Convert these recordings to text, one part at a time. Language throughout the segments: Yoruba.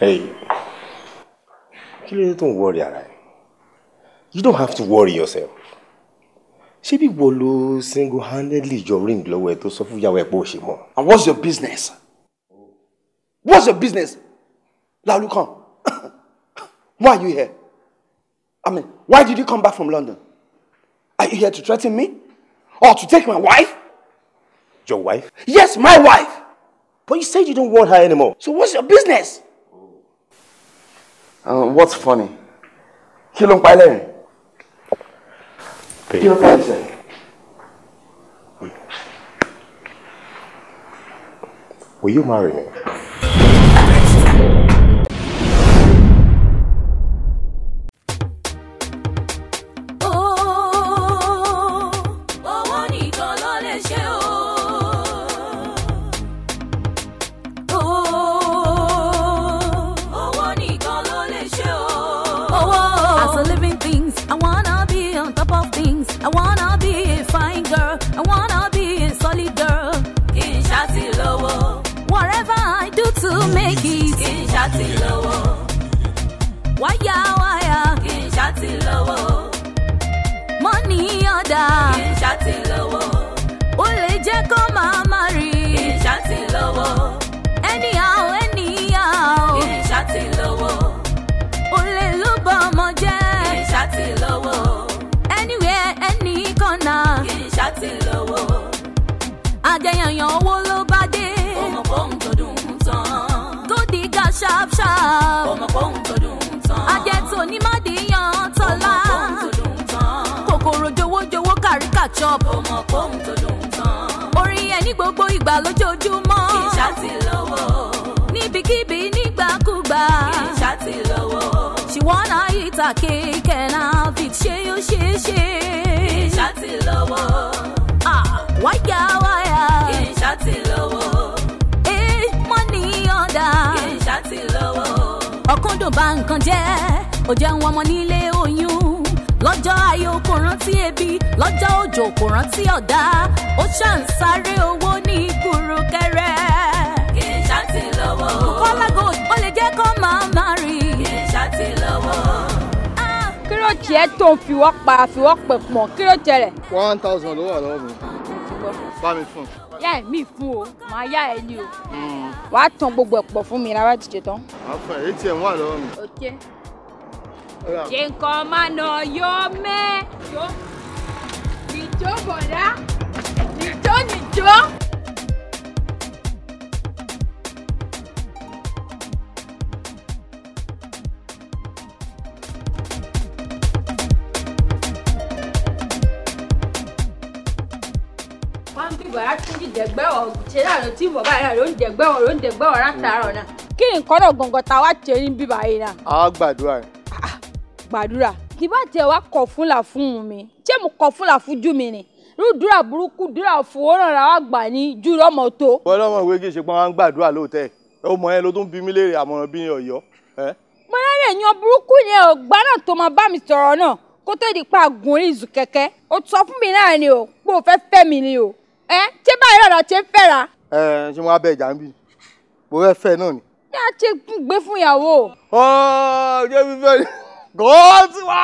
Hey, ló dé worry ara you don't have to worry yourself She be wo ló single handedly jọ ring lọ́wọ́ ẹ tó sọ fún ìyàwó and what's your business what's your business lalukan why are you here i mean why did you come back from london are you here to threaten me or to take my wife. your wife. yes my wife. but you said you don't want her anymore. so what's your business. Uh, what's funny? Kí ló ń pa ẹlẹ́rìn? Will you marry me? ṣáàtì lówó. wáyà wáyà kì í ṣáàtì lówó. mọ́nì ọ̀dà kì í ṣáàtì lówó. ó lè jẹ́ kó máa má rí kì í ṣáàtì lówó. anyhow anyhow kì í ṣáàtì lówó. lè ló bọ ọmọ jẹ́ kì í ṣáàtì anywhere any corner kì í ṣáàtì lówó. àjẹyàn yan owó lọ. ọmọ pọ́ùn tó dùn tán. àjẹtò ní mádìyàn tọ́lá kòkòrò jowójowó kàríkà chop. ọmọ pọ́ùn tó dùn tán. orin ẹ̀ ní gbogbo ìgbà lójoojúmọ́. kì í ṣáà ti lówó. níbikíbi nígbàkúgbà. kì í ṣáà ti lówó. she wanna eat a cake and have it ṣé yóò ṣeé ṣe. ah wáyà wá. kúndùn bá nǹkan jẹ́ ó jẹun ọmọ nílé oyún lọ́jọ́ ayọ̀ kò rántí ebi lọ́jọ́ òjò kò rántí ọ̀dá ó ṣàn sáré owó ní kúrúkẹrẹ. kì í ṣàtì lọ́wọ́. Bukola Gold ó lè jẹ́ kó máa máa rí. kì í ṣàtì lọ́wọ́. kí ló tiẹ̀ tó ń fiwọ́ pa fiwọ́ pẹ̀ pọ̀ kí ló tiẹ̀ rẹ̀. one thousand ló wà lọ́wọ́ mi bá mi fún un yá ẹ̀ mí fún o màá yá ẹ ni o. Hmm. wàá tan gbogbo ẹ̀ pọ̀ fún mi rárá dìje tán. àfẹ atm wà lọ́wọ́ mi. ok. ṣe nǹkan máa nà yọ mẹ́ jẹ̀gbẹ́wọ̀ ṣe náà ló tí mọ̀ báyìí ló ń jẹ̀gbẹ́wọ̀ ló ń jẹ̀gbẹ́wọ̀ látàárọ̀ náà. kí nǹkan náà gbọ̀ngàn tá a wá ṣe ní bíbá yìí náà. a gbàdúrà rẹ. Ah, gbàdúrà kì bá tiẹ̀ wá kọ̀ fún là fún mi ṣé mo kọ̀ fún là fún jù mí ni rúdúrà burúkú dúrà fowó ràn ra wá gbà ní jù lọ́mọ tó. bọ́lọ́mọ ìwé kì í ṣe pé wọ́n á gbàdúrà lóòótẹ́ ọmọ yẹn ló tún bí mí léèrè àmọ̀ràn bí ọ̀yọ́. mo rárá èèyàn burúkú yẹn ò náà tó máa bá mi sọ̀rọ̀ náà kó tó di pa àgùn orí ìzù kẹ̀kẹ́ ó sọ fún mi náà ni o pé o fẹ́ fẹ́ mi ni o ẹ ṣé báyìí ọ̀rọ̀ ṣe ń fẹ́ra. ẹ ṣé wọn á bẹ ìjà ń bì mo fẹ́ fẹ́ náà ni. bí a ṣe gbé fún ìyàwó. ọ ṣé fífẹ́ ni gọ́ọ̀tì wá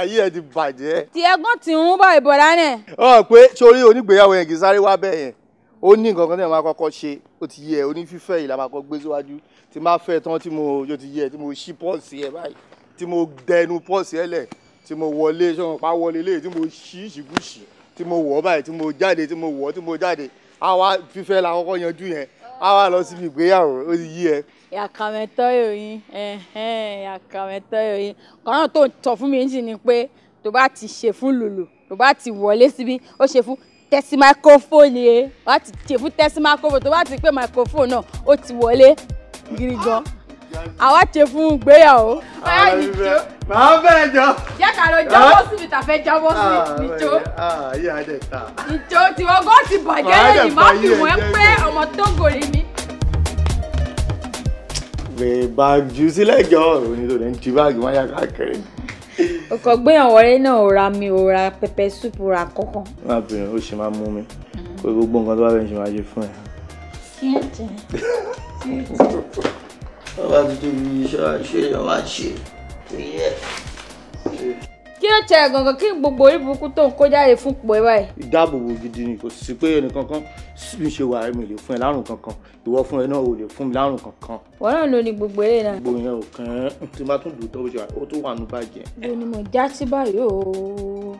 ayé ẹ ti bàjẹ́. tí ẹgbọ́n ti ń bọ̀ ìbọ̀dá náà. ọ pé sórí onígbéyàwó yẹn kì í sáré wá bẹ́ẹ̀ yẹn ó ní nǹkan kan tí mo máa kọ́kọ́ ṣe ó ti yẹ ó ní fífẹ́ yìí la máa kọ́ gbé síwájú tí máa fẹ́ tán tí mo yóò ti yẹ tí mo ṣí pọ́ọ̀sì ẹ báyìí tí mo dẹnu pọ́ọ̀sì ẹ lẹ̀ tí mo wọlé ṣọ́n pa wọlé léyìí tí mo ṣí ìṣìkúṣì tí mo wọ̀ báyìí tí mo jáde tí mo wọ̀ tí mo jáde àwa fífẹ́ la kọ́kọ́ yanjú yẹn àwa lọ síbi ìgbéyàwó ó ti yí ẹ. yàkàmẹ́tọ́ yòóyin yàkàmẹ́tọ́ yòóyin kọ́nà tó ń tọ́ fún mi jì ni pé tó bá ti ṣe fún lùlù tó bá ti wọlé síbi ó ṣe fún tẹ́sí máikrófóònù yẹn wá ti ṣe fún tẹ́sí máikrófóònù tó bá ti pé máikrófóònù náà ó ti wọlé gírí gan àwa ṣe fún ìgbéyàwó. báyà ní jó. màá bẹ́ẹ̀ jọ. jẹ́ ká lọ jábọ́ síbi tàfẹ́ jábọ́ síbi ah, ní jó. ní jó tiwọn gan ti bàjẹ́ lẹ́yìn má fi wọ́n pé ọmọ tógo lè mí. gbé bàjú sílẹ̀ jọ òní tó lè ń ti báàgì wọ́n yà káàkiri. ọkọ̀ gbéyàn wọlé náà ò ra mi ò ra pẹpẹ súpù ra kọ́kọ́. má bìnrin ó ṣe máa mú mi gbogbo nǹkan tó bá fẹ́ ṣe máa ṣe fún ẹ. kí ẹ jẹ kí ẹ jẹ ọba ti tóbi iṣẹ́ àṣeyẹ wá ṣe tó yẹ. kí ló tẹ gangan kí gbogbo orí burúkú tó ń kó jáde fún pọ̀ ẹ báyìí. ìdáàbòbò gidi ni kò sí pé ẹnìkankan mi ṣe wà mi lè fún ẹ lárùn kankan ìwọ fún ẹ náà ò lè fún mi lárùn kankan. wọn náà ní gbogbo eré náà. gbogbo yẹn ò kàn án tí n bá tún lù ú ṣe wà ó tún wà nù bàjẹ́. ló ní mo já sí báyìí ooo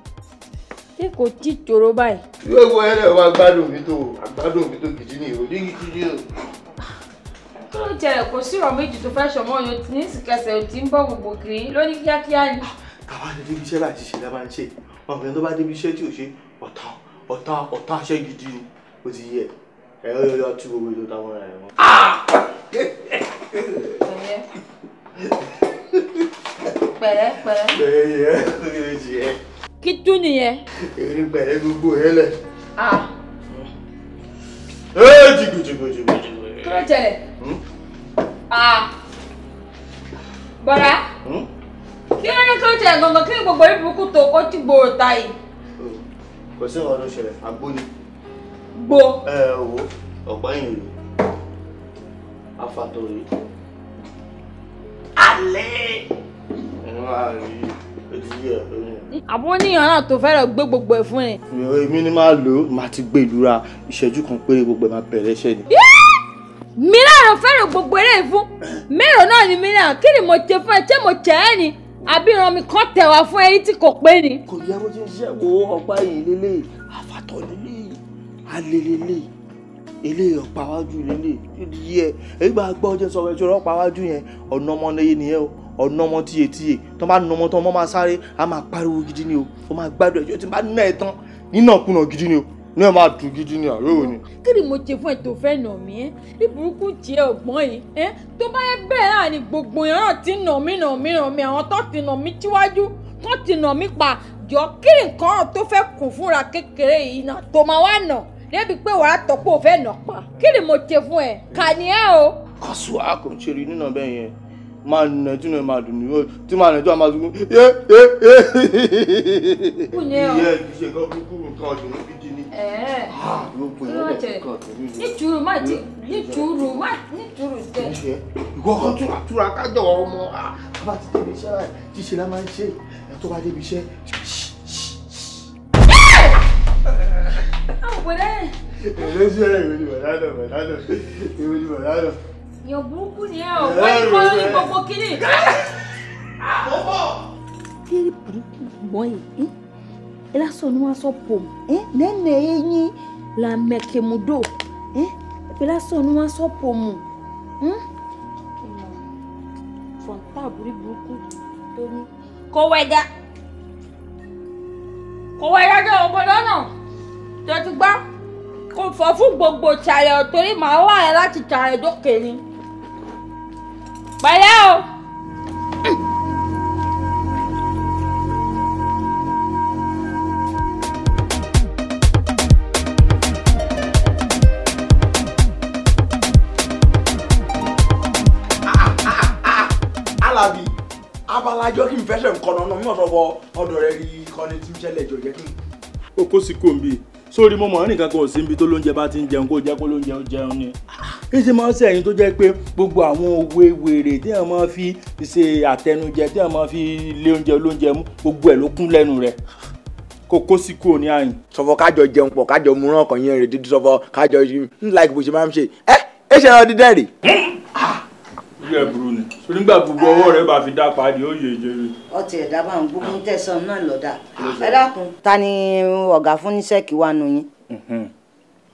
ṣé kò tí tòró báyìí. yóò wọ ẹrẹ wa gbádùn mi tó àgbádùn mi tó gidi ni ò kí ló jẹ kò sí ọ̀rọ̀ méjì tó fẹ́ ṣọmọ yóò ti ní ìsìnkẹsẹ̀ ò ti ń bọ̀ gbogbo kiri ló kíákíá ni. tàwa ah, ni débi iṣẹ́ láti ṣe lábá ń ṣe wọn tó bá débi iṣẹ́ tí ò ṣe ọ̀tá ọ̀tá ọ̀tá iṣẹ́ gidi ni ó ti yẹ ẹ̀rọ yọ yọ tú gbogbo ètò táwọn ẹ̀ wọn. pẹ̀lẹ́ kí tú nìyẹn. èrè pẹ̀lẹ́ gbogbo yẹn lẹ̀. Ah. ẹ jìgùjìgùjìgùjìgù. kí ló bọ̀dá hmm? kí ló ní kí ó tiẹ̀ gangan kí gbogbo ìbùkù tó kó ti gbòòrò ta yìí. kò sí ọ̀rọ̀ tó ṣẹlẹ̀ àgbo ni. gbo. ẹ wo ọ̀pá yìí rè afatọ̀rẹ́ alẹ́ ẹ̀rọ àárín àbúrò níyàn náà tó fẹ́rẹ̀ gbé gbogbo ẹ̀ fún ẹ. èmi ni máa lò ó máa ti gbé ìlú ra ìṣẹ́jú kan péré gbogbo ẹ̀ máa bẹ̀rẹ̀ iṣẹ́ ni. mi náà fẹ́ràn fẹ́ràn gbogbo eré fún mẹ́rọ náà ni mí náà kí ni mo ṣe fún ẹ ṣé mo ṣẹ́ ẹ ni àbí ìran mi kan tẹ̀ wá fún ẹyí tí kò pé ni. kò yẹ bó ti ń ṣe wo ọ̀pá yìí lélẹ̀ àfàtọ̀ lélẹ̀ alẹ́ lélẹ̀ ilé ọ̀pá wájú lélẹ̀ yíyẹ èyí gbà gbọ́ ọjọ́ sọ ẹjọ́ ọ̀pá wájú yẹn ọ̀nà ọmọ náà yìí nìyẹn o ọ̀nà ọmọ tíye tíye tó bá nà ọmọ tó ọmọ máa sáré á máa pariwo gidi ni o ó máa gbádùn ẹjọ́ tí bá nà ẹ̀ tán nínà kùnà gidi ni o ní ẹ máa dùn gidi ni àárò ni. kí ni mo ṣe fún ètò ìfẹ́ nà mí ẹ́ ní burúkú tiẹ̀ ọ̀gbọ́n yìí ẹ́ tó bá yẹ bẹ́ẹ̀ náà ni gbogbo yẹn náà ti nà mí nà mí nà mí àwọn tó ti nà mí tíwájú tó ti nà mí pa jọ kí ni nǹkan tó fẹ́ kún fúnra kékeré yìí náà tó máa wá nà débi pé wàá tọ́pọ̀ fẹ́ nà pa kí ni mo ṣe fún ẹ kà ní ẹ o. kàṣù àkànṣeré nínà bẹ́ẹ̀ yẹn máa nà tí nà máa dùn nìyó tí máa nà tí máa yé yé yé. kúnyẹ́ o. ìyẹn ìṣègùn kúkúrú kan ọ̀dùn níbi dì níjùrù má ti níjùrù má níjùrù tẹ. ìwọ kan túra túra ká dọ̀ ọmọ bá ti débi iṣẹ́ rẹ̀ ṣíṣe la máa ń ṣe ẹ̀tọ́ bá débi iṣẹ́. àwọn ọ̀pọ̀lẹ́. èlé sí ẹ̀rọ ìwé ni bàdá náà bàdá náà ìwé burúkú ni ẹ o wọ́n ní kọ́ lórí gbogbo kínní. àkókò elaso nu asɔ pom ɛ nɛnɛ ye nyi lamɛ kemu do ɛ elaso nu asɔ pomu ɛ fɔnta burúkú tó ní. kowɛga kowɛga dɛ o bɔdɔ nɔ tètè gbá kò fọ fún gbogbo tsaayɛ torí màá wà ẹ láti tsaayɛ dókè ni pẹ̀lẹ́ o. máa jọ kí n fẹsẹ̀ nǹkan náà náà mi ò sọ fọ ọ̀dọ̀ rẹ rí ìkànnì tí ń ṣẹlẹ̀ jọ jẹ́ kí n. o kó sí kò ń bí sórí mo mọ̀ ní kankan ò sí ibi tó lóúnjẹ bá ti ń jẹun kó jẹ́ kó lóúnjẹ ó jẹun ni. kí ṣe máa ń sẹ́yìn tó jẹ́ pé gbogbo àwọn òwe wèrè tí wọ́n máa fi ṣe àtẹnujẹ tí wọ́n máa fi lé oúnjẹ olóúnjẹ mú gbogbo ẹ̀ ló kún lẹ́nu rẹ̀ kò kó sí kúrò ní àyìn. sọfọ kájọ jẹun pọ̀ kájọ múràn kan yẹn rè dídí sọfọ kájọ ń láì bó ṣe máa ń ṣe ẹ ẹ ṣe ẹran dídẹ rè. Hmm ojú ẹ burú ni torí nígbà gbogbo ọwọ́ rẹ bá fi dá padì ó yè jèrè. ọtí ẹ̀dá bá ń gbógun ah. tẹ̀sán náà lọ́dà ẹ dákun. ta ni ọ̀gá fún ní sẹ́ẹ̀kì wa nù yín.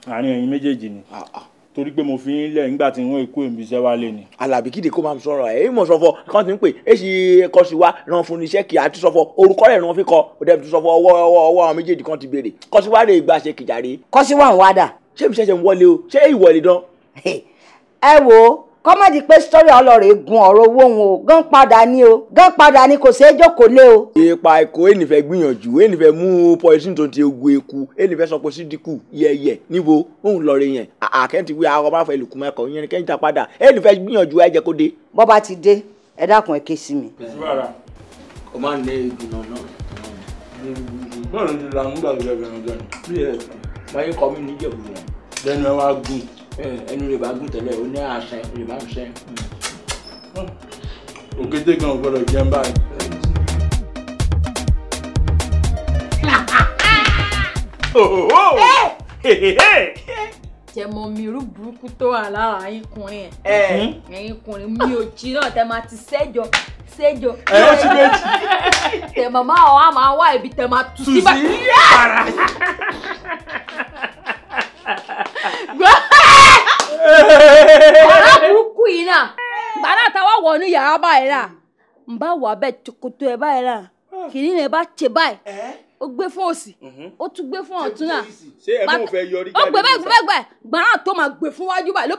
àárín ẹ̀yin méjèèjì ni ah, ah. torí pé mo fi ń lẹ̀ nígbà tí wọ́n èkó èmi iṣẹ́ wálé ni. alábí kíde kó máa sọ̀rọ̀ ẹ̀ ìmọ̀ sọ̀fọ̀ kan ti ń pè é sì kọ́ sí wa ràn fún iṣẹ́ kì á ti sọ̀fọ̀ orúkọ rẹ̀ ràn fi kọ́ ó dẹ̀ fi sọ̀fọ̀ ọwọ́ ọwọ́ ọwọ́ àwọn méjèèjì kan ti béèrè kọ́ sí wa rè gba ṣe kìjàre. kọ́ sí wa ń wá dà. ṣé mi ṣẹ̀ṣẹ̀ ń wọlé o ṣé ìwọlé dán. ẹ wo kọ́mọ̀dì pé sítọ́rì ọlọ́rẹ̀ gun ọ̀rọ̀ owó wọn o gán padà ni o gán padà ni kò ṣeé jókòó lé o. ipa ẹ̀kọ́ ènìfẹ́ gbìyànjú ènìfẹ́ mú poison tó ti egun eku ènìfẹ́ sọ pé sídìkù yẹyẹ níbo òun lọ́ọ̀rẹ̀ yẹn àkẹ́ntì wí àwọn ọmọfẹ́ lùkùn mẹ́kọ̀ọ́ yẹn kẹ́yìn ta padà ènìfẹ́ gbìyànjú ẹ jẹ́ kó dé. bọ́ bá ti dé ẹ dákun ẹ ké sí mi. o máa ń lé Eh, ẹnu rẹ̀ bá gùn tẹ́lẹ̀ ó ní àṣẹ rẹ̀ bá ń ṣẹ́. òkété kan ò gbọdọ̀ jẹun báyìí. jẹmọ mi irú burúkú tó wà lára yín kùnrin ẹ eh. hmm? ẹ̀yin kùnrin mi ò jí náà tẹ máa ti ṣẹjọ ṣẹjọ ẹ eh, ó ti méjì tẹ màmá ọ á máa wá ibi tẹ máa tù sí bàtà. arábùkù yìí náà bàrà bara wọ̀ ní yàrá báyìí náà n bá wà bẹ́ẹ̀ tòkòtò ẹ̀ báyìí náà kìíní rẹ̀ bá tẹ̀ báyìí ó gbé fún òsì ó tún gbé fún ọ̀tún náà ó gbé bẹ́ẹ̀ gbé bẹ́ẹ̀ gbàrà tó máa gbé fún wájú báyìí ló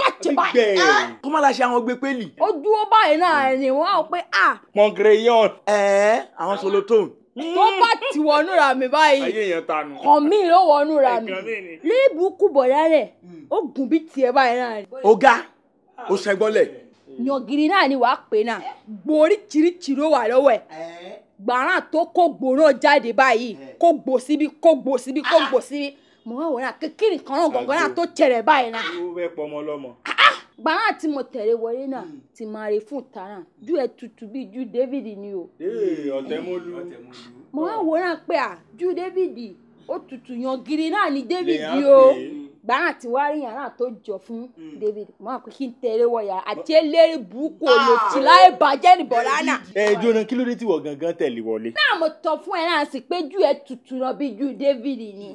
bá ṣe àwọn gbé pélì. ó dúró báyìí náà a. mọ̀gìrì yọ̀n. ẹ̀ẹ́ àwọn solotone. tó bá ti wọnú ra mi báyìí kàn mí ló wọnú ra mi léèbù kú bọ̀dá rẹ̀ hmm. ó gùn bí tiẹ̀ báyìí náà ni. ọ̀gá ó ṣẹgbọ́lẹ̀. yangiri náà ni wàá pè náà gborí tìrìtìrì ó wà lọ́wọ́ ẹ̀ gbàrà tó kó gbòòrò jáde báyìí kó gbò síbi kó gbò síbi kó ah. gbò síbi mo wá wò náà kékeré kan náà gọ̀ngàn náà tó tẹ̀rẹ̀ báyìí náà. ó fẹ́ pọmọ lọ́mọ. Ah, ah gbàrà tí mo tẹ̀lé wọlé náà ti máa re fún tara ju ẹ e tutù bíi ju David ni o. ọ̀tẹ̀mọ́lú. mo wá wòran pé à ah, ju David ó tutù yan giri náà ni David o gbàrà tí wàá rí yàrá tó jọ fún David mo máa kó kí n tẹ̀lé wọ yàrá àti eléré burúkú olòtí láì bàjẹ́ ní bọ̀lánà. ẹ jọ̀nà kí ló dé tí wọ́n gangan tẹ̀lé wọlé. náà mo tọ fún ẹ e náà sí pé ju ẹ e tutù náà bíi ju David ni.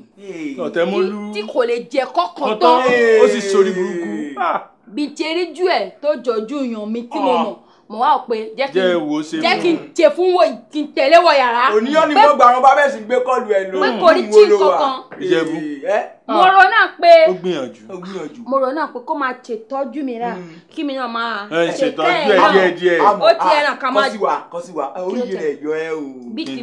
ọ̀tẹ̀mọ́lú. tí kò lè jẹ kọ́kọ́ tán. ó sì sorí burúkú. Ah bí ti eríjú ẹ tó jọjú yàn mi tí mo ah. mọ̀ mo wá pé jẹ́ kí n jẹ́ kí n ṣe fún wo kí n tẹ̀lé wọ yàrá. òníyàn ni mo gbà wọn bá bẹ́ẹ̀ sì gbé kọlu ẹ lórí ìwọ ló wà pé kò rí tí kankan. ìjẹ̀bú mo ah. rò náà pé ó gbìyànjú mo rò náà pé kó máa ṣètọ́jú mi rà hmm. kí mi náà máa ṣètọ́jú ẹ díẹ̀ díẹ̀ ó ti ẹ̀ràn ká máa kọ́síwà kọ́síwà oríyìn rẹ̀ yọ ẹ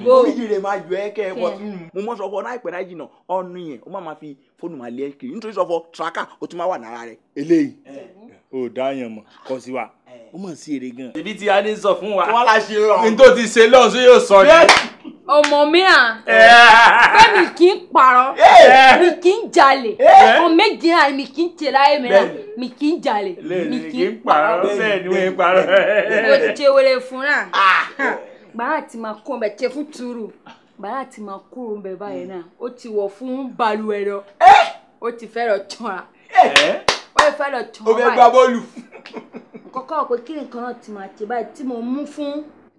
o oríyìn rẹ̀ máa yọ ẹ kẹ́ ẹ pọ̀ tún mo mọ̀ sọ náà ìpẹ́ náà jìnnà ọ̀nù yẹn ó má máa fi fóònù máa lé ẹ kiri nítorí sọfọ tíráká ó tún máa wà lára rẹ. eléyìí ò dáyàn mọ kọ sí wa ó mọ̀ sí èrè gan. ibi tí a sọ fún wa wọn la ṣe rọ ní tó ti ṣe lọ́hùn sí yóò sọ yìí. ọmọ mi à fẹ́mi kì í parọ́ mi kì í jalè ọmọ méje à mi kì í tẹ̀lé ayé mi náà mi kì í jalè mi kì í parọ́ bẹ́ẹ̀ ni wọ́n ń parọ́. ti ṣe wẹrẹ fún náà gbàrà ah. tí ma kún ọbẹ̀ tẹ fún tuuru bàrà ti máa kúrò ń bẹ báyìí mm. náà ó ti wọ̀ fún balùwẹ̀ lọ eh! ó ti fẹ́ lọ tán eh! a ó lè fẹ́ lọ tán a báyìí ó fẹ́ gba bọ́ọ̀lù. kọ́kọ́ pé kí nìkan náà ti máa ṣe báyìí tí mo mú fún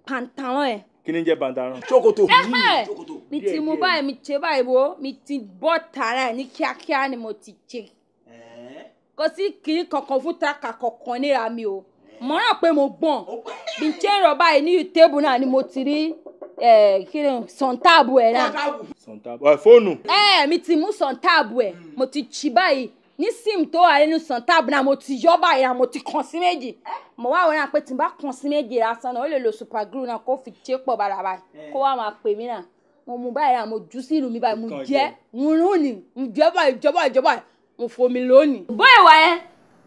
pantalon ẹ̀. kí ni jẹ́ pantalon. ṣòkòtò hmm, ṣòkòtò. mi ti mú báyìí mi ṣe báyìí wo mi ti bọ́ tààrà ẹ̀ ní kíákíá ni mo ti ṣe eh? kò sí kiri kankan fún táàkà kankan níra mi o mọ́ràn pé mo gbọ́n bí n ṣe ń rọ̀ báyìí ní tébù náà ni kíni sọ̀ntàbù ẹ̀ náà. sọ̀ntàbù ẹ̀ fóònù. ẹ mi ti mú sọ̀ntàbù ẹ̀ hmm. mo ti tì báyìí ní sim tó wà nínú sọ̀ntàbù náà mo ti yọ báyìí náà mo ti kàn sí méjì mo wá wọnà pé tí n bá kàn sí méjì lásán náà ó lè lo super glue náà kó fi tẹ́ pọ̀ bàrà báyìí kó wá máa pè mí náà mo mú báyìí náà mo jù sí ìlú mi báyìí mo jẹ́ mo rún ni mo jẹ́ báyìí jọ́ báyìí jọ́ báyìí mo fomi lónìí. bó ìwà yẹn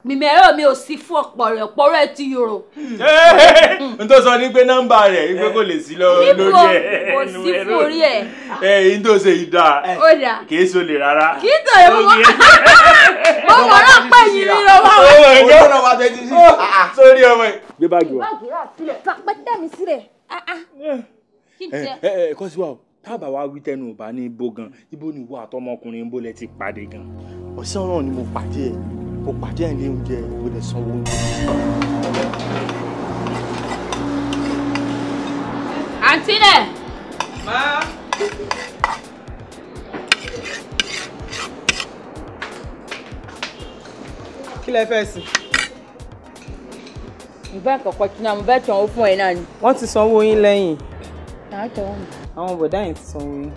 mímẹ́rọ mi ò sí fún ọ̀pọ̀ rẹ̀ ọ̀pọ̀ rẹ̀ ti yòrò. Hmm. n tó sọ ní pé nọ́mbà rẹ̀ wípé kò lè sí lórí ẹ̀ kò sí fún orí ẹ̀. ẹ n tó ṣe ìdá kì í sọlẹ̀ rárá. kì í tọ̀lé mo mọ̀ mo mọ̀ náà pé yìí ni o wá. o ò gbé ọ̀nà wa tẹ́tí sí ah, ah, sórí ọmọ yìí. gbé báàgì wa. báàgì rà sílẹ̀ pàpẹ́ dá mi sílẹ̀. ẹ ẹ kọ́ sí wa o tábà wá wí tẹnu ò bá ní ibo gan ibo ni ìwọ àtọmọkùnrin ibo lẹ ti pàdé gan ọ̀sán náà ni mo pàdé ẹ̀ mo pàdé ẹ̀ ní oúnjẹ mo lè sanwó oúnjẹ. àǹtí rẹ̀. má. kí lẹ fẹ́ sí. ìbá ìkọ̀kọ̀ tí náà mo bẹ́ẹ̀ tàn ó fún ẹ náà ni. wọ́n ti sanwó yín lẹ́yìn. àwọn bọ̀dá yẹn ti sanwó yín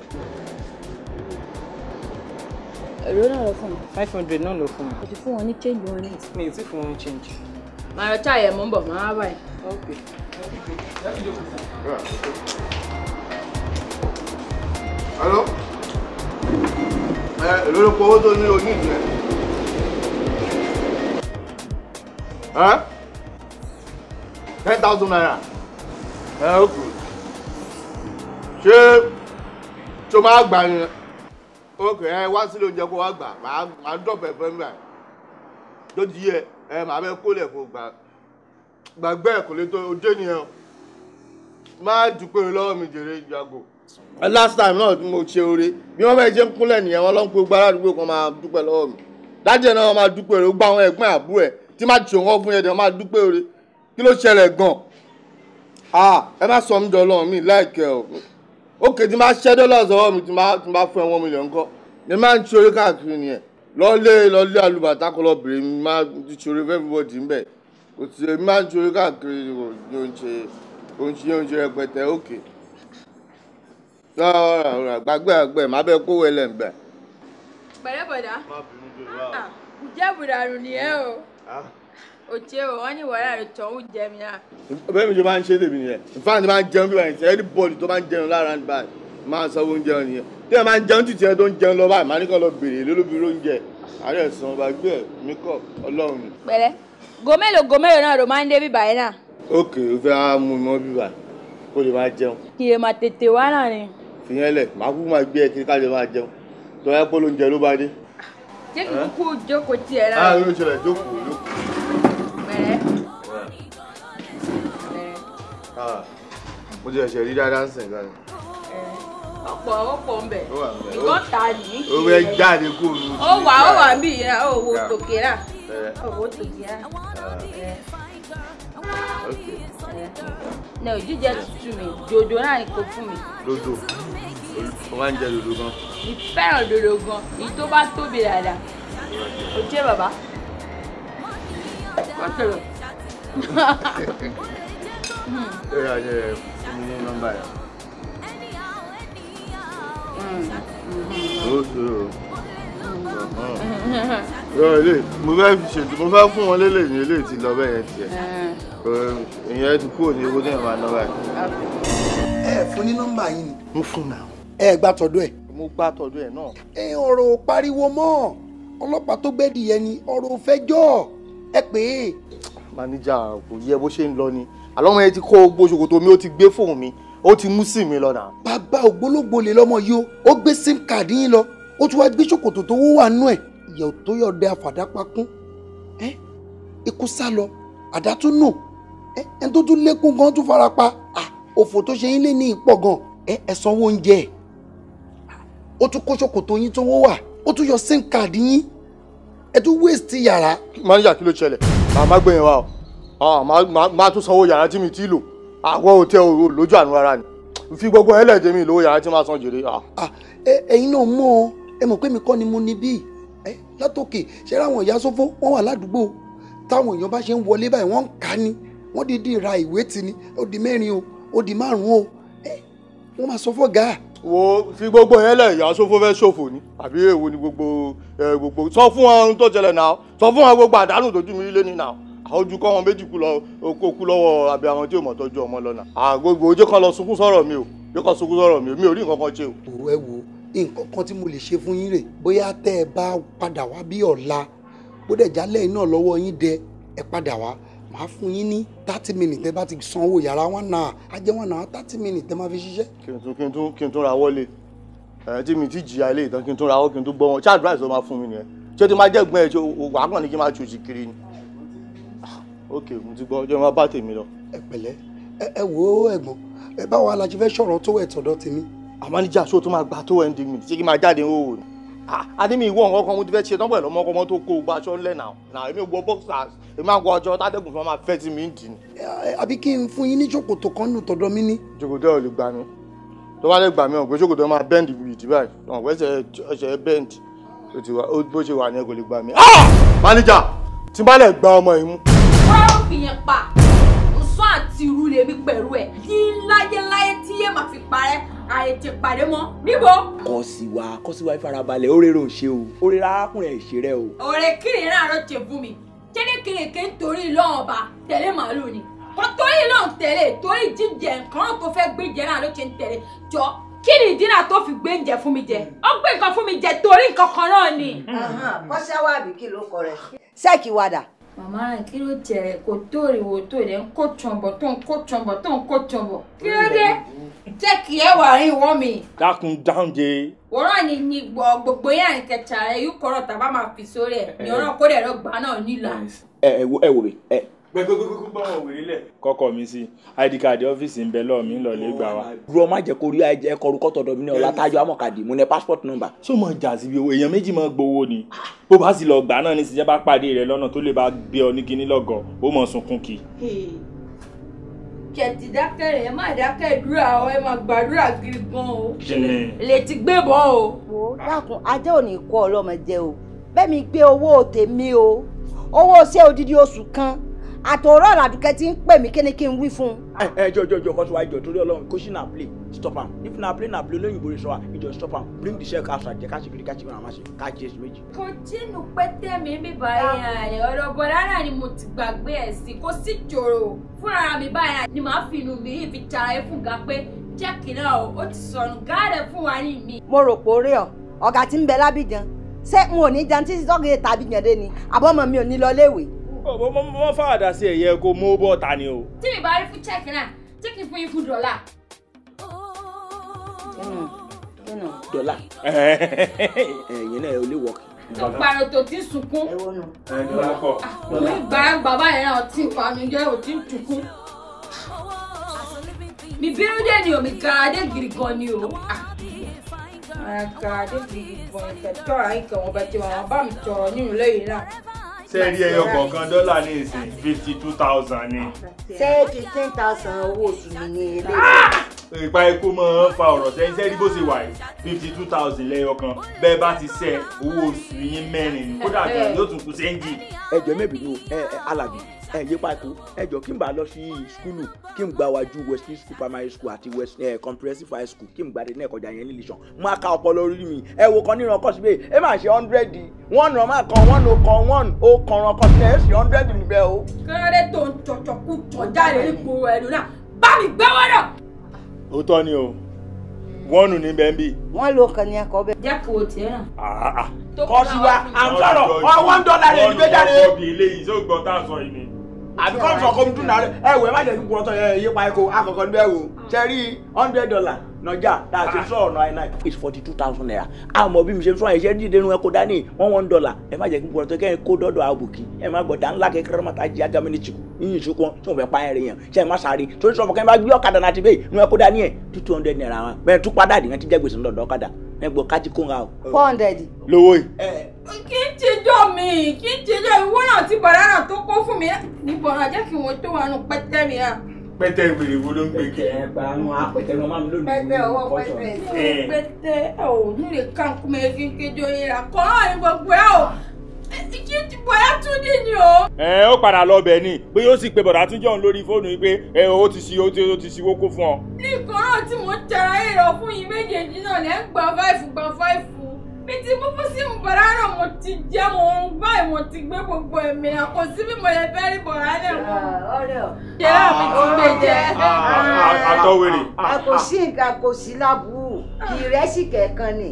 èrò náà lọ fún mi. five hundred náà lọ fún mi. o ti fún wọn ní change one ní. mi ò tí fún wọn change. màá yọ táyà mọ́ ń bọ̀ màá wá báyìí. ok hello ẹ èrò ló pọ̀ owó tó ní oní ìjẹ. ten thousand naira ẹ ó kù ṣé tó máa gbà yẹn ókè ẹ wá sílé oúnjẹ kó wá gbà màá dọ̀bẹ̀ fún tó di yẹ ẹ màá bẹ kólẹ̀ kó gbà gbàgbé ẹ̀ kò lè tó ojú ènìyàn máa dúpẹ́ lọ́wọ́ mi jèrè ìjàgò. last time náà mo ṣe oore bí wọ́n bẹ́ẹ̀ ṣe ń kúnlẹ̀ nìyẹn wọn lọ́n pé gbogbo aládùúgbò kan máa dúpẹ́ lọ́wọ́ mi dájẹ́ náà wọ́n máa dúpẹ́ rẹ̀ ó àwọn ẹ̀gbọ́n àbú ẹ̀ tí má ṣe wọ́n fún yẹn wọ́n máa dúpẹ́ rẹ̀ kí ló ṣẹlẹ̀ gan-an ah, ẹ má sọ mí jọ lọ́run mi láìkẹ́ ọ̀ ókè tí n bá ṣẹ́ dọ́là sọ́wọ́ mi tí n bá tí n bá fún ẹ one million ńkọ́ ni máa ń ṣorí káàkiri nìyẹn lọ́lé lọ́lé alùbàtà kọ́ lọ́bìnrin mi máa ti ṣorí everybody ń bẹ̀ kò sí èmi máa ń ṣorí káàkiri ní oúnjẹ oúnjẹ oúnjẹ rẹpẹtẹ ókè gbàgbé àgbẹ̀ má bẹ́ẹ̀ kó wẹlẹ̀ ń bẹ̀. pẹ̀lẹ́ bọ̀dá ah, ǹjẹ́ bùdàrù ni ẹ o. Ah òtí o wọn ní wàhálà rẹ tọ́ ń jẹ mi náà. bẹ́ẹ̀ mi ṣe máa ń ṣe tèmi nìyẹn ìfáà ti máa ń jẹun bí wàá ṣe ẹni bọ́ọ̀lù tó máa ń jẹun lára ní báyìí máa sanwó oúnjẹ nìyẹn tí ẹ máa ń jẹun títí ẹ tó ń jẹun lọ báyìí máa ní kàn lọ bèrè lólóbi oúnjẹ àárẹ̀ ẹ̀sán ọba gbé ẹ̀ mí kọ́ ọlọ́run ni. pẹ̀lẹ́ gòmélò gòmélò náà ló máa ń dé bíbà yẹn náà. ókè o fẹ́ á mú mi mọ́ bíbà kó lè máa jẹun. kì í máa tètè wá náà ni. fìyẹn lẹ màá kú máa gbé ẹ kiri ká lè máa jẹun tọ́ ẹ pọ́ lóúnjẹ ló bá dé. jẹ́ kí kúkú jókòó tiẹ̀ náà. a yóò ṣẹlẹ̀ jókòó jókòó. mo ah, ti ẹ̀ṣẹ̀ rí dáadáa ń sìn gan. Eh, ọ̀pọ̀ ọ̀pọ̀ ń bẹ̀ nǹkan ta ni. ó fẹ́ jáde kó o. ó wà ó wà bí ìyá ó wo tòkè rà eh. ó wo tòkè rà. ní ah, òjíjẹ eh. tuntun mi dòdò náà ni kò fún mi. dòdò o máa ń jẹ dòdò gan. mi fẹ́ràn dòdò gan èyí tó bá tóbi dáadáa. o jẹ́ bàbá. wọ́n sọ̀rọ̀. Ẹ ra jẹ fún mi nọ́mbà yẹn. Ó ṣe o. Yọ ilé mo fẹ́ fi ṣètò mo fẹ́ fún wọn lélẹ̀ ní ilé ti lọ bẹ́ẹ̀ yẹn tiẹ̀. Ìyẹn ti kúrò ní owó náà máa nọ́mbà yẹn. Ẹ fún ní nọ́mbà yìí ni. Mo fún náà. Ẹ gbà àlọ́mọ yẹn ti kó gbogbo ṣòkòtò mi ó ti gbé fóònù mi ó ti mú sí mi lọ́nà. bàbá ògbólógbò lè lọ́mọ yìí ó ó gbé sim card yín lọ ó tún wá gbé ṣòkòtò tó wó wà nú ẹ̀ ìyàwó tó yọ̀ ọ̀dẹ àfàdápakún ẹ ikú sá lọ àdá tún nù ẹ ẹni tó tún lékún gan tún fara pa òfò tó ṣe yín lé ní ìpọ̀ gan ẹ ẹ sanwó oúnjẹ ẹ ó tún kó ṣòkòtò yín tó wó wà ó tún yọ sim card yín ẹ tún waste yàrá. manager kí ló ṣẹlẹ̀ màmá gbẹ̀yìn wa o. Ah, máa tún sanwó yàrá tí mi ti lò àwọ̀ ah, òtẹ́ lójú àánú ara ni fi gbogbo ẹlẹ́dẹ̀ mi lówó yàrá tí máa san jèrè. Ah. ẹ̀yin náà mọ̀ ọ́ ẹ mọ̀ pé mi kọ́ ni mo ní bíi látòkè ṣe ráwọn ìyá sófó wọ́n wà ládùúgbò táwọn èèyàn bá ṣe ń wọlé báyìí wọ́n ń ni wọ́n dídí ra ìwé tì ní ó di mẹ́rin o ó di márùn o wọ́n máa sọ fọ́ gàá wo fi gbogbo yẹn lẹ ìyá sófó fẹ́ ṣòfò ni àbí èwo ni gbogbo ẹ gbogbo sọ fún wọn tó jẹlẹ náà sọ fún wọn gbogbo àdánù tójú mi lé ní náà ojú kọ́ wọn méjì kú lọ okó kú lọ́wọ́ abẹ́ àwọn tí ò mọ̀ tọ́jú ọmọ lọ́nà àgbègbè ojú kan lọ sunkún sọ̀rọ̀ mi o ojú kan sunkún sọ̀rọ̀ mi o mi ò rí nǹkan kan ṣe o. òwò ẹ wo nǹkan kan tí mo lè ṣe fún yín rè bóyá tẹ́ ẹ bá padà wá bí ọ̀la bó dẹ̀ jálẹ̀ iná lọ́wọ́ yín dẹ ẹ padà wá màá fún yín ní thirty minutes ẹ bá ti sanwó yàrá wọn náà ajẹ́ wọn náà thirty minutes ẹ máa fi ṣiṣẹ́. kí n tún kí n tún kí n tún ra wọlé ẹ tí mi ti jìyà ilé ìtàn kí n tún ra wọ kí n tún gbọ́ wọn ṣáà advice ló máa fún mi nìyẹn ṣé tí máa jẹ́ gbọ́n ẹ̀ ṣe ok mo ti gbọ́ ọjọ́ máa bá tèmi lọ. ẹ pẹ̀lẹ́ ẹ wo ẹ̀gbọ́n ẹ báwo la ṣe fẹ́ sọ̀rọ̀ tó ẹ̀ tọ̀dọ̀ tèmi. àmọ́ níjà ṣó tó máa gba tó ẹ̀ ń di mi ṣé kí n máa jáde ń wò ni. adémi ìwọ nǹkan kan mo ti fẹ́ ṣe tọ́pọ̀ lọ́mọ ọkọ̀ tó kó o gba aṣọ ńlẹ̀ náà náà èmi wọ boxers èmi àgọ́ ọjọ́ tádẹ́gùn fún máa fẹ́ sí mi ń dì ní. àbí kí n fún yín ní ṣòkòtò kan nù tọ̀dọ̀ mi ní. jòkòtò ò lè gbà mí tó bá lè gbà mí ọ̀gbẹ́ ṣòkòtò máa bend ìdí báyìí ọ̀gbẹ́sẹ̀ bend bó ṣe wà ní ẹ̀ lè gbà mí. Ah! manager tí n bá lè gba ọmọ yìí mú fi yẹn pa nsọ́ àti irú lèmi pẹ̀lú ẹ̀ kí láyéláyé tí yé máa fi parẹ́ àìtì pàdé mọ́ níbo. kò sí wa kò sí wa ìfarabalẹ̀ ó rere ò ṣe o ó rere arákùnrin ẹ̀ ṣe rẹ o. ọ̀rẹ́ kiri náà ló ti fún mi jẹ́ni kèrèké nítorí ìlọ́run ọba tẹ̀lé màálù ni kò torí ìlọ́run tẹ̀lé torí jíjẹ nǹkan tó fẹ́ gbé jẹ náà ló ti ń tẹ̀lé jọ kí ni ìdínà tó fi gbé oúnjẹ fún mi jẹ ó gbé nǹkan fún mi jẹ torí nǹkan kan náà ni. kọ́ṣáwá àbí kí ló kọ rẹ̀ ṣẹ́ẹ̀kì wàdà màmá rẹ kí ló tiẹ̀ kò tó ìrìwò tó ilẹ̀ ń kó tọ̀nbọ̀ tó ń kó tọ̀nbọ̀ tó ń kó tọ̀nbọ̀ kí ló dé jẹ́ kí ẹ wà rí ìwọ́n mi. dákun dáhùn jẹ. wòrán ni ni gbogbo yẹn àìkẹ̀tà rẹ yóò kọ́rọ̀ tàbá máa fi sórí ẹ̀ ní ọ̀rọ̀ kó dẹ̀ lọ gbà náà nílà. ẹ ẹ wo ẹ wò mí ẹ gbẹgbẹgbẹgbẹ bá wọn wèrè lẹ. kọkọ mi sí id card ọfíìsì ń bẹ lọ mi lọ lè gbà wá. dúró má jẹ kó rí ẹ kọrú kọtọ dọbí ní ọlátayọ amọkadì mo ní passport number. sọ ma jà síbi owó èèyàn méjì máa gbowó ni bó bá sì lọ gbà náà ní síjẹ́ bá pàdé rẹ lọ́nà tó lè bá gbé ọ ní kinní lọ́gọ̀ ó mọ̀ sunkún kì. kẹ̀tì dákẹ́ rẹ̀ má dákẹ́ ìdúrà ọ ẹ máa gbàdúrà gidi gan o. lè ti gbé bọ́ o. wo dákun ajá ò ní kọ́ ọlọ́mọ o bẹ́ẹ̀ mi gbé owó tèmi o owó ṣé odidi oṣù kan àtọ̀rọ̀ àràdùkẹ́ ti ń pè mí kíni kí n wí fún ẹ ẹ jọ jọ jọ wa ìjọ torí sí na play stop am if na play na play sọ wa stop am bring the kiri méjì. kọ́ńtínú mi mi ah. ọ̀rọ̀ bọ̀dára ni mo ti gbàgbé ẹ̀ sí kó sì jòrò mi ni fún ga pé ó ń bẹ ṣé n ò ní jantí sí tàbí ni àbọ̀mọ̀ mi ò Oh, mo mo mo fàdà sí ẹ̀yẹ kó mú bọ́ ta ni o. tí mi bá rí fún check náà tí kì í fún ikú dọ́là. dọ́là ẹ̀yìn náà ò lè wọ̀kì ìpanu tó ti sunkún. Ah, mo ìgbà bàbá yẹn náà ti pa mi jẹ́ ò ti ń tukún. mi bínú dé ni o mi garadé gidi gan ni o. Ah. Ah, garadé gidi gan ìtẹ̀tọ́ ra ìkẹ̀wọ̀n bẹ́ẹ̀ tí wọn bá mi tọrọ nínú lẹ́yìn náà sẹ́ẹ̀rí ẹyọ kọ̀ọ̀kan dọ́là ní ìsìn fifty two thousand ni. sẹ́ẹ̀dì ten thousand owó oṣù mi ni ilé ìwé. Ah! ìpa ikú máa ń fa ọ̀rọ̀ sẹ́yìn sẹ́ẹ̀rí bó ṣe wà yìí fifty two thousand lẹ́yọ kan bẹ́ẹ̀ bá ti sẹ́ owó oṣù yín mẹ́rin kódà gan yóò tún kú sẹ́ńjì. ẹ jẹ́ mẹ́bìnú ẹ alábì ẹ yí pàtó ẹ jọ kí n bá lọ sí skulu kí n gba wájú western school primary school àti west eh, comprehensive high school kí n gbàdé náà kọjá yẹn nílìṣàn máa ka ọpọlọ orí mi ẹ wo kan níran kọsí bẹ́ẹ̀ ẹ máa ṣe hundred one ràn máa kan one o kan one o kan ràn kọsí náà ẹ ṣe hundred níbẹ̀ o. kéré tó ń tọ̀tọ̀ kú tọ̀já rẹ̀ nípo ẹ̀rù náà bá mi gbẹ́wọ́ náà. òótọ́ ni o wọ́n nù ní bẹ́ńbì. wọ́n lo kàn ní ẹ̀kọ́ bẹ́ẹ̀. jẹ́ kò tiẹ̀ náà. Ah, ah, ah. kọ́ sí wa à ń sọ̀rọ̀ one dollar rẹ̀ nígbẹ́jáde. wọ́n lọ bí ilé yìí sóògbọ́n tá a sọ yìí ni àbí kọ́ ọ̀sán kó ń dùn náà ẹ wẹ̀ má jẹ́ kí wọ́n tọ́ yẹ yípa ẹ̀kọ́ àkọ́kọ́ ń bẹ́ẹ̀ wò ṣe hundred dollar nọjà tá a ṣe ah. sọ ọ̀nà àìná is forty two thousand naira àmọ́ bí mi ṣe sọ àìṣe dídé nu ẹ kó dání one one dollar ẹ má jẹ́ kí n bọ̀rọ̀ tó kẹ́yìn kó dọ́dọ̀ àbùkí ẹ má gbọ̀dá ńlá kẹ́kẹ́rẹ́ má ta jí agamẹ́ni tìkú yíyìn ìṣúkọ tí wọn fẹ́ pa ẹrin yẹn ṣe é má sáré torí sọ fọkàn bá gbé ọ̀kadà náà ti bẹ́ẹ̀ nu ẹ kó dání ẹ two two hundred naira wọn bẹ́ẹ̀ tún padà dì yẹn ti jẹ́ gbèsè ńlọ̀dọ̀ ọ̀kadà ẹ gbọ́ kájí kó ra o. four hundred. lówó yìí. kí n ṣèjọ mi kí n ṣèjọ ìwọ náà ti bàrà náà tó kó fún mi ní bọ̀rọ̀ àjẹkìwọ̀n tó wà nù pẹ́tẹ́ mi náà pẹtẹ wèrè wo ló ń gbé kí. pẹtẹ ọwọ́ pẹtẹ pẹtẹ ẹ ò ní lè ká nkú mẹ fi ń kéjọ yẹra kọ ọ ní gbogbo ẹ o kí ti bọyá tún dé ni o. ẹ ó padà lọ bẹ̀ ni pé yóò sì pe bọ̀dá tún jọ̀hún lórí fóònù yìí pé ẹ ó ti ṣi ó ti ṣi wókó fún ọ. ní ìkọ́rọ̀ tí mo tara èrò fún yìí méjèèjì náà lẹ́ ń gba fáìfù gba fáìfù mi ti mú fún sí mi bàrà náà mo ti jẹ́ mo bẹ́ẹ̀ mo ti gbé gbogbo ẹ̀mí ẹ̀ kò sí bí mo lè fẹ́ rí bọ̀rá lẹ̀ mọ́. Ah, ṣé ah, àmì ti gbé jẹ. Ah, àtọwèrè. a kò sí nǹkan kò sí láburú kì í rẹ́sì kẹ̀kan ni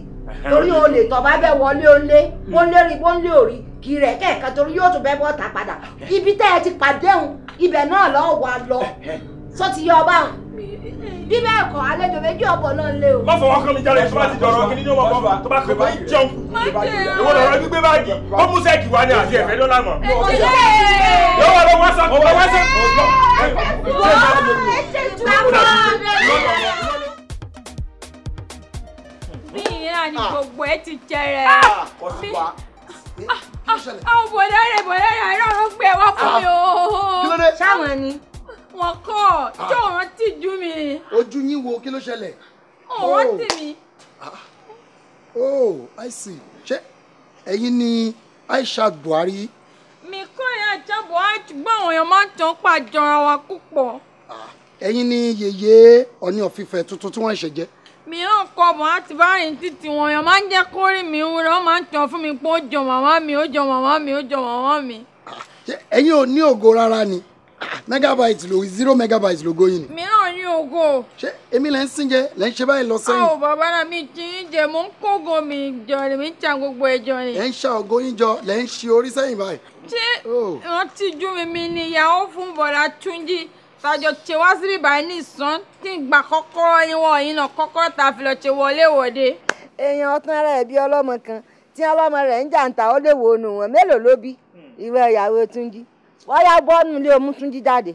torí olè tó bá wọlé olé ó lérí ó lé òrí hmm. kì í rẹ̀ kẹ̀kan torí yóò tún bẹ́ẹ̀ bọ́ ta padà ibi tẹ́ ẹ ti pàdé òun ibẹ̀ náà lọ́ọ́ wà lọ sọ ti yọ ọba òun bí bẹ́ẹ̀ kọ́ àlejò méjì ọ̀bọ̀ náà lé o. má fọwọ́ kán mi jáde tó bá ti dọ̀rọ̀ kí ni yóò máa bọ̀ tó bá kàn bá jẹun. ìwọ lọ́rọ̀ gbígbé báàgì ó mú sẹ́ẹ̀kì wá ní àti ẹ̀fẹ́ lọ́la mọ̀. lọ́wọ́ lọ wáṣà kó wá wáṣà. bí ìyá ni ah. gbogbo ẹ ti jẹrẹ àwọn ah, ah, bọ̀dá rẹ̀ bọ̀dá rẹ̀ àìrọ̀rùn gbé wá fún mi o. sáwọn ni wọn kọ tí ò rántí ju mi. ojú yín wo kí ló ṣẹlẹ̀. ò rántí oh. mi. Ah. oh i see ṣé ẹ̀yin ni Aisha Buhari. mi kọ́ ẹ̀ Aisha Buhari ṣùgbọ́n àwọn èèyàn máa ń tàn pàjọra wa púpọ̀. Ah, ẹ̀yin ni yèyé ọ̀ní ọ̀fìfẹ́ tuntun tí wọ́n ṣe jẹ́. mi náà kọ ọmọ láti báyìí títí wọn èèyàn máa ń jẹ́ kó rí mi wúrẹ́ wọ́n máa ń tàn fún mi pé ó jọ màmá mi ó jọ màmá mi ó jọ màmá mi. Ah, ẹ̀yin ò ní ògo rárá ni megabyte ló zero megabyte ló góyìn. mìíràn ní ogo. ṣé èmi lẹ́ ń síjẹ lẹ́ ń ṣe báyìí lọ sẹ́yìn. àwọn bàbá náà mi ti ń jẹ mò ń kógo mi jọ ni mi ń ta gbogbo ẹjọ ni. lẹ́ ń ṣa ògo yín jọ lẹ́ ń ṣe orí sẹ́yìn báyìí. ṣé ìrántí ju mi mi ni ìyàwó fún bọ̀dà túnjí tàjọ ṣe wá sí bíbá ní ìsán tí ń gba kọ́kọ́rọ́ yín wọ̀ yín náà kọ́kọ́rọ́ ta fi lọ ṣe wọlé wọ̀de. èèyàn ọtún ara ẹ̀ bí ọlọ́mọ kan tí ọlọ́mọ rẹ̀ ń jàǹtà ó lè wo ònù wọn mélòó ló bí hmm. ìwé ìyàwó túnjí wọ́n yá bọ́ọ̀nù ilé omútúndí jáde.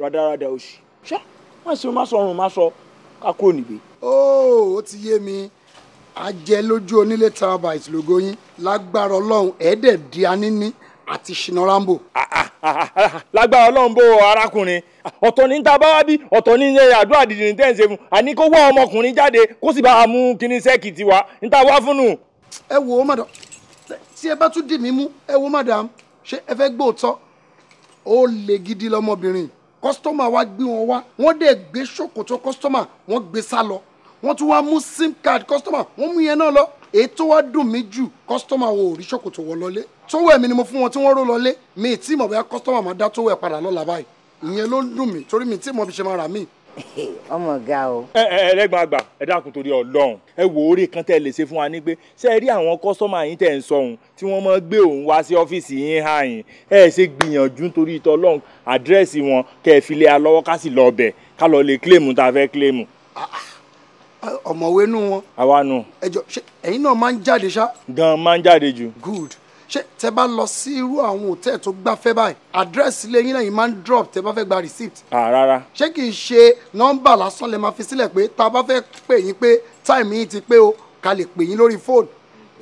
rádaràdà oṣù ṣá má ṣe má sọ ọrùn má sọ ká kúrò níbí. ó ó ti yé mi ajẹ lójú onílé terabyte lógo yín lágbára ọlọ́run ẹ̀ẹ́dẹ̀ di aníní àti ṣìnà rambo. Ah, ah, ah, lágbára ọlọ́run bó arákùnrin ọ̀tọ̀ ní ta bá wá bí ọ̀tọ̀ ní ilé àdúrà dìdìrín tẹ́ ń ṣe fún àní kó wá ọmọkùnrin jáde kó sì bá a mú kíní sẹ́ẹ̀kì tiwa níta wá fún nù. ẹ wo madam tí ẹ bá tún dì mí mú ẹ wo madam ṣé ẹ fẹ́ gbóòótọ́ ó le gidi lọ́mọbìnrin kọ́sítọ́mà wa gbé wọn wá wọ́n dẹ̀ gbé ṣòkòtò kọ́sítọ́mà wọ́n gbé sá lọ wọ́n tún wá mú sim card kọ́sítọ́mà wọ́n mú yẹn náà lọ èyí tó wá dùn mí jù kọ́sítọ́mà wo ò rí ṣòkòtò wọ lọlé tówó ẹ̀mí ni mo fún wọn tí wọ́n ró lọlé mi ì tí mọ̀ bóyá kọ́sítọ́mà máa dá tówó ẹ̀ padà lọ́la báyìí ìyẹn ló ń dùn mí torí mi ì tí mọ̀ bí ṣe máa rà míì ọmọ ga o. ẹ ẹ ẹlẹgbọn àgbà ẹ dákun torí Ọlọ́run ẹ wo oore kan tẹ lè ṣe fún wa ní pé ṣe ẹ rí àwọn kọsọmà yín tẹ ń sọ òun tí wọn máa gbé òun wá sí ọfíìsì yín hàn yín ẹ ṣe gbìyànjú torí ìtọ Ọlọ́run àdírẹ́sì wọn kẹ ẹ fi lé alọ́wọ́ ká sì lọ ọbẹ̀ ká lọ lè kílèmù tá a fẹ́ kílèmù. ọmọwé nù wọn. àwa nù. ẹjọ ṣe ẹ̀yin náà máa ń jáde ṣá. gan máa ń jáde jù. good ṣé tẹ bá lọ sí irú àwọn hòtẹ́ẹ̀ tó gbafẹ́ báyìí àdírẹ́sì ilé yín lẹ́yìn máa ń drop tẹ bá fẹ́ gba receipt. rárá. ṣé kì í ṣe nọ́mbà lásán lè máa fi sílẹ̀ pé tá a bá fẹ́ pè yín pé táìmù yín ti pé o ká lè pè yín lórí Phone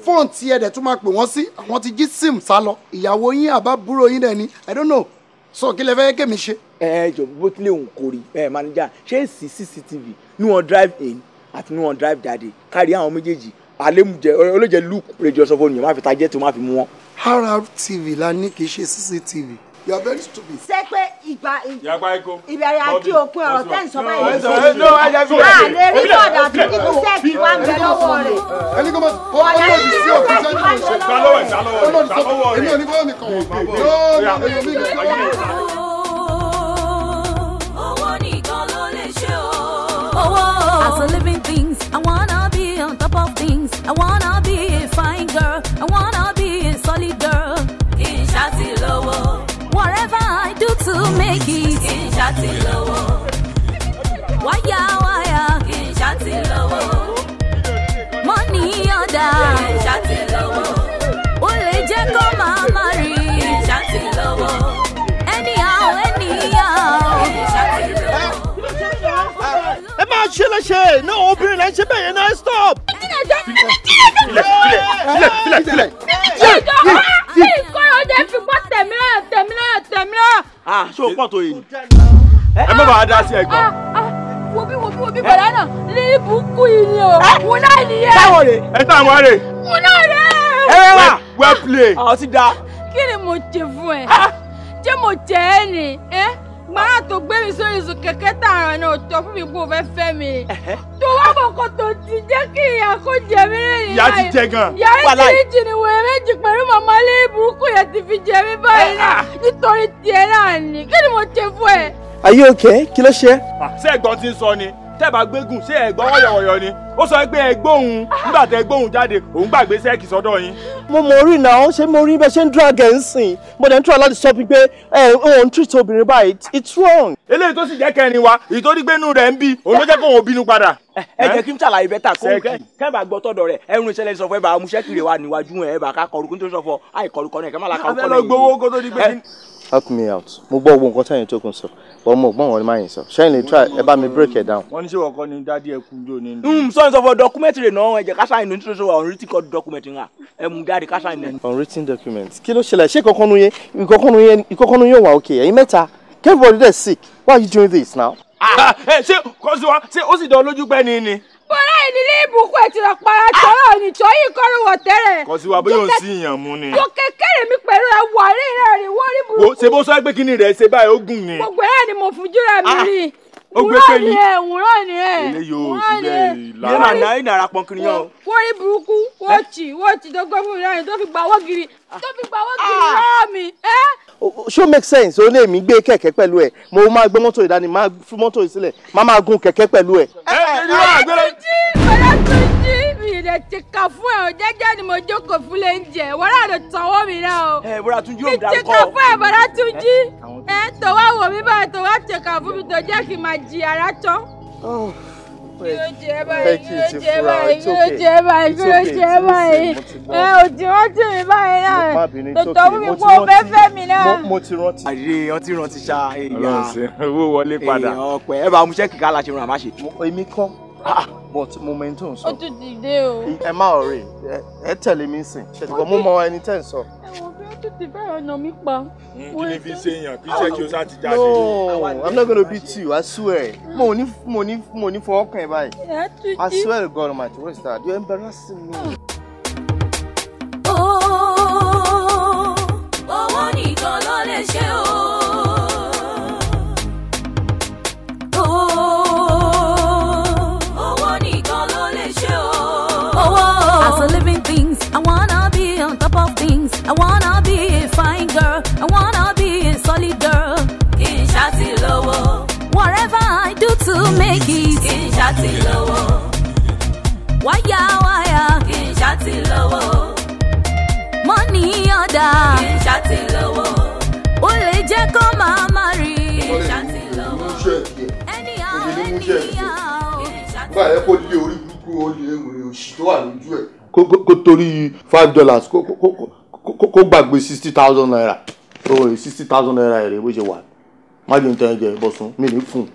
fóònù tí ẹ̀dẹ̀ tún máa pè wọ́n sí àwọn ti jí sim sá lọ ìyàwó yín àbá búrò yín dẹ̀ ni i don't know so kí lẹ fẹ́ kémi ṣe. ẹ ẹ jọ bó tilẹ̀ òun kò rí ẹ manager ṣé èsì cctv ní wọn drive in àti ní wọn drive jáde kárí àwọn méjèèjì àlémùjẹ olóòjẹ luke rèjọ sọ fún mi má fi ta jẹ́ tó má fi mú wọn. rrtv la ní kì í ṣe cctv you are very stupid. ṣé pé ìgbà ìbẹ̀rẹ̀ àti òpin ọ̀rọ̀ tẹ́ ń sọ báyìí lóṣù náà lè rí bọ́ọ̀dà tó kí ní sẹ́ẹ̀kì wá ń bẹ lọ́wọ́ rẹ̀. ẹni kò mọ ọ̀la yìí sí òkè sẹ́yìn ní ìṣe ìgbàlọ́wọ̀ ìgbàlọ́wọ̀ ìgbàlọ́wọ̀ èmi ò ní bọ́ọ̀ nìkan wọ̀ gbé yóò ní èmi nìkan wọ̀. owó nìkan ló lè ṣe o. owó as a living things I wanna top of things. I wanna be a fine girl. I wanna be a solid girl. Kí n lówó. Whatever I do to make it. Kí n ṣá ti lówó. Wáyà wáyà. Kí n ṣá ti lówó. Money ọ̀dà. Kí n ṣá lówó. máa ṣe léṣe náà obìnrin lẹ́ ń ṣe bẹ́ẹ̀ yẹn náà stop. filẹ̀ filẹ̀ filẹ̀ filẹ̀. ìkọrọ jẹ́ fipá tẹ̀mí náà tẹ̀mí ah ṣé o pọ̀ tó yìí ni ẹ má bàa dá sí ẹ̀gbọ́n. wo bí wo bí bàdá náà ní ibùkún yìí o wò náà nìyẹn. táwọn rè ẹ táwọn rè. wò náà rè. ẹ wá well play. àwọn ti da. kí ni mo jẹ fún ẹ jẹ ah. mo jẹ ẹ ni màá tó gbé mi sórí ìsùn kẹ̀kẹ́ tààràn náà tọ́ fún mi kó fẹ́ fẹ́ mi. tó wá bọ̀ kó tó ti jẹ́ kí ìyá kó jẹ mí lẹ́yìn báyìí. ìyá ti jẹ gan. ìyá ìtìrí jìnnì wèrè méjì pẹ̀lú màmá lé burúkú yẹn ti fi jẹ mí báyìí ah. náà nítorí tiẹ̀ náà ni kí ni mo ṣe fún ẹ. Are you okay? kí ló ṣe. Ah, ṣé ẹ̀gbọ́n ti ń sọ ni tẹ́ẹ̀bà gbégùn ṣé ẹ̀gbọ́n wọ̀yọ̀wọ̀yọ̀ ni ó sọ pé ẹgbóhùn nígbà tẹ gbóhùn jáde òun gbàgbé sẹ́ẹ̀kì sọ́dọ̀ yín. mo mọ orí náà ṣé mo rí bẹ́ẹ̀ ṣe ń dúró àgẹ̀ ń sìn mo dẹ̀ ń tura láti sọ pé ẹ ò ń treat obìnrin báyìí it's wrong. eléyìí tó sì jẹ́ kẹrin wa èyí tó dígbénu rẹ̀ ń bí òun ló jẹ́ kó òun bínú padà. ẹ jẹ́ kí n ṣàlàyé bẹ́tà kó kẹ́ẹ̀bà gbọ́ tọ̀dọ̀ rẹ̀ ẹrun ìṣẹ̀lẹ̀ sọ fún ẹ help me out mo gbọ́ gbogbo nǹkan tẹ̀yìn tó kún sọ but mo gbọ́ wọn ni máa yìn sọ ṣẹ́yìn lè try ẹ bá mi break it down. wọ́n ní ṣé wọ́n kọ́ ni dádì ẹ kú jó ni. sọ́yìn sọ fọ dọ́kúmẹ́ntì rẹ̀ náà ẹ̀jẹ̀ káṣá ìnú nítorí sọ́wọ́ unwritten code document ń hà ẹ̀ mú dáadé káṣá ìnú. unwritten document kí ló ṣẹlẹ̀ ṣé ìkọ̀kọ́nu yẹn ìkọ̀kọ́nu yẹn ìkọ̀kọ́nu yẹn wà okay ẹ̀yin mẹ́ta everybody dey sick why are you doing this now. Ah, eh, ṣé kọ́sùwọ́n ṣé ó sì dán lójú pẹ́ ni ni bọ́lá ìdílé ìbùkún ẹ̀tìrọ̀ para tọ́lá òní tó yí kọ́rù wọ̀ tẹ́rẹ̀. kò sí wa bóyá ò sí ìyàn mú ni. mo kékeré mi pẹ̀lú ẹ wà rí rẹ̀ rí wọ́n rí burúkú. ṣe bó sọ pé kí ni rẹ̀ ṣe báyìí ó gùn ni. gbogbo ẹ̀ ni mo fojúra mi ah! rí. wúrọ̀ ni ẹ wúrọ̀ ni ẹ wúrọ̀ ni ẹ. náírà náírà náírà pọnkirin yàn. wọ́n rí burúkú wọ́n eh? ti wọ́n ti dọ́gbọ́n fún mi láàrin tó fi gbà wọ́gìrì ah! tó fi gbà wọ́gìrì ah! lọ́wọ́ mi. ẹ́ eh? ṣó make sense ó lè mí gbé kẹ̀kẹ́ pẹ̀lú ẹ̀ mo máa gbé mọ́tò ìdání máa fún mọ́tò ìsílẹ̀ máa máa gun kẹ̀kẹ́ pẹ̀lú ẹ̀. Ọlátúnjí mi rẹ̀ ti kà fún ẹ̀ o jẹ́jẹ́ ni mo jókòó fún lẹ́ńjẹ wọ́rà ló tọwọ́ mi rẹ̀ o. ẹ wọ́rà tún jí òun dà kọ́. mi ti kà fún ẹ̀ Ọlátúnjí ẹ tọ́wọ́ wò mí báyìí tọ́wọ́ ti kà fún mi tó jẹ́ kí n máa jìyà rà tán yóò jẹ báyìí yóò jẹ báyìí yóò jẹ báyìí yóò jẹ báyìí ẹ ò ti rántí mi báyìí náà tòtò fún mi kó o fẹ́ fẹ́ mi náà. mo ti rántí. àyè ọtí rántí ṣá èèyàn owó wọlé padà èèyàn ọpẹ ẹ bá mu ṣẹ́ẹ̀kì ká la ṣe ràn àmáṣe. èmi kọ́ ah. but momento n sọ. ó tún dìde o. ẹ má ọ̀rẹ́ ẹ tẹ̀lé mi sìn ṣètìkọ́ mú mọ́ ẹni tẹ́ ń sọ. ẹ wọ́n tètè bẹ́ẹ̀ ọ̀nà mi pa. Hmm, kí ni fi ṣe èèyàn kí iṣẹ́ o sá ti jáde. no i'm not gonna beat you i swear mo ní mo ní mo ní fọwọ́ kàn ẹ́ báyìí i swear to god my dear star you embarrassing me. Oh, owó nìkan ló lè ṣe o. things. I wanna be a fine girl. I wanna be a solid girl. Kí n ṣá Whatever I do to make it. Kí n ṣá ti lówó. Wáyà wáyà. Kí n ṣá ti lówó. Money ọ̀dà. Kí n ṣá ti lówó. O lè jẹ́ kó máa má rí. Kí n ṣá ti lówó. Ẹni àwọn ẹni àwọn. Bá a yẹ kó lé orí burúkú olè òṣì tó wà lójú ẹ̀ kó torí five dollars kó kó kó kó gbàgbé sixty thousand naira owó sixty thousand naira èrè bó ṣe wà má jẹun tẹ́ ẹ jẹ bọ̀sùn mi ní fún un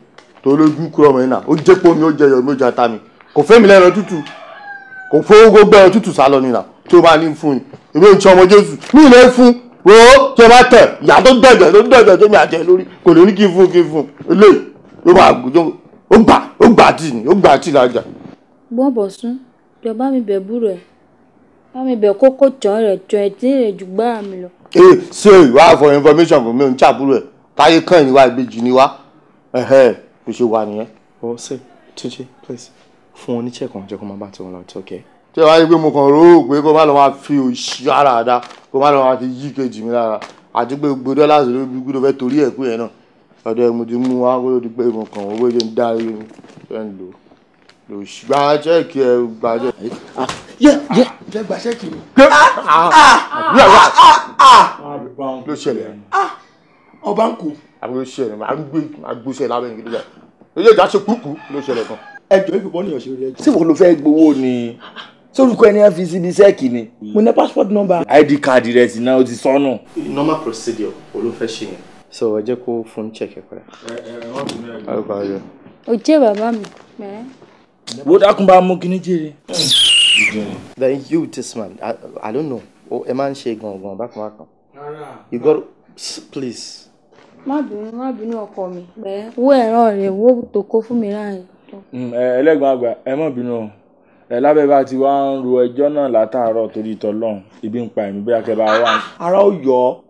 tó lójú kúrò ọmọ yẹn náà ó jẹ́ pọ́nmi ó jẹ yọ̀ mi ó jẹ ata mi kò fẹ́ mi lẹ́nu tútù kò fowó gbogbo ẹ̀rọ tútù sálọ nìyà tí o bá ní fún yìí èmi ò ń ṣe ọmọ jésù mi ì lè fún wo tí o bá tẹ̀ ìyá tó dẹ̀jẹ̀ tó dẹ̀jẹ̀ tó mi àjẹ lórí kò lè ní kí n fún kí n fún ilé ló máa gbójú ó gbà ó gbà tì ní ó gbà tì lájà. gbọ́n bọ̀ sún mi bẹ̀ búrò ẹ̀ bámi bẹ̀ kókó tán rẹ̀ tán ẹ̀ tí èrè jù mi lọ. ẹ ṣe ìwà for information for me ò ń ṣàbúrò ẹ táyé kàn yín wá ìbejì ni wá ẹhẹ bó ṣe wà nìyẹn. ọ ṣe túnjí please fún wọn ní check on jẹ kó máa bá tiwọn lọ tí ó kẹ. tí ẹ bá yẹ pé mo kàn rò ó pé kó má lọ máa fi òṣì ara dá kó má lọ máa fi yí kejì mi lára àti pé gbogbo dọ́là sí ló bí gbúdọ̀ fẹ́ torí ẹ̀ pé yẹn náà ọ̀dọ̀ ẹ̀ mo ti mú wá kó ló di pé mo kàn owó jẹ́ dá ẹ̀ ń lò ó lòsì. gba ṣẹ́ẹ̀kì ẹ gba ṣẹ́ẹ̀kì. Ah, yẹ yẹ jẹ gba ṣẹ́ẹ̀kì mi. àbúrò ah, ah, àwọn ló ṣẹlẹ̀. ọba ń kú. àbúrò ló ṣẹlẹ̀ máa ń gbé agbóṣẹ́ lábẹ́ ìgbésẹ̀ lójà lójà ìjà ṣe kúkú ló ṣẹlẹ̀ kan. ẹjọ́ ìbùbọ́ ni ọ̀ṣẹ́ rẹ̀. ṣé wo ló fẹ́ gbowó ni sórúkọ ẹni fi síbi sẹ́ẹ̀kì ni mo ní passport number. id card rẹ sì náà o ti sọnù. normal procedure olófẹ́ ṣe yẹn. so ẹ jẹ́ kó fún check ẹ pẹ́. ẹ ẹ wọ́n ti mẹ́rin. o jẹ́ bàbá mi wo dákun bá mú kíní jèrè. then you this man i, I don't know Oh, máa ń ṣe gangan bákan bákan you got please. má bínú má bínú ọkọ mi. wo ẹ̀rọ rẹ̀ wo tó kó fún mi láàyè. Mm, ẹlẹ́gbọ̀n àgbà ẹ má bínú o ẹ lábẹ́ bá ti wá ń ro ẹjọ́ náà látàárọ̀ torí tọlọ́run ibi ń pa ẹ̀mí bóyá kẹ wà. ara ó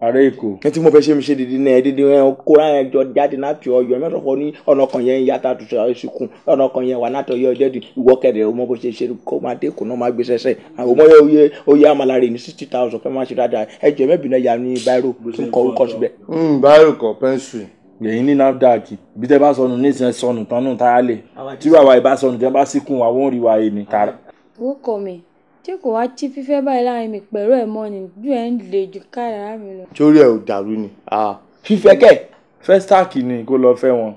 ara èkó. ẹ tí mo fẹ́ ṣe mi ṣe dìde náà dídì ẹ kóra ẹ jọ jáde láti ọyọ mẹ́tọ̀ fọ ní ọ̀nà kan yẹn yàtọ̀ àtúnṣe àìsíkùn ọ̀nà kan yẹn wà láti ọyọ ọjọ́ di ìwọ kẹ̀dẹ̀ ọmọ bó ṣe ṣe kó máa dé kùnà máa gbé sẹ́sẹ́ àwọn ọmọ yẹ yẹ̀yìn ní nafdac bí tẹ́ bá sọnù ní ìsìn sọnù tán nù táyà lè tí wàá wà ìbá sọnù tẹ́ bá síkùn àwọn òrìwà yìí ní tààrà. ó kọ mi tí kò wá tí fífẹ́ báyìí láàrin mi pẹ̀lú ẹ̀ mọ́ ni ju ẹ̀ ń le ju káyàrá mi lọ. torí ẹ ò dàrú ni fífẹ́ kẹ̀. festac ni kó lọ fẹ́ wọn.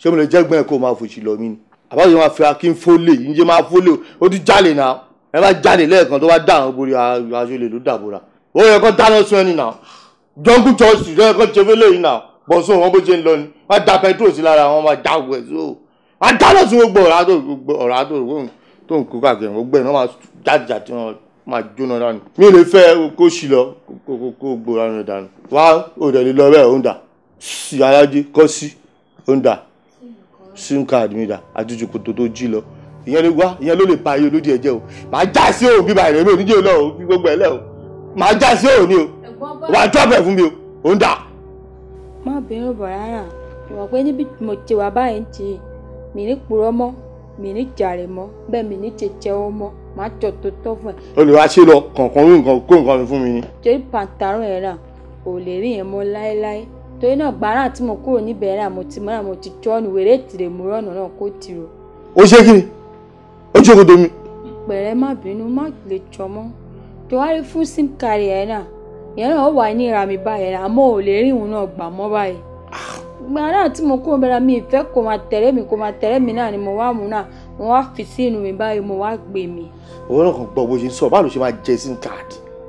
ṣé mo lè jẹ́gbọ́n ẹ̀ kó máa fòṣì lọ mí ni àbájọ máa fi akin fólè ìyẹn máa fólè ó ti jalè náà ẹ bá jalè lẹ́ẹ̀kan tó bá dà àwọn borí aṣọ lè ló dàbòrà ó yẹ kó dáná sun ẹni náà jọ́ngù jọ́sì ó yẹ kó jẹ́ fẹ́lẹ́ yìí náà bọ́sùn wọn bó ṣe ń lọ ni wọ́n da petrol sí lára wọn wọ́n da wẹ̀ sí o wọ́n dáná sí gbogbo ọ̀rá tó gbogbo ọ̀rá tó tó ń kó káàkiri gbogbo ẹ̀ náà máa jájà tí wọ́n máa jóná dànù mi ò lè fẹ́ kó sì lọ kó kó gbòòrò àwọn ìdànù wá òdẹ̀lẹ̀ lọ bẹ́ẹ̀ ó ń dà sí alájí kọ́ sí ó ń dà sim card mi dà àtúntò kòtò tó jí lọ ìyẹn ló wá ìyẹn ló lè pa ayé olódì ẹ̀jẹ̀ o màá já sí òun bíbá ìrẹ̀mí òníjẹ́ lọ òun gbogbo ẹ̀ lẹ́ o màá já sí òun ni o wàá drop ẹ̀ fún mi o ó ń dà má bẹ̀rù bọ̀ rárá ìmọ̀ pé níbi mo ti wà báyìí ń ti mi ní purọ́ mọ́ mi ní jàre mọ́ bẹ́ẹ̀ mi ní jẹjẹ ó mọ́ má jọ tó tọ́ fún ẹ. olùwàṣẹ lọ kọ̀ọ̀kan rú nǹkan kó nǹkan fún mi ni. torí pàǹtàrún ẹ̀ rà kò lè rí yẹn mọ́ láéláé torí náà gbàrà tí mo kúrò níbẹ̀ rà mo ti mọ́ra mo ti jọ́ọ̀nù wèrè tìrè mú rọ́ọ̀nù náà kó tìrò. ó ṣe kí ni ó jókòó domi. pẹ̀rẹ́ má bínú má lè jọmọ́ tó wá rí fún sim kárí ẹ̀ náà ìyẹn náà ó wà níra mi báyẹn àmọ́ ò lè rí ìhun náà gbà mọ́ báyìí gbà náà tí mo kúrò bẹ́ra mi ìfẹ́ kò máa tẹ̀lé mi kò máa tẹ̀lé mi náà ni mo wá mú náà mo wá fi sínú mi báyìí mo wá gbé mi. òun náà kàn gbọ́ bó ṣe ń sọ báwo ló ṣe máa jẹ sim card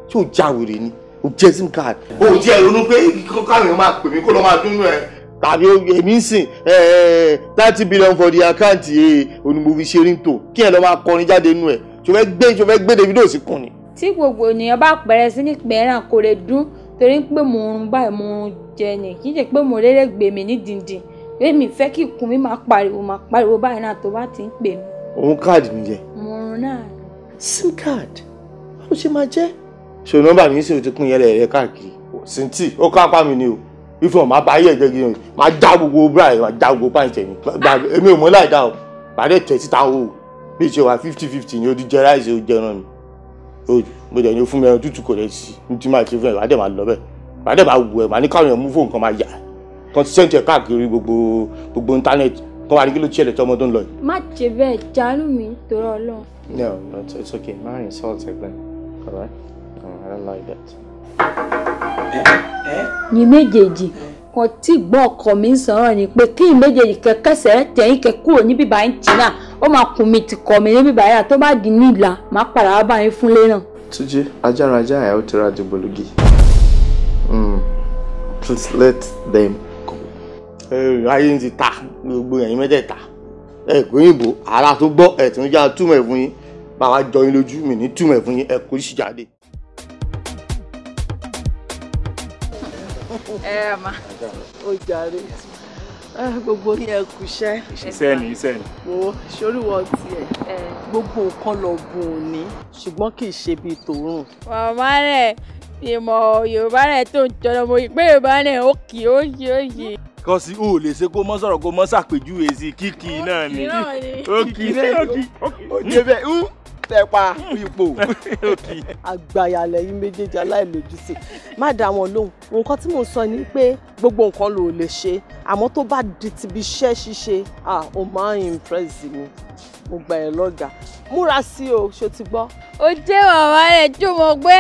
tí ò jáwèrè ni ò jẹ sim card. o ò jẹ́ ronú pé káwọn èèyàn máa pè mí kó lọ́ọ́ máa dún ẹ̀ tàbí èmi ń sìn thirty billion for the account eh, onímọ̀fi ṣe rí ń tò kí ẹ lọ́ọ́ máa kọrin jáde nú ẹ̀ tí o fẹ́ gbé tí o fẹ́ gbé Davido sí kùn ni tí gbogbo ènìyàn bá pẹ̀rẹ̀ sí ní pẹ̀ràn kò lè dún torí pé mò ń rún báyìí mò ń jẹ ni kì í ṣe pé mò rere gbè mí ní dìndín pé mi fẹ́ kí ikùn mi máa pariwo máa pariwo báyìí náà tó bá ti ń pè mí. òun káàdì nìyẹn. mò ń rún náà. sim card báwo ṣe máa jẹ́. ṣò nọ́mbà mi ṣe òtún yẹn lẹ́yẹ káàkiri sèǹtì ó ká apá mi ni o ife ọ̀ máa bá ayé ẹ̀jẹ̀ gidi máa já gbogbo bra ẹ̀ máa já gbogbo pàǹtì ẹ̀ ní èmi ò mọ́ láì dá o bàdẹ́ tẹ̀ o bí ìṣe wa fifty fifty ni o ti jẹ ráìsì o jẹran mi mo dẹ̀ ní o fún mi ẹran tútù kò lè sí ní tí máa ṣe fún ẹ wàá dẹ̀ máa lọ bẹ́ẹ̀ wàá dẹ̀ máa wù ẹ màá ní káwọn èèyàn mú fóònù kan máa yà kan sẹ́ǹtì ẹ̀ káàkiri gbogbo gbogbo íńtánẹ́ẹ̀tì kan wà ní kí tiẹ̀ lẹ̀ tọ́ ọmọ tó ń lọ yìí. má ṣe bẹ́ẹ̀ jánu mi torí ọlọ́run. no no it's okay má rìn sọ́ọ̀tì ẹgbẹ́ all right I don't like that. ẹ̀yin eh, eh? méjèèjì kan tí gbọ́ ọkọ mi ń sọ̀rọ̀ ni pé kí n méjèèjì kẹkẹsẹ̀ tẹ̀yìn kẹ kúrò ní bíbá yín china ó máa kùn mí ti kọ̀ mí ní bíbá yà tó bá di ní ìlà máa padà wá bá yín fúnlé náà. Túnjí ajára ajá àyà ó ti ra hmm, please let them go. ayé ń ti ta gbogbo ẹ̀yin mẹ́tẹ̀ẹ̀ta ẹ̀kọ́ òyìnbó ara tó gbọ́ ẹ̀tún já túmọ̀ ẹ̀ fún yín bàbá jọyín lójú mi ní túmọ̀ ẹ̀ fún yín ẹ̀kọ́ ìṣìjáde. ẹ ma. ó jàre gbogbo ní ẹkù iṣẹ́. iṣẹ́ ni iṣẹ́ ni. wo sóríwọ tiẹ̀ gbogbo nǹkan lọ bùn òní ṣùgbọ́n kì í ṣe bíi tòrùn. màmá rẹ̀ ìmọ̀ yorùbá rẹ̀ tó ń jọlọ mo rí pé yorùbá rẹ̀ ó kì ó yí ó yí kọ́ sí o lè ṣe kó mọ́ sọ̀rọ̀ kó mọ́ ṣàpèjúwe sí kíkì náà ni ó kì í ó kì í ó débẹ̀ tẹpa hmm. ipò. àgbàyàlẹ̀ yìí méjèèjì aláìlójútì má dá wọn lóhùn nǹkan tí mò ń sọ ni pé gbogbo nǹkan ló lè ṣe àmọ́ tó bá di tìbí iṣẹ́ ṣíṣe ó máa ń impress mi mo gbà ẹ́ lọ́gàá múra sí o ṣó ti gbọ́. ó jẹ́ bàbá rẹ̀ tí mo gbé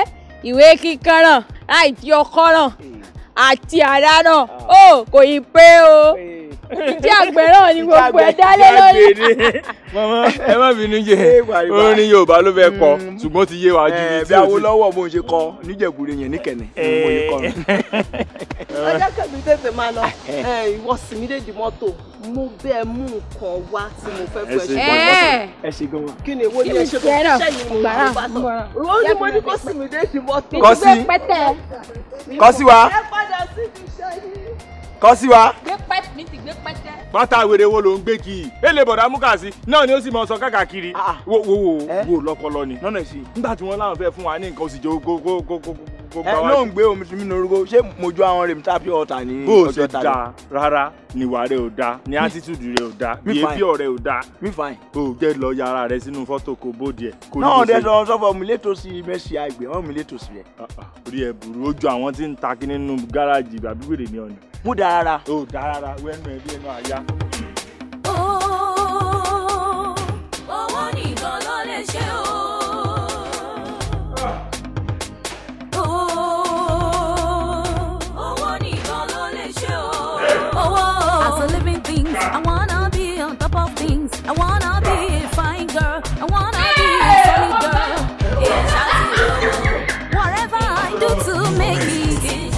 ìwé kíkọ́ràn láì tí ọkọ́ràn àti àdá náà ah. ó kò ì pé o ìdí àgbẹ̀ náà ni gbogbo ẹ̀ dálé lórí. ẹ má bínú jẹ orin Yorùbá ló fẹ́ kọ mm. ṣùgbọ́n ti yé wa ju eh, bí tí o ti. Awólọ́wọ̀ mo ṣe kọ níjẹ̀gúrẹ́ yẹn níkẹ̀nẹ̀ mo yẹ kọ. ọjọ́ kẹ́mi tètè máa lọ eh. Eh, ìwọ sì mí déjì mọ́tò mo bẹ́ẹ̀ mú nǹkan wá tí mo fẹ́ fẹ́ ṣe. ẹ ṣe gan wa. kí ni èwo ni ẹ ṣe fẹ́ ṣẹ́yìn mo bá tọ̀. ó ní mo ní kó sì mí déjì mọ́tò. kọ́ sí kọ́ sí wa kọ́ sí wa. gbé pẹ́t mi ti gbé pẹ́tẹ́. pátá wèrè wo ló ń gbé kì í. ele bọ̀dá múkàsí náà ni ó sì mọ sọ káàkiri. Ah, ah. wo wo wo eh? lọ́pọlọ ni. nọ́nà ìsìn nígbà tí wọ́n láwọn fẹ́ fún wa ní nǹkan oṣù jẹ́ ẹ eh, ló ń gbé omi tí mi ṣé mojú àwọn rèmi tàbí ọ̀tà ní ọjọ́ tàbí. bó o ṣe da rárá níwà rẹ ò da ní attitude rẹ ò da behavior rẹ ò da. mi fine. o jẹ lọ yàrá rẹ sínú fọ́tò kò bóde ẹ. náà ọdẹ sọ sọ fọ mi létòsí mẹsì àgbẹ wọn mi létòsí rẹ. Ah, ah, orí ẹ burú ojú àwọn tí ń ta kí nínú gáràjì àbí wèrè ni ọ̀nà. mú dára. o dára wẹ́nu ẹ bí ẹnu àyà. things. I wanna be on top of things. I wanna be a fine girl. I wanna be a solid girl. Yeah, Whatever I do to make it. get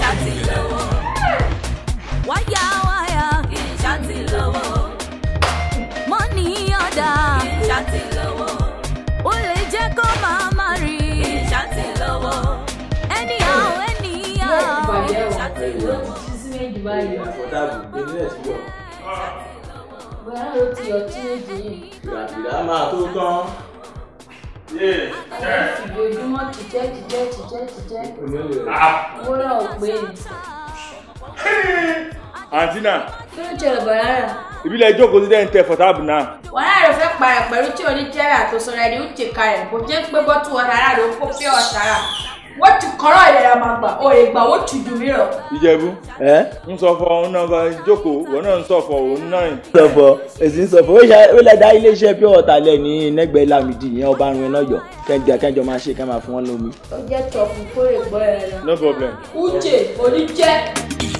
Why ya, why ya? Get Money or die. shawty low. Ó lè jẹ́ kó máa ọ̀gá ló ti ọtí méjì yìí. ìràkìrà máa tó tán. àwọn ìfìdójúmọ́ tìjẹ́ tìjẹ́ tìjẹ́ tìjẹ́ wúrà òpè ni. àǹtí náà. kí ló jẹ ọ̀bọ̀ rárá. ìbílẹ̀ ìjókòó ti dẹ́yìn tẹ fọ̀tàbù náà. wàhálà rẹ̀ fẹ́ parẹ̀ pẹ̀lú tí oníjẹ́rà tó sọ̀rọ̀ ẹni ó ti karẹ̀ kò jẹ́ pé bọ́tù ọ̀tàrà ló kó pé ọ̀tàrà wọ́n ti kọ́rọ̀ ìlera máa gbà ó lè gbà ó tù jù mí lọ. ìjẹ̀bú ẹ ń sọ̀fọ̀ òun náà bá jókòó òun náà ń sọ̀fọ̀ òun náà. sọ̀fọ̀ èsì ń sọ̀fọ̀ ó lè dá iléeṣẹ́ pure water lẹ̀ ní nẹ́gbẹ̀ẹ́ lámìdí ìyẹn ọba arun ẹ̀nà ọ̀yọ́ kẹ́ńdé akẹ́jọ máa ṣe kẹ́ńdé máa fún wọn lómi. ó jẹ́ tọ̀fù kó lè gbọ́ ẹ̀ no problem. uche oníjẹ́.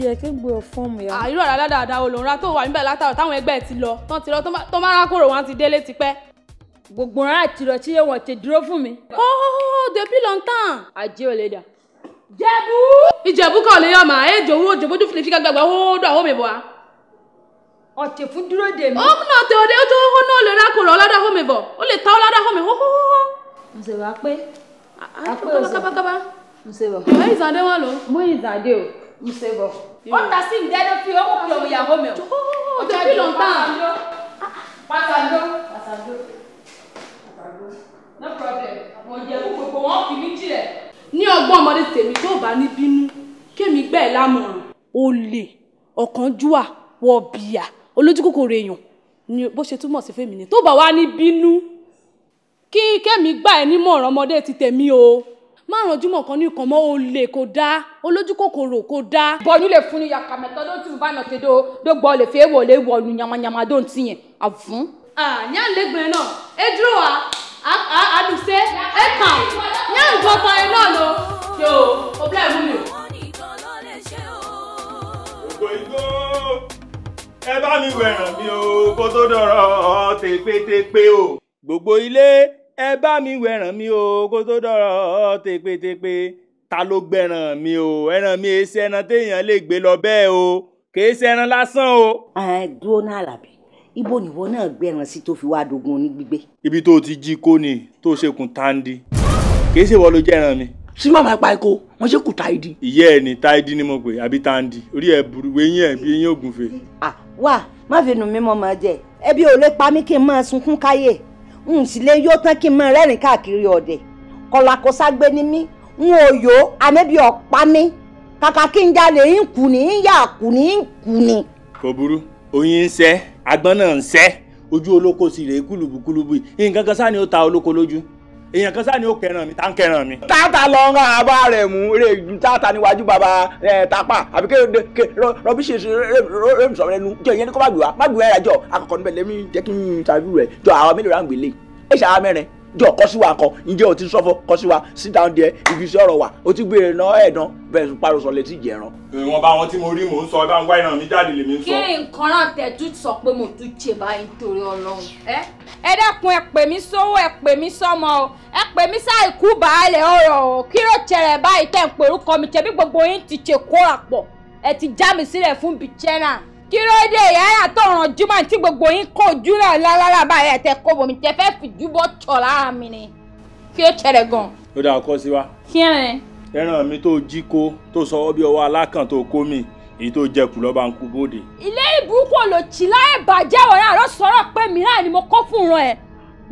jẹ́ kí n gbé fọ́ọ̀mù yà. àìrò àrà dáadáa olùrànra tó wà níbẹ̀ látàrọ̀ táwọn ẹgbẹ́ ti lọ tán ti lọ tó má rákòrò wọn ti délé tipẹ́. gbogbo rán àtìrọ̀ tí yẹ wọ́n ti dúró fún mi. óóó depuis longtemps. àjẹ́ ò lè dà. jẹ̀bú. ìjẹ̀bú kọ̀ lè yọ̀ máa èjò owó òjò bójú fìlẹ̀ fíkà gbàgbà ó dọ̀ àwọn mèbọ̀ wa. ọ̀tẹ̀ fún dúró dè mí. ó kùnà tẹ òde ó tó náà lè rákòrò ọ̀ládà hómìbọ̀ ó lè ìzàdé wọn lò. mọ̀ ìzàdé o. Musebo. Ó ta sí ìdẹ́nu fi owó pe òun ìyàwó mi o. Ó jẹ́ kí ló ń tàn. Pàtàkó. Pàtàkó. Pàtàkó. No problem. Àwọn ìjẹ́ fún gbogbo wọn fi mí jìrẹ̀. Ní ọgbọ́n ọmọdé tèmi tó bá ní bínú, kémi gbẹ́ ẹ̀ lámọ̀ràn. Olè, ọ̀kánjúwà, wọ̀bìyà, olójúkòkòrò èèyàn ni bó ṣe túmọ̀ sí fèmí ni tó bá wá ní bínú kí kémi gbà ẹ́ nímọ̀ràn ọmọdé ti tèmi o márùn ojúmọ́ kan ní nǹkan mọ́ o kò dáa olójú kòkòrò kò dáa. bọ́ọ̀nù lè fún ni yàtọ̀ mẹ́tọ́ ló ti bá nà tẹ́ do do gbọ́ lè fẹ́ wọlé wọnú yamayama dó ń ti yẹn àfún. ní àlégbè náà ẹ dúró wa àdùsẹ ẹ kàn ní nǹkan kan ẹ náà lọ yóò ó bẹ́ẹ̀ mú mi. igbó ẹ bá mi wẹ̀ràn mi o kó tó dọ̀rọ̀ tẹpẹ́tẹpẹ́ o. gbogbo ilé ẹ bá mi wẹ̀ràn mi o kó tó dọ̀rọ̀ tẹpẹtẹpẹ ta ló gbẹ̀ràn mi o ẹran mi èsì ẹran téèyàn lè gbé lọ bẹ́ẹ̀ o kèé sẹran lásán o. ẹ dúró náà làbí ibo nìwọ náà gbẹ̀ràn sí tó fi wá dogun ní gbígbé. ibi tó o ti jí kó ni tó o ṣe kùn táǹdì kèé ṣèwọ ló jẹ́ràn mi sí màmá pa eko wọn ṣe kù táìdì. ìyá ẹ ní táìdì ni mo pè àbí táǹdì orí ẹ burú wẹyìn ẹ bí eyín ògùnfẹ. wà má fi nù mí mọ́ máa jẹ ẹbí ò lè pa mí kí n máa sunkún káyè n sì lè yó tán kí n máa rẹ́rìn káàkiri ọ̀dẹ̀ kọlàkọsá gbé ní mí n ò yó ànábì ọ̀pá mi kàkà kí n jalè ń kù ní ń yà kù ní ń kù ní. kò burú oyin ń sẹ́ agbọ́n náà ń sẹ́ ojú olóko sì rèé kúlùbùkúlùbù nǹkan kan sáà ni ó ta olóko lójú èèyàn kan sáà ni ó kẹran mi tá ń kẹran mi. tata lọ ran àbá rẹ mú rẹ tata níwájú bàbá ẹ tapa àbí ké rọbíṣì rẹmi sọ̀rọ̀ ẹnu jọ ìyẹn ní kó má gbé wa má gbé wa ẹ rà jọ akọkọ níbẹ̀ lẹ́mí jẹ́ kí n ṣàbí rẹ̀ jọ àwọn mélòó rà ń gbélé ẹ̀ ṣàwọn mẹ́rin jọ kọ sí wa kan ǹjẹ́ o ti sọ́fọ́ kọ sit down there ibi iṣẹ́ ọ̀rọ̀ wa o ti gbére ná ẹ̀dán bẹ́ẹ̀ sùn parọ́sọ létí ìjẹran. ìwọ̀n bá wọn tí mo rí mò ń sọ bá ń wá ìran mi jáde lèmi ń sọ. kí nǹkan náà tẹ̀jú sọ pé mo tún ṣe báyìí nítorí ọlọ́run. ẹ dẹ́kun ẹ pè mí sówó ẹ pè mí sọ́mọ o ẹ pè mí sáìkú baálẹ̀ ọ̀rọ̀ o kí ló tẹ̀rẹ̀ báyìí tẹ̀ ń pèrú kọ mi tẹ̀bí gbogbo yín ti ṣe kó àpọ̀ ẹ ti já mi sílẹ̀ fún bìchẹ́nà kí ló dé yàrá tó ràn jùmọ̀ tí gbogbo yín kó ojú náà lálára báyìí ẹ̀tẹ̀ kó bomi tẹ fẹ́ fi júbọ tọ̀ lára mi ni kí ó ṣẹlẹ̀ gan. ó dà kọ́ sí wa. kí ẹ. ẹran mi tó jí kó tó sọ bí ọwọ́ alákàn tó kó mi èyí tó jẹ kù lọ́ba ń kú bóde. ilé ìbúkú ló tì láì bàjẹ́ ọ̀rẹ́ àrọ́ sọ̀rọ̀ pé mi náà ni mo kọ́ fún un ẹ̀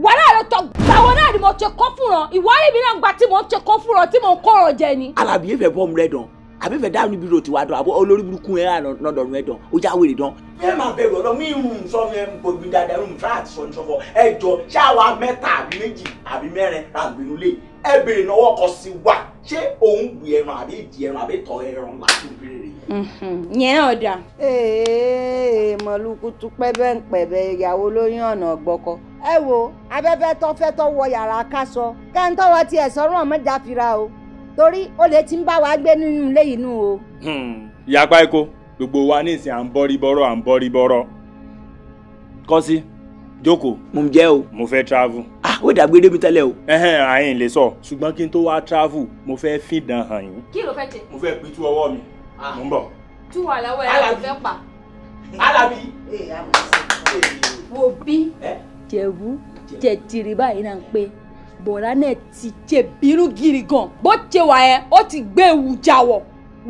wàhálà ló tọ gbàwọ náà ni mo ṣe kọ́ fún un ìwádìí mi náà gba tí mo ṣe kọ́ fún un tí mo kọ́ ọ̀rọ̀ jẹ ni. alábìyẹ́ bọ́ mu lẹ́dàn àbí fẹ́ dáhùn níbi ro tiwa dán àbọ̀ olórí burúkú yẹn hàn nọ́dọ̀rùn ẹ̀ dán ó já wèrè dán. ẹ máa bẹ̀rù ọ̀dọ́ mi rùn sọ́nù ẹ̀ ń gbògbì dáadáa rùn frat sọ́nù sọ́fọ́ ẹ jọ ṣáwa mẹ́ta àbí méjì àbí mẹ́rin ràgbìnú lè ẹ bèrè náà wọ́kọ̀ sí wa ṣé òun gbì ẹran àbí ìdí ẹran àbí tọ́ ẹran láti bèrè. yẹn náà dà. ee mọ̀lúkú tún pẹ́bẹ́ǹpẹ̀bẹ́ ìyàwó lóyún ọ̀nà ọ̀gbọ́kọ. ẹ wo abẹ́fẹ́ tọ́fẹ́ tọ́wọ́ yàrá ká torí lè ti ń bá wa gbé nínú ilé inú o. Hmm. gbogbo wa ní ìsìn à ń bọ́rí bọ́rọ̀ à ń bọ́rí bọ́rọ̀ kọ́ sí jókòó. mo jẹ́ o. mo fẹ́ travel. ah ó dàgbé tẹ́lẹ̀ o. ẹhẹ́n àyìn lè sọ ṣùgbọ́n kí n tó wá travel mo fẹ́ fìdán hàn yín. kí ló fẹ́ tẹ. mi. Ah. mo ń bọ̀. wà ẹ̀ ló fẹ́ pa. alábi. wo bí eh. jẹ̀bú jẹ̀tìrì báyìí bọ̀dá náà ti jẹ bínú gidi gan bó ṣe wà yẹn ó ti gbé wùjà wọ̀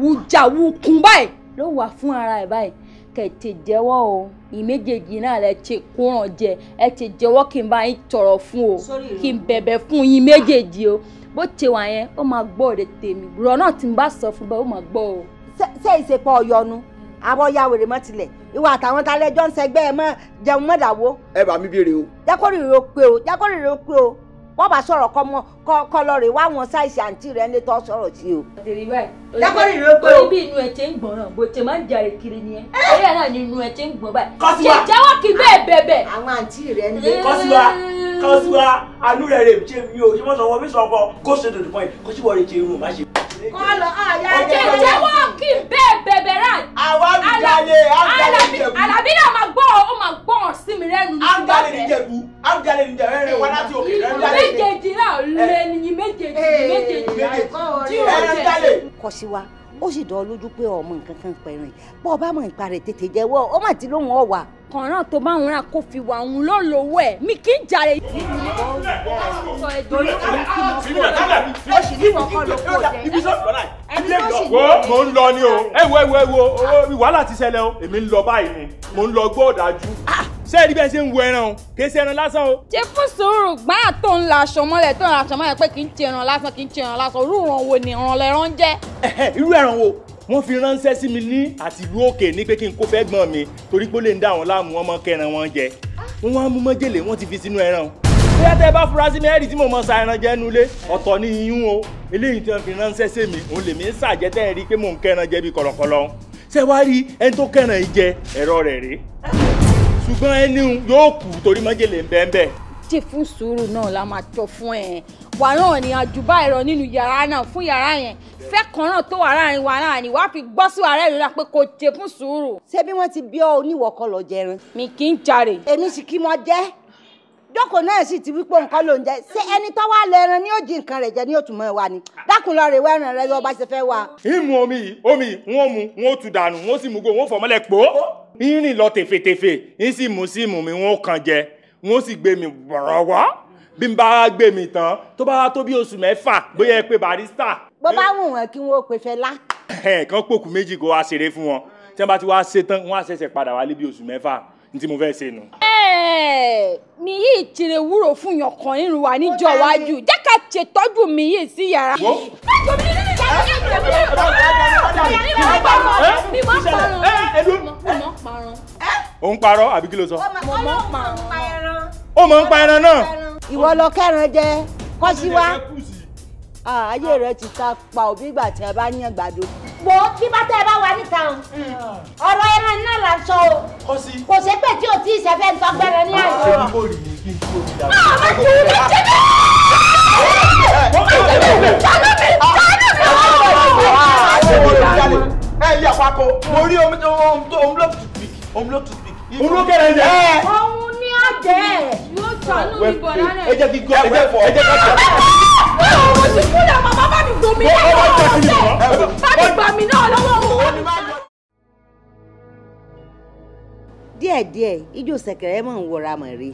wùjà wùkún báyìí ló wà fún ara ẹ̀ báyìí kẹ̀tẹ̀ jẹ́wọ́ o ìméjèèjì náà lẹ ti kúràn jẹ ẹ ti jẹ́wọ́ kí n bá yín tọrọ fún o kí n bẹ̀bẹ̀ fún yín méjèèjì o bó ṣe wà yẹn ó máa gbọ́ òde tèmi rọ náà tí n bá sọ fún bẹ́ẹ̀ ó máa gbọ́ o. ṣé ìṣepọ̀ ọ̀yọ́nu àwọn ya wèrè mọ́ tilẹ̀ ìwà àtàwọn tá a lẹ́jọ́ ń sẹgbẹ́ ẹ mọ́ jẹun mọ́dàwó. ẹ bá mi béèrè o. jákòrò ìrò pé o jákòrò ìrò pé o wọ́n bá sọ̀rọ̀ kọ́ lọ rè wá wọn ṣáìsì àǹtí rẹ̀ nílé tó sọ̀rọ̀ sí o. dákọ́rì ló pé o. orí bí inú ẹ̀ ti ń gbọ̀ràn bó ti máa ń jàre kiri ni ẹ. orí ẹ̀ náà ni inú ẹ̀ ti ń gbọ̀n báyìí. kọ́síwá ṣe jẹ́wọ́ kí bẹ́ẹ̀ bẹ́ẹ̀ bẹ́ẹ̀. àwọn àǹtí rẹ̀ nílé. kọ́síwá kọ́síwá àánú rẹ̀ rè ṣe mi o ṣe mọ́sàn-án wọn mi sọ fọ kó ṣe dòdò pọ́ìn kó ṣì ṣe irun kọlọ àyà ah, jẹ jẹ wọ́ọ̀kì bẹ́ẹ̀ bẹ̀bẹ̀ rà. àwa ń jalè àǹjalè níjẹ̀bú. àlàbí náà máa gbọ́ ọ máa gbọ́ ọ sí mi rẹ́nu. àǹjalè níjẹ̀bú àǹjalè níjẹ̀bú ẹ̀rẹ̀ wá láti òkè rẹ̀ ńjalè. méjèèjì náà lè nìyí méjèèjì méjèèjì ẹ̀rẹ̀ ńjalè. kọ sí wa ó sì dán lójú pé ọmọ nǹkan kan pẹ̀rìn bọ́ ọ bá mọ̀ ìparẹ̀ tètè jẹ́wọ́ ọ má ti lóhùn ọ̀ wà kàn ràn tó bá ń rà kó fi wà ń lọ lọ́wọ́ ẹ̀ mi kì í jàre. sọ ẹjọ́ ní kí mo kó rẹ o sì ní ìwọ̀n kan ló kó rẹ. ẹni tó sì ní. wo mo ń lọ ni o ẹ wo ẹ wo ẹ wo wàhálà ti ṣẹlẹ̀ o èmi ń lọ báyìí ni mo ń lọ gbọ́ ọ̀dájú ah, ṣé ẹni bẹ́ẹ̀ ṣe ń wo ẹran o kì í ṣe ẹran lásán o. ṣé fún sùúrù gbáà tó ń la aṣọ mọ́lẹ̀ tó ń la aṣọ mọ́lẹ̀ pé kì í ṣe ẹran lásán kì í ṣe ẹran lásán irú ìran wo ni ìran lẹ́ran jẹ́. irú ẹran wo wọ́n fi ránṣẹ́ sí mi ní àtìlú òkè ní pé kí n kó fẹ́ gbọ́n mi torí pé ó lè ń dá àwọn láàmú ọmọ kẹran wọn jẹ wọ́n wá mú mọ́jèlé wọ́n ti fi sínú ẹran bóyá tẹ́ bá fura sí mi ẹ̀rí tí mo mọ sa ẹran jẹ nulẹ̀ ọ̀tọ̀ ni iyún o eléyìí tí wọ́n fi ránṣẹ́ sí mi òun lèmi ń sàjẹ́ tẹ́ ẹ rí i pé mò ń kẹran jẹ bí kọ̀lọ̀kọ̀lọ̀ ṣé wá rí ẹni tó kẹran ìjẹ ẹ̀rọ rẹ̀ rèé ṣùgbọ́n ẹni yóò kù torí mọ́jèlé ń bẹ́ẹ̀ bẹ́ẹ̀. jẹ́ fún sùúrù náà la máa tọ́ fún ẹ̀ wà náà ní àjùbá ẹ̀rọ nínú yàrá náà fún yàrá yẹn fẹ́kànnà tó wà láàrin wa náà ni wàá fi gbọ́ sí wàrà ìrora pé kò jẹ fún sùúrù. ṣé bí wọ́n ti bí ọ oníwọ̀kọ lọ jẹrin. mi kì í jàre. èmi sì kí mo jẹ́ dọ́kọ̀ náà sì ti wípé nǹkan ló ń jẹ ṣé ẹni tó wá lẹ́ran ni ó jí nǹkan rẹ̀ jẹ ní òtún mọ́ ẹ wá ni dákun lọ rè wẹ́ràn rẹ yọba ṣe fẹ́ wá. ìmú omi omi wọn mu wọn tu dànù wọn sì mú go wọn fọmọlẹ pò ó lọ tèfètèfè ń sì mú sí mi wọn kàn jẹ wọn sì gbé mi bọ̀rọ̀ wá bí n bá gbé mi tán tó bá tó bí oṣù mẹ́fà bóyá ẹ pé barista. bó bá wù wọn kí wọn ó pe fẹlá. kán pòkù méjì kó wá ṣeré fún wọn tí wọn bá ti wá ṣe tán wọn á ṣẹ̀ṣẹ̀ padà wálé bí oṣù mẹ́fà ní tí mo fẹ́ ṣe nù. mi yìí tìrẹ wúrò fún yàn kan irun wa níjọ wájú jẹ́ ká ṣètọ́jú mi yìí sí yàrá. ó ń parọ́ àbí kí ló sọ. ó mọ̀ ń pa ẹran náà ìwọ lọ kẹran jẹ kọ sí wa ayé rẹ ti ta pa òbí ìgbà tí a bá yan gbàdo. wo bí bá tẹ ẹ bá wà níta o ọ̀rọ̀ ẹran náà là ń sọ o kò sí pé tí o ti ìṣẹ́fẹ́ ń sọ gbẹrẹ ní àná. ṣé mo rí i kí n mí. ṣàánú mi ẹ jẹ jẹ́. yóò sànú mi bọ̀ lálẹ́. ẹ jẹ́ kí gbọ́ ẹ jẹ́ fọ ẹ jẹ́ ká sọ. báwo mo ti kú làwọn bàbá mi gbòmí náà lọ́wọ́ ọ̀sẹ̀ bàbá gbàmí náà lọ́wọ́ òun. díẹ̀díẹ̀ ijó sẹ̀kẹ̀rẹ̀ mọ̀ ń wọra mọ̀ rí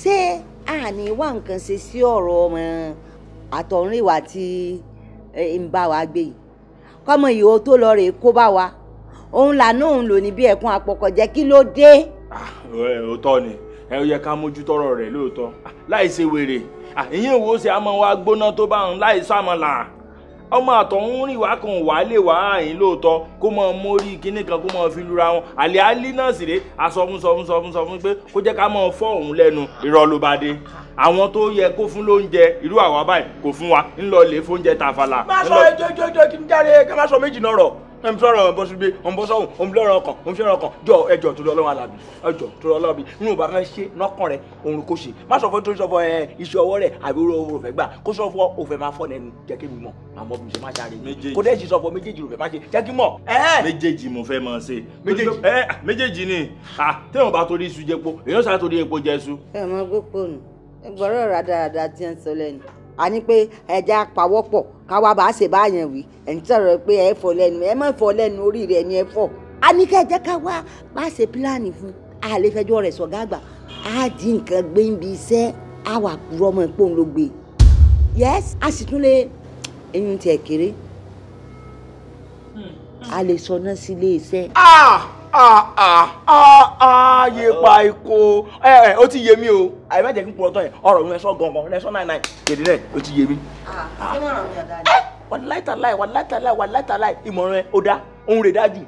ṣé àní wá nǹkan ṣe sí ọ̀rọ̀ ọmọ àtọ̀rìnwá tí ń bá wa gbé yìí kọ́mọ ìhò tó lọ rèé kó bá wa òun làánú òun lò ní bí ẹ̀kún àpọ̀kọ̀jẹ́ kí ló dé. Ah, òótọ́ ni ẹ yẹ ká mójútó ọ̀rọ̀ rẹ̀ lóòótọ́ láì ṣe wèrè ìyẹn wo ṣe àmọ́ wa gbóná tó bá ń láì sàmọ́là ọmọ àtọ̀hún rìn wá kan wà á lè wá àyín lóòótọ́ kó mọ mórí kinní kan kó mọ fi lura wọn àlẹ́ àlí náà sì rè asọ́fún sọ́fún sọ́fún sọ́fún pé kó jẹ́ ká mọ fọ́ òun lẹ́nu irọ́ ló bá dé àwọn tó yẹ kó fún lóúnjẹ irú àwa báyìí kò fún wa ńlọ lè fóúnjẹ tàfàlà. má sọ ẹjọ́ ẹjọ́ ẹjọ́ kí n jáde ká má sọ méjì náà rọ̀ ẹ ń sọ̀rọ̀ ọ̀bọ síbi ọ̀bọ sọ̀hún òun lọ́rọ̀ ọkàn òun fẹ́ràn ọkàn jọ ẹjọ́ torí ọlọ́run alábì ẹjọ́ torí ọlọ́bì inú bàbá fẹ́ ṣe lọ́kàn rẹ òun kò ṣe má sọ fún torí sọfọ ẹ iṣẹ́ ọwọ́ rẹ àbí oró owó fẹ́ gbà kó sọ fún òfẹ́ máa fọ́ nẹnu jẹ́ kí mi mọ̀ àmọ́ mi ṣe má ṣe àárẹ̀ kó dẹ́ ṣe sọ fún méjèèjì rò fẹ́ má ṣe jẹ́ kí mọ̀. méjèèjì mo fẹ́ mọ̀ ṣe méjèèjì ni téèyàn bá torí iṣu jẹ epo èèyàn sá torí epo jẹ iṣu. ẹ mọ gbogbo nù ẹgbọrọ rà dáadáa tí ẹ ń sọ lẹ́nu a ní pé ẹja pawọ́pọ̀ káwa bá ṣe báyẹn wí ẹni tí ọ̀rọ̀ pé ẹ fọ lẹ́nu ẹ má fọ lẹ́nu orí rẹ ni ẹ fọ. a ní kẹ́ ẹ jẹ́ ká wá bá ṣe pílánì fún a lè fẹjọ́ rẹ̀ àgbà a dín nǹkan gbé ń bi iṣẹ́ a wà kúrọ́ ọmọ ìpóhùn ló gbé e. yes a sì tún lè eyín tiẹ̀ kéré a lè sọ náà sí iṣẹ́. Ah! Ah ah ààyè ah, ah, ah, pa iko ẹ eh, ẹ eh, ó ti ye mi o àyè má jẹ́ kí n purọ́ tán yẹn ọ̀rọ̀ mi lẹ́sọ̀ gangan lẹ́sọ̀ náà náà èdè náà ó ti ye mi. wàláì tàláì wàláì light wàláì tàláì ìmọ̀ràn ẹ ó dá òun rè dájú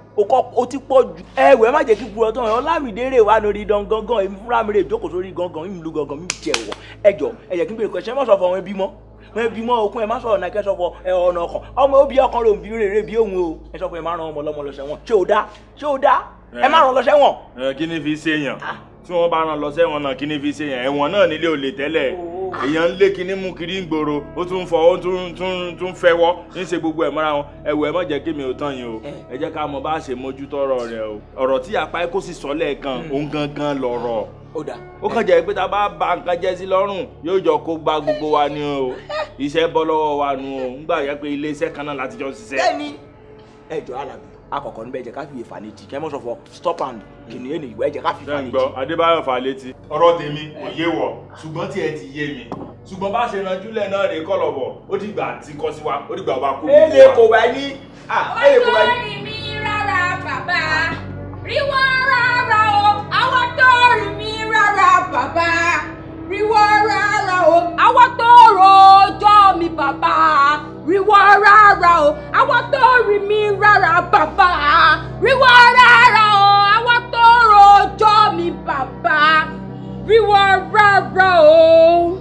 ó ti pọ̀ jù eh, ẹ wẹ́ má jẹ́ kí n purọ́ tán yẹn ọlámìdé rè wá lórí dán gangan èmi fúnra mi rè jókòó sórí gangan ìmùlù gangan mi jẹ̀wọ̀ ẹ jọ ẹ jẹ́ kí n bèrè kọ́ ṣẹ́ mọ́ sọ fún ọmọ ẹbí mọ́ ẹ bí mọ́ okun ẹ má sọ̀rọ̀ náà kẹ́sọ̀ fọ ẹ ọ̀nà ọkàn ọmọ òbí ọkàn ló ń bí rèrè bí òun o ẹ sọ fún ẹ má ràn ọmọ lọ́mọ lọ sẹ́wọ̀n ṣé o dá ṣé o dá ẹ má ràn lọ sẹ́wọ̀n. kí ni fi ṣe yàn ah. tí wọ́n bá ràn lọ sẹ́wọ̀n náà kí ni fi ṣe yàn ẹ̀wọ̀n náà nílé ò lè tẹ́lẹ̀ oh èèyàn ń lé kinní mú kiri ń gbòòrò ó tún ń fọ ó tún tún fẹ́wọ́ ń ṣe gbogbo ẹ̀ mọ́ra wọn ẹ wò ẹ má jẹ́ kí mi ò tán yín o ẹ jẹ́ ká mọ bá ṣe mójútó ọ̀rọ̀ rẹ o ọ̀rọ̀ tí apá ẹ kó sì sọ lẹ́ẹ̀kan hmm. òun gangan lọ̀rọ̀ ó dà. ó kàn jẹ́ pé tá a bá ba nǹkan jẹ́ sí lọ́rùn yóò jọ kó gba gbogbo wa ni o iṣẹ́ bọ́ lọ́wọ́ wa nu o ń gbà yẹ pé ilé kan náà láti jọ ṣiṣẹ́. bẹ́ẹ̀ni ẹjọ alábi akọ̀kọ̀ níbẹ̀ jẹ́ ká fi ìfà létí kẹ́ mọ́sọ̀ fọ stop and kìnìún ènìyàn ẹ jẹ́ ká fi ìfà létí. ṣẹ́ǹgbọ́ adébáyọ̀ fà létí. ọ̀rọ̀ tèmi kò yé wọ ṣùgbọ́n tiẹ̀ ti yé mi ṣùgbọ́n bá ṣe ranjúlẹ̀ náà rè kọ́lọ̀bọ̀ ó dìgbà tí kò sí wa ó dìgbà wa kú. èlé kò bá yí. ó tó rí mi rárá bàbá rí rárá o àwọn tó rí mi rárá bàbá rí rárá o àwọn tó rò ọjọ́ mi bàbá. riwọ rara o àwọn tó mi o mi bàbá ríwọ́ rárá o.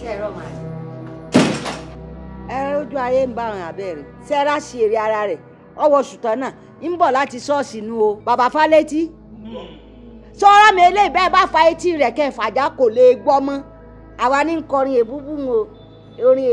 ṣé ẹ̀rọ màá ẹran ojú ayé ń bá àwọn àbẹ̀ rẹ̀ sẹ́ra èrè ara rẹ̀ ọwọ́ náà ń bọ̀ láti ṣọ́ọ̀ṣì nu o bàbá fálétí sọ́ra mi eléyìí bẹ́ẹ̀ bá fa etí rẹ̀ kò lè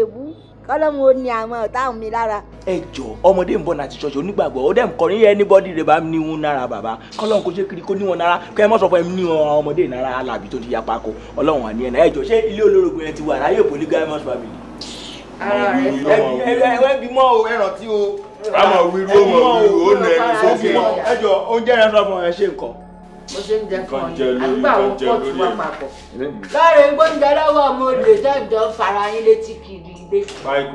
gbọ́ kọ́lọ́mù ó ní àwọn ọ̀tá mi lára. ẹ jọ ọmọdé ń bọ̀ náà ti ṣọṣọ onígbàgbọ́ ó dẹ̀ ń kọrin yẹn anybody rẹ̀ bá ní wọn nára bàbá kọ́lọ́mù kò ṣe kiri kó ní wọn nára kẹ́ ẹ mọ̀ sọ fún ẹ ní wọn ọmọdé nára alábì tó ti yapa ko ọlọ́run àní ẹ̀ náà ẹ jọ ṣé ilé olórogún yẹn ti wà láyé polygamous family. ara rẹ sọ ẹ bí mọ o ẹràn tí o. a mọ̀ wíru ó mọ̀ wíru ó nà ẹni sókè. ẹ jọ oúnjẹ rẹ sọ fún ẹ ṣe nǹkan mo ṣe ń jẹ fún ọ ní àgbà àwọn pọ́ọ̀tù wọn papọ̀. lọ́ọ̀rẹ́ gbóúnjẹ lọ́wọ́ ọmọ olè tẹ́jọ́ fara yín létí kiri gbé. báyìí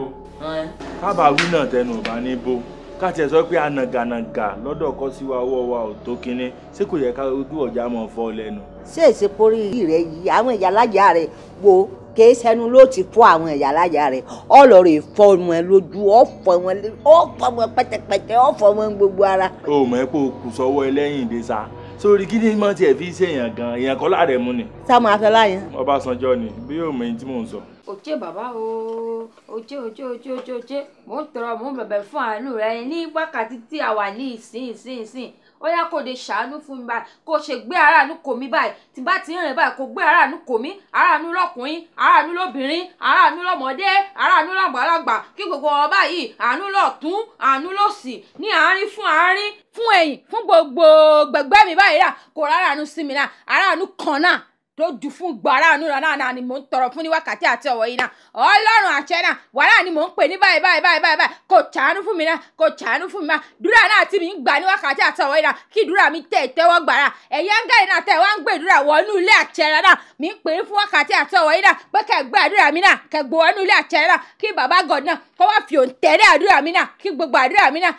kábàá wí náà tẹnu ọba ní bó ká tiẹ̀ sọ pé anàgànàgà lọ́dọ̀ kọ́ sí wa ọwọ́ wa ò tó kinní ṣé kò yẹ ká ojú ọ̀já mọ̀ fọ́ lẹ́nu. ṣé ìsèporí rẹ yìí àwọn ìyálàjà rẹ wo kì í sẹnu ló ti fọ àwọn ìyálàjà rẹ ọlọ rẹ fọ wọn lójú ọfọ wọn ọfọ wọn pẹtẹpẹtẹ ọfọ wọn gbogbo ara. o mọ̀ ẹ́ kù sọ́wọ́ ẹlẹ́yìn dé sa sórí kí ni mọ̀ tiẹ̀ fi ṣèyàn gan-an èèyàn kọ́ láàrẹ̀ mú ni. sá máa fẹ́ láyẹn. Ọbásanjọ́ ni bí yóò mọ ẹni tí mò ń sọ òjé bàbá o òjé òjé òjé òjé òjé mò ń tọrọ mò ń bẹ̀bẹ̀ fún àánú rẹ ní wákàtí tí a wà ní ìsìn ìsìn ìsìn ó yá kó de ṣàánú fún mi báyìí kó ṣe gbé aráàánú kò mí báyìí tí bá ti rìn báyìí kó gbé aráàánú kò mí aráàánú lọkùnrin aráàánú lóbìnrin aráàánú lọmọdé aráàánú làgbàlagbà kí gbogbo wọn báyìí àánú lọ̀tún àánú lòsì ní àárín fún àárín fún ẹ̀yìn fún gbogbo gbẹgbẹ́ mi báyìí rà kó rárá sí mi náà aráàánú kan náà tó dù fún gbàrà ànúrà náà náà ni mò ń tọrọ fún ní wákàtí àti ọ̀wọ̀ yìí náà ọlọ́run àṣẹ náà wàhálà ni mò ń pè ní báyìí báyìí báyìí báyìí báyìí kò ṣàánú fún mi náà kò ṣàánú fún mi náà dúrà náà tí mi ń gbà ní wákàtí àti ọ̀wọ̀ yìí náà kí dúrà mi tẹ̀ tẹ́wọ́ gbàrà ẹ̀yẹ́ ń gẹ̀rẹ́ náà tẹ̀ wá ń gbé dúrà wọnú ilé àṣẹ náà mi ń pè é fún wákàtí àti ọ̀wọ̀ yìí náà pé kẹ́ gbé àdúrà mi náà kẹ́ God náà kó wá fi òǹtẹ̀rẹ́ àdúrà mi náà kí gbogbo àdúrà mi náà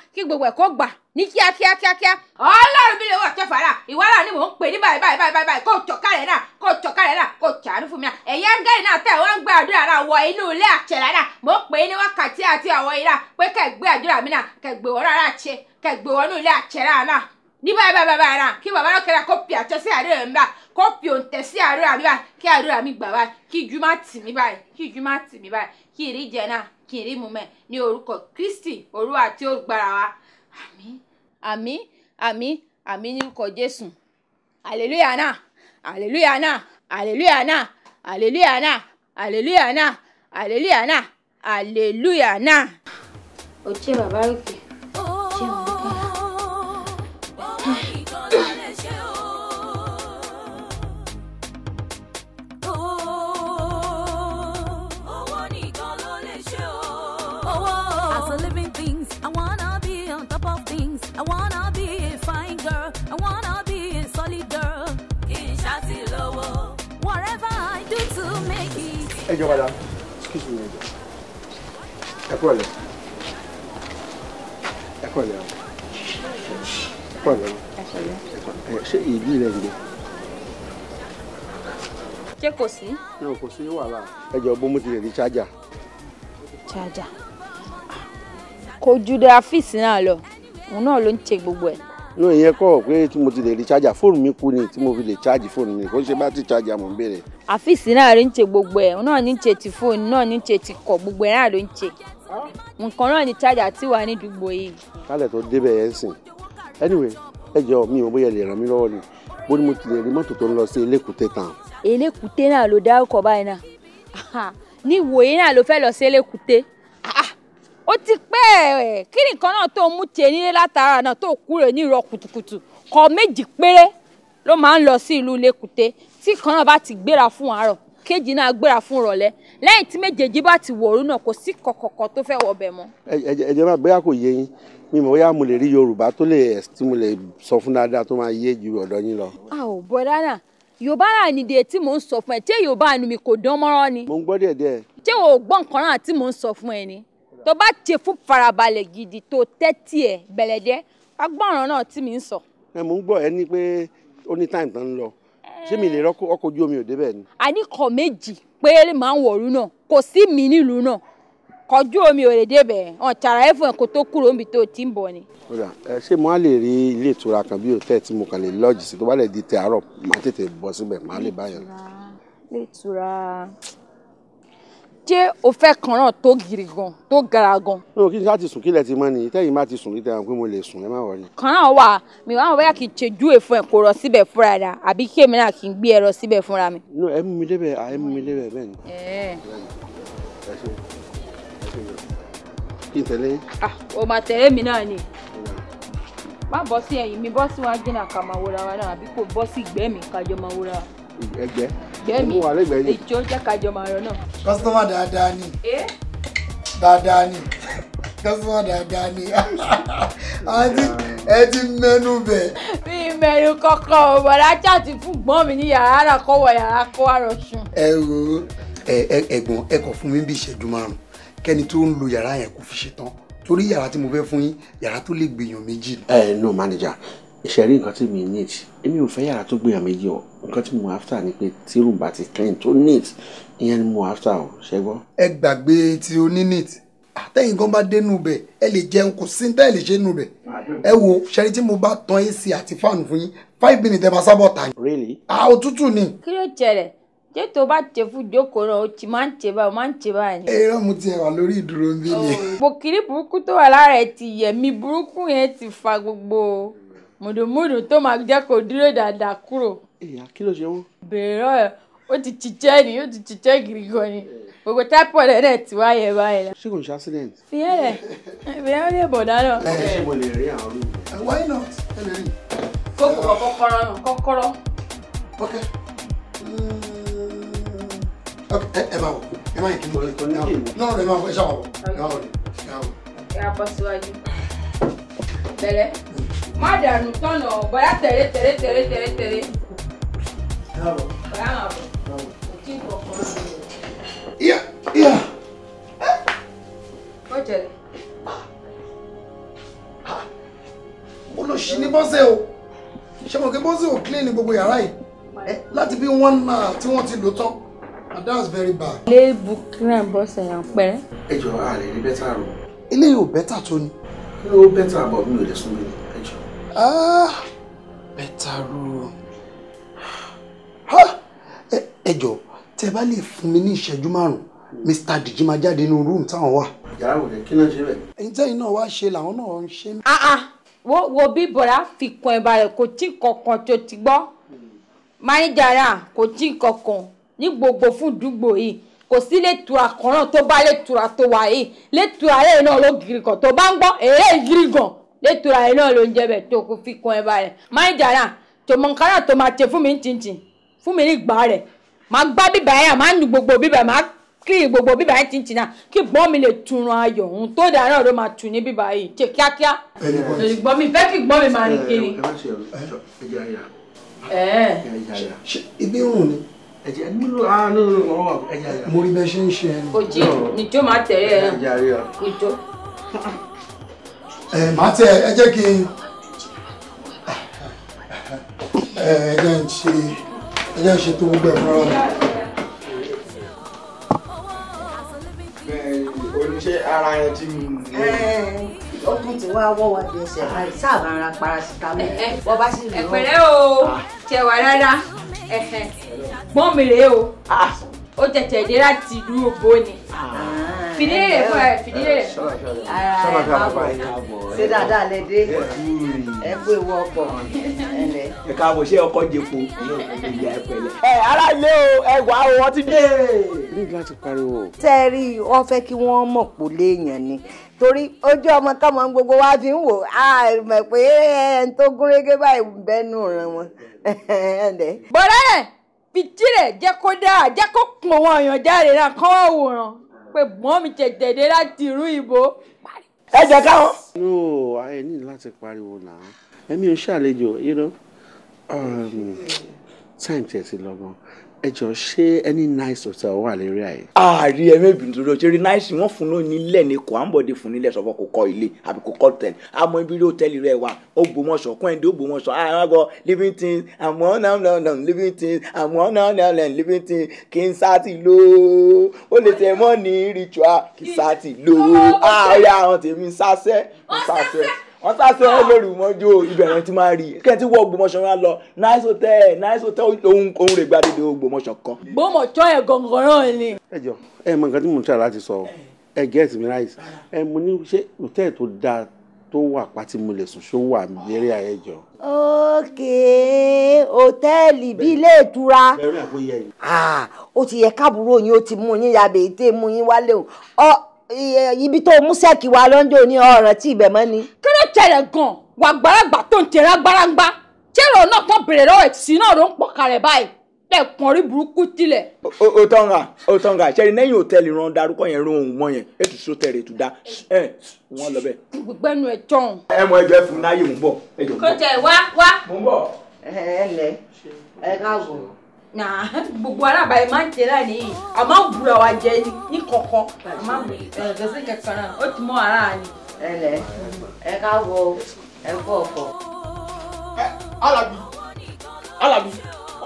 ní kíákíá kíákíá ọlọ́run bí lówó ọ̀tẹ́fàrà ìwárà ni mò ń pè ní báyìí báyìí báyìí báyìí kò tọ́ka rẹ̀ náà kò tọ́ka rẹ̀ náà kò tàánú fún mi náà ẹ̀yà ń gẹ́rì náà tẹ̀ wọ́n ń gbé àdúrà náà wọ inú ilé àtẹ̀lá náà mò ń pè ní wákàtí àti àwọ̀ yìí náà pé kẹ́ àdúrà mi náà kẹ́ gbé wọ́n rárá ṣe kẹ́ gbé wọ́n nú ilé àtẹ̀lá náà ní báyìí báyìí báyìí náà kí bàbá lọ́kẹ́ra kó pì àtẹ sí àdúrà mi báyìí kó pì òǹtẹ̀ sí mi báyìí kí àdúrà mi gbà báyìí kí ijú má tì mí báyìí kí ijú má tì mí báyìí àmín àmín àmín ní orúkọ jésù hallelujah náà hallelujah náà hallelujah náà hallelujah náà hallelujah náà hallelujah náà hallelujah náà. ó jẹ́ bàbá òkè. ẹ jọ padà excuse me ẹ jọ ẹ kúrò lẹ ẹ kúrò lẹ ẹ kúrò lẹ ẹ ṣe ìlú ilẹ̀ ń gbé. ṣé kò sí. náà kò sí wàhálà ẹ jọ bó mo ti lè rí chájà. chájà kò ju dé àfíìsì náà lọ òun náà ló ń ṣe gbogbo ẹ̀. inú ìyẹn kọ̀ pé tí mo ti lè rí fóònù mi kú ni tí mo fi lè chájì fóònù mi kò ń ṣe bá ti chájì àmọ́ ń bèrè. àfíìsì náà ló ń gbogbo náà ní ti fóònù náà ní ti kọ gbogbo náà ló ń ṣe nǹkan náà ni chájà tí wà nídùúgbò yìí. kálẹ̀ tó débẹ̀ yẹn sìn mi ò bóyá lè ràn mí lọ́wọ́ ni bó ni mo ti lè rí mọ́tò tó ń lọ sí elékùté tán. elékùté náà ló dárúkọ báyìí náà náà ló fẹ́ lọ sí elékùté. ó ti pẹ́ ẹ̀ kí nìkan náà tó mú tiẹ̀ nílé látara náà tó kúrò ní ìrọ̀ kùtùkùtù kọ méjì péré ló máa ń lọ sí ìlú lẹ́kùté tí kan náà bá ti gbéra fún àárọ̀ kejì náà gbéra fún ìrọ̀lẹ́ lẹ́yìn tí méjèèjì bá ti wọ̀ọ́rú náà kò sí kọ̀kọ̀kọ̀ tó fẹ́ wọbẹ̀ mọ́. ẹ jẹ́ máa bóyá kò yé yín mi mọ̀ bóyá mo lè rí yorùbá tó lè tí mo lè sọ fún dáadáa tó máa yé ju ọ̀dọ̀ yín lọ. a ò bọ dáná yorùbá náà ni dè tí mò ń sọ fún ẹ tí yorùbá àánú mi kò dán mọ́rán ni. mo ń gbọ́ díẹ̀ tí o gbọ́ nǹkan náà tí mò ń sọ fún ẹ ni tó bá tiẹ̀ fún farabalẹ̀ gidi tó tẹ́tí ẹ̀ bẹ̀lẹ̀dẹ́ agbọ́ràn náà tí mi ń sọ. ẹ mò ń gbọ́ ẹ ní pé ó ní táìmù tó ń lọ ṣé mi lè rọ́kọ ọkọ̀ ojú omi ò débẹ̀ ni. àníkọ̀ méjì péré máa ń wọ̀ọ́rú náà kò sí mi nílùú náà kọjú omi ò débẹ̀ ọ̀n tààrà ẹ̀ fún ẹ̀ kó tó kúrò níbi tó ti ń bọ̀ ni. ṣé mo á lè rí ilé ìtura kan bí òtẹ́ẹ̀ tí mo kàn lè lọ́ọ̀jì sí tó bá lè di tẹ àárọ̀ máa tètè bọ́ síbẹ̀ máa lè báyọ̀. ilé ìtura ṣé o fẹ́ kànràn tó gírí gan tó gara gan. náà kí n ká ti sùn kí lẹ ti mọ nìyí tẹ́yìn má ti sùn níta pé mo lè sùn ẹ má wọlé. kànràn wà mi wà wọn bóyá kì í ṣejú èèfọ ẹ kó rọ síbẹ̀ fúnra rà àbí kí èmi náà kì í gbé ẹ rọ síbẹ̀ fúnra mi. no ẹ mú mi débẹ̀ ẹ mú mi débẹ̀ bẹ́ẹ̀ ni. Eh. kí n tẹ̀lé. Ah, o máa tẹ̀lé mi náà ni má bọ́ sí ẹ̀yìn mi bọ́ síwájú náà ká máa wọra wa náà àbí kò bọ́ sí ìgbẹ́ mi kájọ máa wọra wa ẹgbẹ́ mo wà lẹ́gbẹ̀ẹ́ yìí. ìjọ jákàjọ máa rọ náà. kọ́sítọ́mà dáadáa ni eh? dáadáa ni kọ́sítọ́mà dáadáa ni àti ẹ ti mẹ́nu bẹ̀. bí mẹ́nu kọ́kọ́ bọ̀dá chaati fún gbọ́n mi ní yàrá rà kọ́wọ́ yàrá kọ́ àrọ̀ sùn. ẹ wo ẹ̀gbọ́n ẹ kọ fún mi bí ìṣẹ́jú márùn-ún kẹ́ni tó ń lo yàrá yẹn kò fi ṣe tán torí yàrá tí mo fẹ́ fún yín yàrá tó lè gbèyàn méjì. ẹ eh, no manager ìṣẹ̀rí nǹkan tí mi need èmi ò fẹ́ yàrá tó gbéyàn méjì o nǹkan tí mo after ni pé tí room bá ti clean tó neat ìyẹn ni mo after o ṣe gbọ́. ẹ gbàgbé tí o ní neat àtẹ̀yìn kan bá dénú bẹ̀ ẹ lè jẹun kò sí tẹ́ ẹ lè ṣe nù bẹ̀ ẹ wo ṣẹ́rí tí mo bá tan ac àti fan fún yín five minutes ẹ máa sábọ̀ tà yín. really. a òtútù ni. kí ló jẹrẹ jẹ tó bá tẹ fún ìjókòó náà o ti máa ń tẹ báyìí o máa ń tẹ báyìí. eré mu ti wà lórí ìdúró ń bí ni. bòkìrí burúkú tó wà lára ẹ ti yẹ mi burúkú yẹn ti fa gbogbo mùdùmùdù tó máa jẹ́ kó dúró dáadáa kúrò. ìyá kí ló ṣe wọ́n. bèrè ọ̀ ó ti ṣiṣẹ́ ni ó ti ṣiṣẹ́ gidi gan ni gbogbo tápọ̀ rẹ̀ náà ti wá yẹ báyìí. ṣé kò ń ṣe accident. fi ẹ lẹ fi ẹ lè bọ̀ dáná. ẹ ṣe mo lè rí àwọn olùkọ́. Uh, why not ẹ lè rí. kókò kọ́kọ́rọ́ náà kọ́kọ́rọ́. ok uh, ẹ máa wọ ẹ máa yẹ kí n bọ̀ ẹ náà ẹ máa wọ ẹ ṣáà wọ ẹ máa wọ ẹ máa wọ. ẹ á bọ́ síwájú bẹ̀rẹ̀. ma nu tọnà bọ̀yá tẹ̀lé tẹ̀lé tere tere tere tere máa bọ̀. Òkè ìkọ̀kọ̀ náà. Ó jẹ̀lẹ̀. Olóṣì ni bọ́sẹ̀ o. Ṣé mo kí bọ́sẹ̀ ò clean ní gbogbo yàrá yìí? Eh, láti bí wọ́n nà tí wọ́n ti lò tán. And that's very bad. Ilé Bukina bọ́sẹ̀ yàn pẹ́. Ẹ jọ̀ọ́ a lè bẹ́tà rò. Ilé yóò bẹ́tà tó ni. Ilé bẹ́tà bọ̀ mi ò lè sún mi Ah, bẹ́tàrú ah, ẹ jọ tẹ bá lè fún mi ní ìṣẹ́jú márùn-ún mr dìjì máa jáde nínú rúùmù táwọn wà. yàrá òde kí náà ṣe bẹ. ẹni tẹ́yìn náà wá ṣe làwọn náà ń ṣe. Ah, wo wo bí bọ̀dá fi kun ẹ̀ balẹ̀ kò tí kankan tó ti gbọ́ máníjàrá kò tí kankan ní gbogbo fún dùgbò yìí kò sí létura kan náà tó bá létura tó wà yìí létura rẹ̀ náà ló gírí kan tó bá ń gbọ́ èrè gírí gan létura ẹ̀ náà ló ń jẹ́ bẹ̀ tó kó fi kún ẹ balẹ̀ máa ń jàrà tòmọ̀nkárà tó máa tẹ fún mi ní tìǹtìǹ fún mi ní ìgbà rẹ̀ máa gbá bíbà yà máa nu gbogbo bíbà máa kí gbogbo bíbà yẹn tìǹtìǹ náà kí gbọ́n mi lè túnran ayọ̀ òun tó dáa náà ló máa tù ní bíbà yìí ṣe kíákíá mo rí bẹ́ẹ̀ ṣe ń ṣe ẹni. òjì nìjọ́ máa tẹ̀lé ẹ nìjọ́ ẹ máa tẹ ẹ jẹ́ kí n ẹ jẹ́ n ṣe ẹ jẹ́ n ṣe tó gbogbo ẹ̀ fúnra mi. oníṣẹ́ ara ẹ ti mú un ọdún tí wàá wọ́ wa di ẹsẹ̀ báyìí sáàbà ara parasitamọ́ wọ́n bá sì lè rọ. ẹ̀pẹ̀lẹ́ o ah. ṣẹ̀wà dáadáa gbọ́n mi rèé o. Ah. ó tẹ̀tẹ̀ dé láti ìlú ògbó ni ah, fìdílé rẹ̀ ara ẹ̀ máa bọ̀ ṣé dáadáa lẹ dé ẹ kú ewu ọkọ̀ ẹ̀lẹ́. ẹ káàbọ̀ ṣé ọkọ̀ jẹ̀po ìyá ẹ pẹ̀lẹ́. ẹ ara ilé o ẹ wà o ọtí pariwo. ni torí ojú ọmọ gbogbo wa fi ń wò á mọ̀ pé ẹni tó gúnrégé báyìí ràn wọ́n. fìdí rẹ̀ jẹ́ kó dáa jẹ́ kó kun àwọn èèyàn jáde náà kán wọ́n wòran pé mọ́ mi tẹ̀tẹ̀ dé láti irú ìbò. ẹ jẹ́ káwọn. no ayé ní láti pariwo náà èmi ò ṣàlejò you know um, time tẹ̀ sí lọ́gbọ́n ẹ jọ ṣé any nice hotel wà lérí àyè. ààrí ẹ mẹ́bìnrin tó lọ ṣeré nice wọ́n fún ló nílẹ̀ ní kò àǹbọ̀dé fún nílẹ̀ sọ́fọ́ kò kọ́ ilé àbí kò kọ́ tẹ̀lé àmọ́ ibi ilé hòtẹ́ẹ̀lì rẹ̀ wà Ògbómọ̀ṣọ́ kọ́ńdé Ògbómọ̀ṣọ́ àràgọ́ living things àmọ́ now now now living things àmọ́ now now now living things kì í sáàtì ló ó lè tẹ̀ mọ́ ní ritual kì í sáàtì ló ààrẹ àwọn tèmi sáṣẹ́ sáṣẹ́ wọ́n sá sọ ẹ lórí ìmọ̀jú ìbẹ̀rẹ̀ tí máa rí kẹ́ ẹ ti wọ Ògbómọ̀ṣọ́ lọ nice hotel nice hotel ohun rẹ̀ gbàdédé Ògbómọ̀ṣọ́ kan. gbọ́mọ̀ṣọ́ ẹ̀ gọ̀ngọ̀rọ̀ ni. ẹ jọ ẹ mọ nǹkan tí mo ń ṣàlá ti sọ ẹ gẹ́ẹ̀tì mi ráìsì ẹ mo ní ṣé hòtẹ́ẹ̀ tó dáa tó wà pátí mo lè sùn ṣó wà lérí ayé jọ. ókè hòtẹ́ẹ̀lì bí ilé ìtura ah, ó ti yẹ káàbùrò yín ó ti mú yín yàbẹ̀ ètè mú yín wálé o Eh, ibi tó mú sẹ́ẹ̀kì wa lọ́njọ́ ní ọ̀ràn tí ibẹ̀ mọ́ ni. kí ló tẹ̀lẹ̀ gan wà gbàràgbà tó ń tẹ̀lé agbárangbá tẹ́lọ̀ náà tán bèrè lọ́wọ́ ẹ̀sì náà ló ń pọ̀ kàrẹ̀ báyìí lẹ́ẹ̀kan rí burúkú tilẹ̀. o tọ́ngà o tọ́ngà ṣẹ́ni lẹ́yìn òtẹ́ẹ̀lì ran darúkọ yẹn rí ohun mọ́ yẹn ètò sótẹ́rẹ̀ ètò dá ẹ wọ́n lọ bẹ́ẹ̀. gbẹ́nu ẹ̀ na gbogbo arábà ẹ máa ń jẹ láì níyì a máa ń bura wa jẹ ní kọ̀ọ̀kan a máa ń ẹ gẹ̀ẹ́sì kankan náà ó ti mọ ara ni. ẹ lẹ ẹ ká wọ ẹ kọ ọkọ. ẹ Àlàbí Àlàbí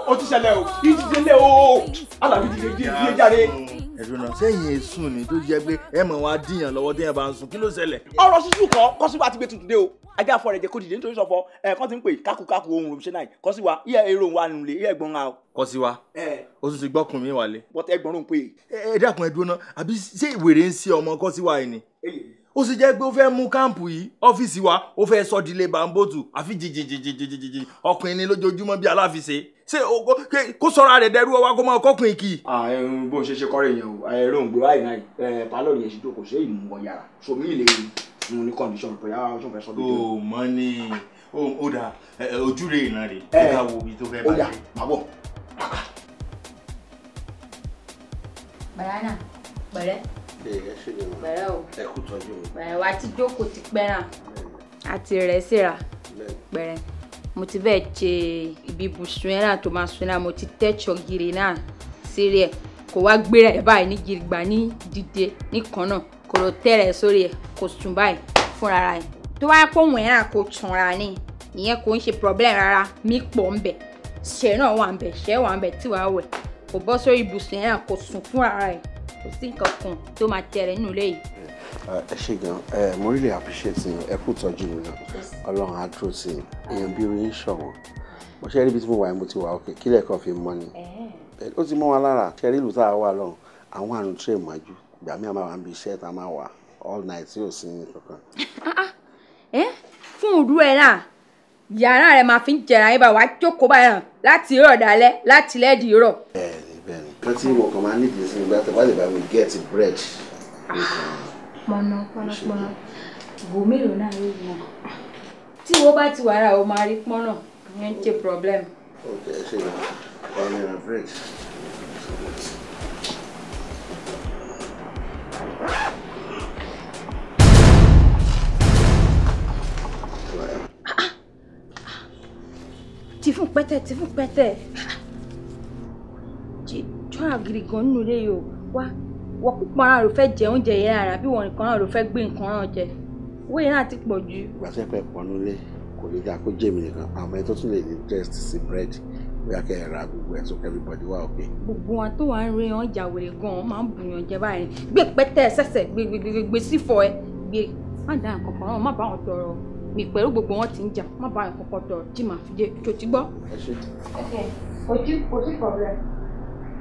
ó ti ṣẹlẹ̀ o kí n ti ṣẹlẹ̀ o Àlàbí ti di di di di ẹ̀dùnà sẹ́yìn èsùn ni tó jẹ́ pé ẹ mọ̀ wá dìyàn lọ́wọ́ téèyàn bá ń sùn kí ló ṣẹlẹ̀. ọ̀rọ̀ sísú kọ kọsíwá ti gbé tuntun dé o ajá afọ rẹ jẹ kó dìde nítorí sọfọ ẹ kàn ti ń pè kákúkákú ohun ròmṣẹ náà kọsíwá iye èrò wa nùlé iye ẹ̀gbọ́n wa o. kọsíwá o tún ti gbọkùn mi wálé. bọ́tẹ́ ẹ̀gbọ́n rò ń pè é. ẹ dákun ẹ dúró náà àbí ṣé ìwèrè ń ṣe ọmọ kọsíwá yìí ni ó sì jẹ́ pé ó fẹ́ mú káàmpù yìí ọ́fíìsì wa ó fẹ́ sọ dílé bambótù àfi jìjìjìjìjìjì ọkùnrin ní lójoojúmọ́ bíi aláfiṣe ṣé kó sọ̀rọ̀ rẹ̀ dẹ́rú ọwá kó máa kọ́kùnrin kì í. bó ń ṣe ṣe kọ́rọ̀ èèyàn o ẹ̀rọ òǹgbẹ wáyé náà ẹ̀ pálọ̀ yẹn ṣètò kò ṣe é ìmú wọn yàrá so mí lè mú ní condition pé yàrá ah, oṣù fẹ́ sọ bí. o mọ ni o da ojú rè iná rè ẹ ká wo ibi tó fẹ́ bá rè. bàyánà pẹ̀rẹ́ bẹ̀rẹ̀ o bẹ̀rẹ̀ wa ti jókòó ti pẹ́ràn àti rẹ̀ síra pẹ̀rẹ̀ mo ti bẹ́ẹ̀ ṣe ibi ibùsùn yẹn náà tó máa sùn náà mo ti tẹ́tsọ̀ gírì náà sírí ẹ̀ kò wá gbéra ẹ̀ báyìí ní gírì gbà ní dìde nìkan náà kò lọ tẹ́rẹ̀ sórí ẹ̀ kò sùn báyìí fúnra rẹ̀ tó wáyé pé òun yẹn náà kò tanra ni ìyẹn kò ń ṣe problem rárá mi pọ̀ ń bẹ̀ ṣẹ̀ náà wà ń bẹ̀ ṣẹ̀ wà ń bẹ̀ tí wàá wẹ̀ kò bọ́ sórí ibùsùn yẹn náà kò sùn fúnra rẹ̀ kò sí nǹkan kan tó máa tẹ̀rẹ̀ nínú ilé yìí. ẹ ṣe gan ẹ mo really appreciate yín ẹ kú tọ́jú mi náà ọlọ́run á dúró sí i èèyàn bí orin ṣọ̀wọ́n mo ṣe rí ibi tí mo wà mo ti wà òkè kílẹ̀ kan fi mọ́ ni ó ti mọ́ wa lára ṣe rí ìlú tá a wà lọ́hùn àwọn àrùn tí èèmọ̀ ju ìgbà mi àmà wà ń bi iṣẹ́ tá a máa wà all night tí ò sí ní kankan. Ah, ah, eh? fún òru ẹ̀ náà yàrá rẹ̀ máa fi ń jẹ̀ràn yín bá wàá jókòó báyà láti ìrọ̀ dálẹ́ láti lẹ́ẹ̀dì ìrọ̀. bẹ́ẹ̀ wọ́n ti mọ̀ kàn máa ní ìdí sinmi gbàtà wọ́n lè bá get bread. mọ̀nà pọnapọna bò mélòó náà ló wù ọ́ tí wo bá ti wàrà o máa rí pọ́nà ìyẹn ń ṣe problem. ok ṣe wà ní ra bread. Ah, ah. tìfúnpẹ́tẹ̀ tìfúnpẹ́tẹ̀ ṣọ́ra gidi gan nínú ilé yìí o wá wọ́n púpọ̀ náà ló fẹ́ jẹ oúnjẹ yẹn ara bí wọ́n nìkan náà ló fẹ́ gbé nǹkan náà jẹ owó yẹn náà ti pọ̀ jù. gbàtẹ́ pẹ̀ pọnú lé kò lè dáa kó jẹ́ mi nìkan àwọn ẹni tó tún lè ní test sí bread bóyá kẹ́ ẹ̀ ra gbogbo ẹ̀ so everybody wà òkè. gbogbo wọn tó wà ń rí wọn jà wèrè gan wọn máa ń bùyàn jẹ báyìí gbé pẹ́tẹ́ sẹ́sẹ̀ gbégbégbé sífọ̀ ẹ gbé má dáa nǹkan kan náà má bá wọn tọrọ mi pẹ̀lú gbogbo wọn ti ń jà má bá nǹkan kan tọrọ tí màá fi dé tó ti gbọ́. ẹ ṣe. ẹ ṣe ojú ojú problem.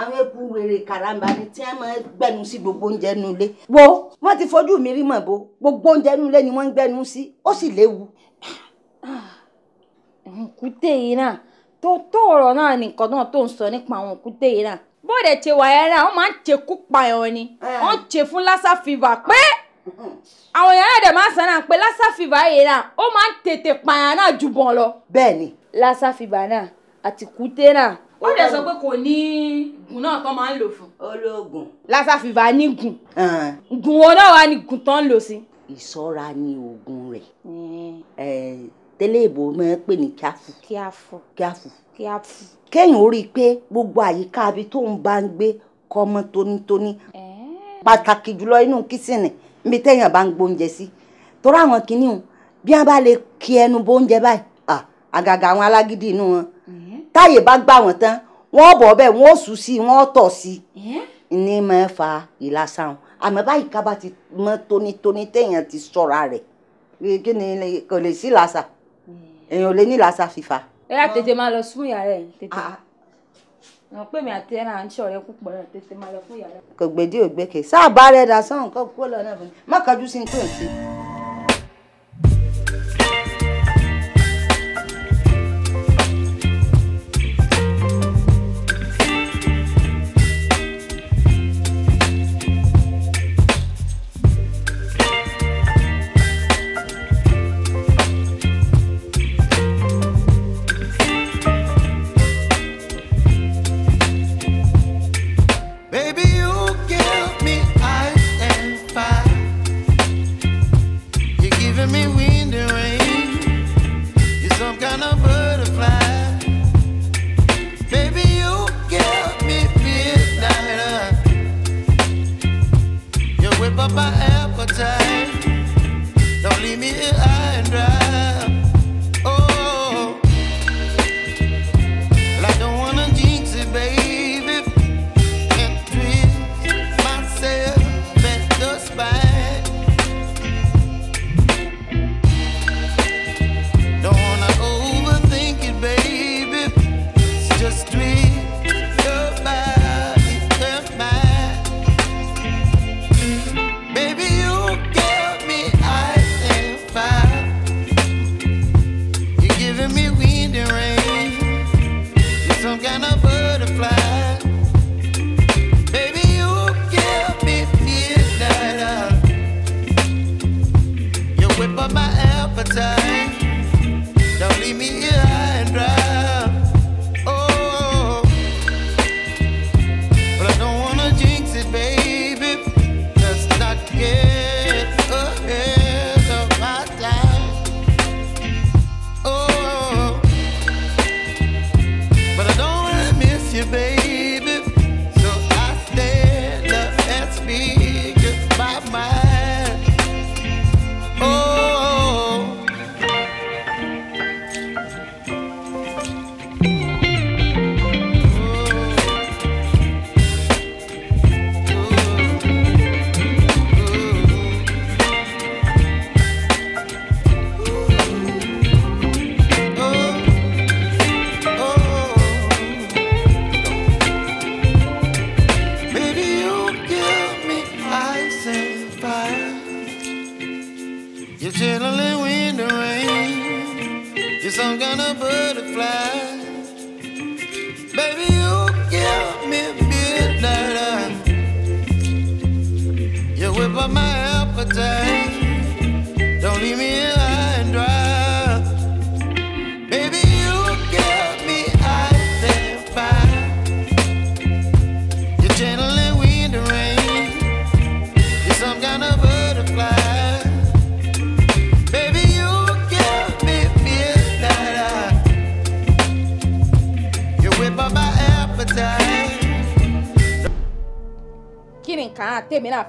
àwọn eku wèrè karamba ni tí wọn máa gbẹnu sí gbogbo oúnjẹ nu ilé. wo wọn ti fojú mi rí mọ̀ bó gbogbo oúnjẹ nu ilé ni wọ́n ń gbẹnu sí ó sì léwu. Ah, òkúté yìí náà tó tó ọ̀rọ̀ náà nìkan náà tó ń sọ nípa àwọn òkúté yìí náà bóde ṣe wà yẹn náà wọ́n máa ń ṣekú pààyàn ni wọ́n ṣe fún lassa fever pé àwọn èèyàn náà dẹ̀ máa ń sọ náà pé lassa fever yìí náà ó máa ń tètè pààyàn náà jù bọ́n lọ. bẹ́ẹ̀ni. lassa fever náà àtìkúté náà ó dẹ̀ sọ pé kò ní gùn náà tán máa ń lò fún. olóògùn. lassa fever ní gùn. gùn wo náà wà ní gùn tán ń lò sí. ìṣọ́ra ni oògùn rẹ̀ tẹ́lẹ̀ ìbò máa ń pè ní kíáfù. kíáfù. kíáfù. kíáfù. kéèyàn ó rí i pé gbogbo àyíká abi tó ń bá ń gbé kọ́mọ tónítóní pàtàkì jùlọ inú kìsìnì níbi téèyàn bá ń gbóúnjẹ sí torí àwọn kìnìún bí wọ́n bá lè kí ẹnu bóúnjẹ báyìí àgàgà àwọn alágídí inú wọn táyè bá gbà wọ́n tán wọ́n bọ̀ bẹ́ẹ̀ wọ́n sù sí i wọ́n sí i ní máa fa ìlàsàn àmọ́ báyìí ká bá ti mọ́ tónítóní téèyàn ti sọ̀ra rẹ̀ kí ni kò lè sí làṣà hmm. èèyàn ò lè ní làṣà fífa. ẹ yà tètè máa lọ sún ìyá rẹ tètè wọn ah, ah. pè mí àti ẹran à ń ṣọ̀rẹ́ púpọ̀ náà tètè máa lọ fún ìyá rẹ. kò gbèdé ògbékè sáà bá rẹ dà sọ́hùn kó kó lọ náà fún mi má kájú sí ní pé n ṣe.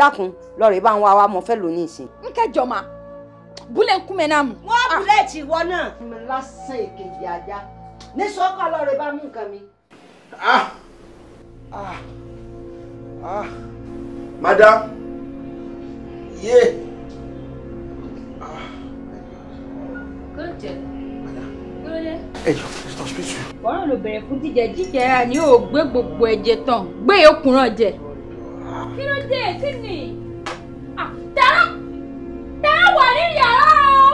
dákun lọ́ọ̀rẹ́ bá ń wá wa mo fẹ́ lò ní ìsìn. n kẹjọ ma búlẹ̀ ń kú mẹ́ náà mu. wọ́n ah. búlẹ̀ tì wọ́n náà. mi lásán èkejì ajá ní sọ́kọ́ lọ́ọ̀rẹ́ bá mú nǹkan mi. ah ah ah madam ye ah. kúròjẹ kúròjẹ. ẹ jọ hospital. bọ́rọ̀ ló bẹ̀rẹ̀ fún jíjẹ jíjẹ ni ó gbé gbogbo ẹ̀jẹ̀ tán gbé yòókù náà jẹ kí ló dé kí ni tẹ̀rọ tẹ̀rọ wà ní yàrá o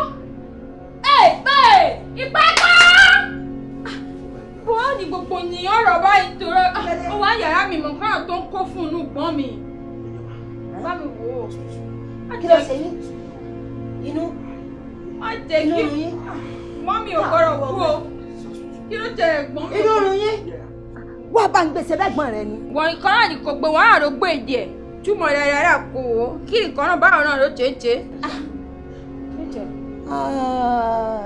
èpè ìpápá bó ni gbogbo ènìyàn rọ̀ báyìí torọ ó wá yàrá mi mọ̀ kọ́nà tó ń kó fún un gbọ́n mi bá mi wò ó. kí ló ṣe yín inú inú yín mọ́mí ò gbọ́dọ̀ kú o kí ló jẹ ẹ̀gbọ́n mi. inú yín wá bá ń gbèsè lẹ́gbọ̀n rẹ ni. wọ̀n nǹkan náà ni kò gbé wọn àrògbó èdè ẹ̀ túmọ̀ rẹ̀ rẹ̀ rà kò wò kí nǹkan náà báwọn náà ló tètè. Ah. Ah,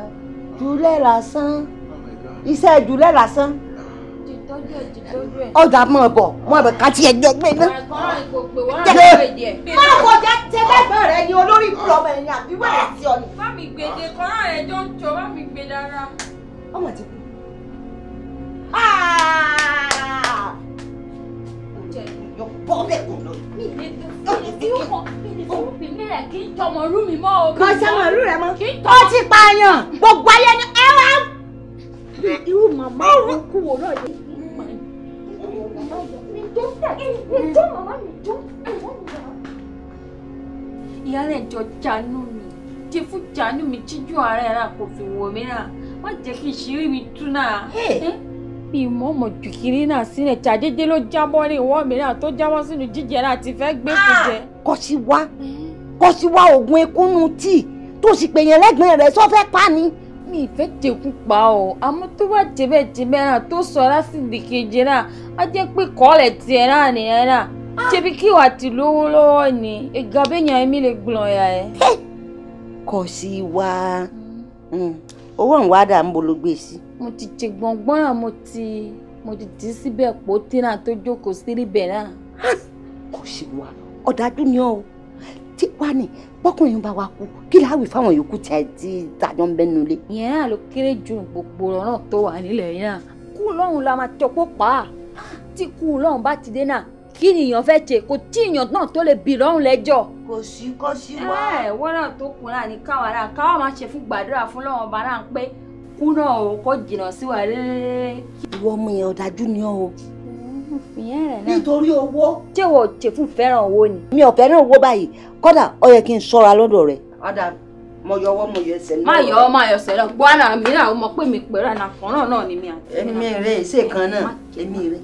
jùlẹ̀ lásán iṣẹ́ jùlẹ̀ lásán ọjà mọ̀ bọ̀ mọ̀ bẹ̀ ká tiẹ̀ jọ gbé ná. má wọ jẹ tẹlẹgbọn rẹ ni olórí ìlú ọmọ ẹni àbí wà á ti ọ ni. bá mi gbèdé kan náà rẹ jọ ń jọ bá mi gbèdé ọmọ ti kú ǹjẹ́ ìyọ̀ bọ́ lẹ́kùn rẹ̀ mọ́ ó ti pààyàn gbogbo ayé ni ẹ wá. irú màmá òun kú wò náà yẹ. ìyálẹ̀ jọ jánu mi ti fún jánu mi tíjú ara ẹ̀ rà kò fi wọ̀ mí rà wọ́n jẹ́ kí ìṣírí mi tú náà mi mọ̀ọ́mọ̀ ju kiri náà sílẹ̀ jàdédé ló jábọ́ ní ìwọ́ mìíràn tó jábọ́ sínú jíjẹ náà ti fẹ́ gbé kú jẹ. Ah! kọ́sí wá kọ́sí wá oògùn ekúnú tíì tó sì pè yẹn lẹ́gbẹ̀ẹ́ rẹ̀ sọ́fẹ́ pa ni. mi ìfẹ́ tẹ̀kú pa ọ́ àmọ́ tó bá jẹ́bẹ̀ jẹ́bẹ̀ náà tó sọ lásìkò kejì náà á jẹ́ pé kọ́ọ̀lẹ̀ tiẹ̀ náà nìyẹn náà ah! ṣebí kí wàá ti lówó lọ́wọ́ ni ìgbà bẹ́yàn ẹ̀mí lè gbọ̀n yà ẹ́. kọ́sí wá. Mm. mm owó òǹwá dà ń bolo gbé e sí. mo ti ṣe gbọ̀ngbọ́n mo ti mo ti dì í síbẹ̀ pò tínà tó jókòó sí ibẹ̀ náà. kò sí wa ọ̀dájú ni ọ́ tí wàá ní bọ́kùnrin bá wa kú kí láwì fáwọn yòókù tí tàjọ ń bẹ́nu lé. ìyẹn náà ló kéré ju gbogbo ọ̀ràn tó wà nílẹ̀ yẹn náà kú lọ́hùn la máa tọ́pọ̀ pa á tí kú lọ́hùn bá ti dé náà kí nìyàn fẹ́ ṣe kò tí ìyàn náà tó lè bì lọ́rùn lẹ́jọ́. kò sí kò sí wá. ẹ wọ́n náà tó kùn náà ní káwọn náà káwọn máa ṣe fún gbàdúrà fún lọ́wọ́n ọba náà pé kú náà o kò jìnnà sí wa rere. ìwọ ọmọ yẹn ọ̀dájú ni ọ o. Mm-hmm. ìyẹn rẹ̀ náà. nítorí owó. ṣé wo ṣe fún fẹ́ràn owó ni. mi ò fẹ́ràn owó báyìí kódà ó yẹ kí n ṣọ́ra lọ́dọ̀ rẹ̀. ọ̀dà mo yọ ọwọ́ mo yọ ẹsẹ̀ náà. má yọ ọ má yọ ẹsẹ̀ náà gbọ́ àná mi náà mọ̀ pé mi pẹ̀lú àná kan náà ni mi àti. èmi rẹ̀ ṣèkan náà èmi rẹ̀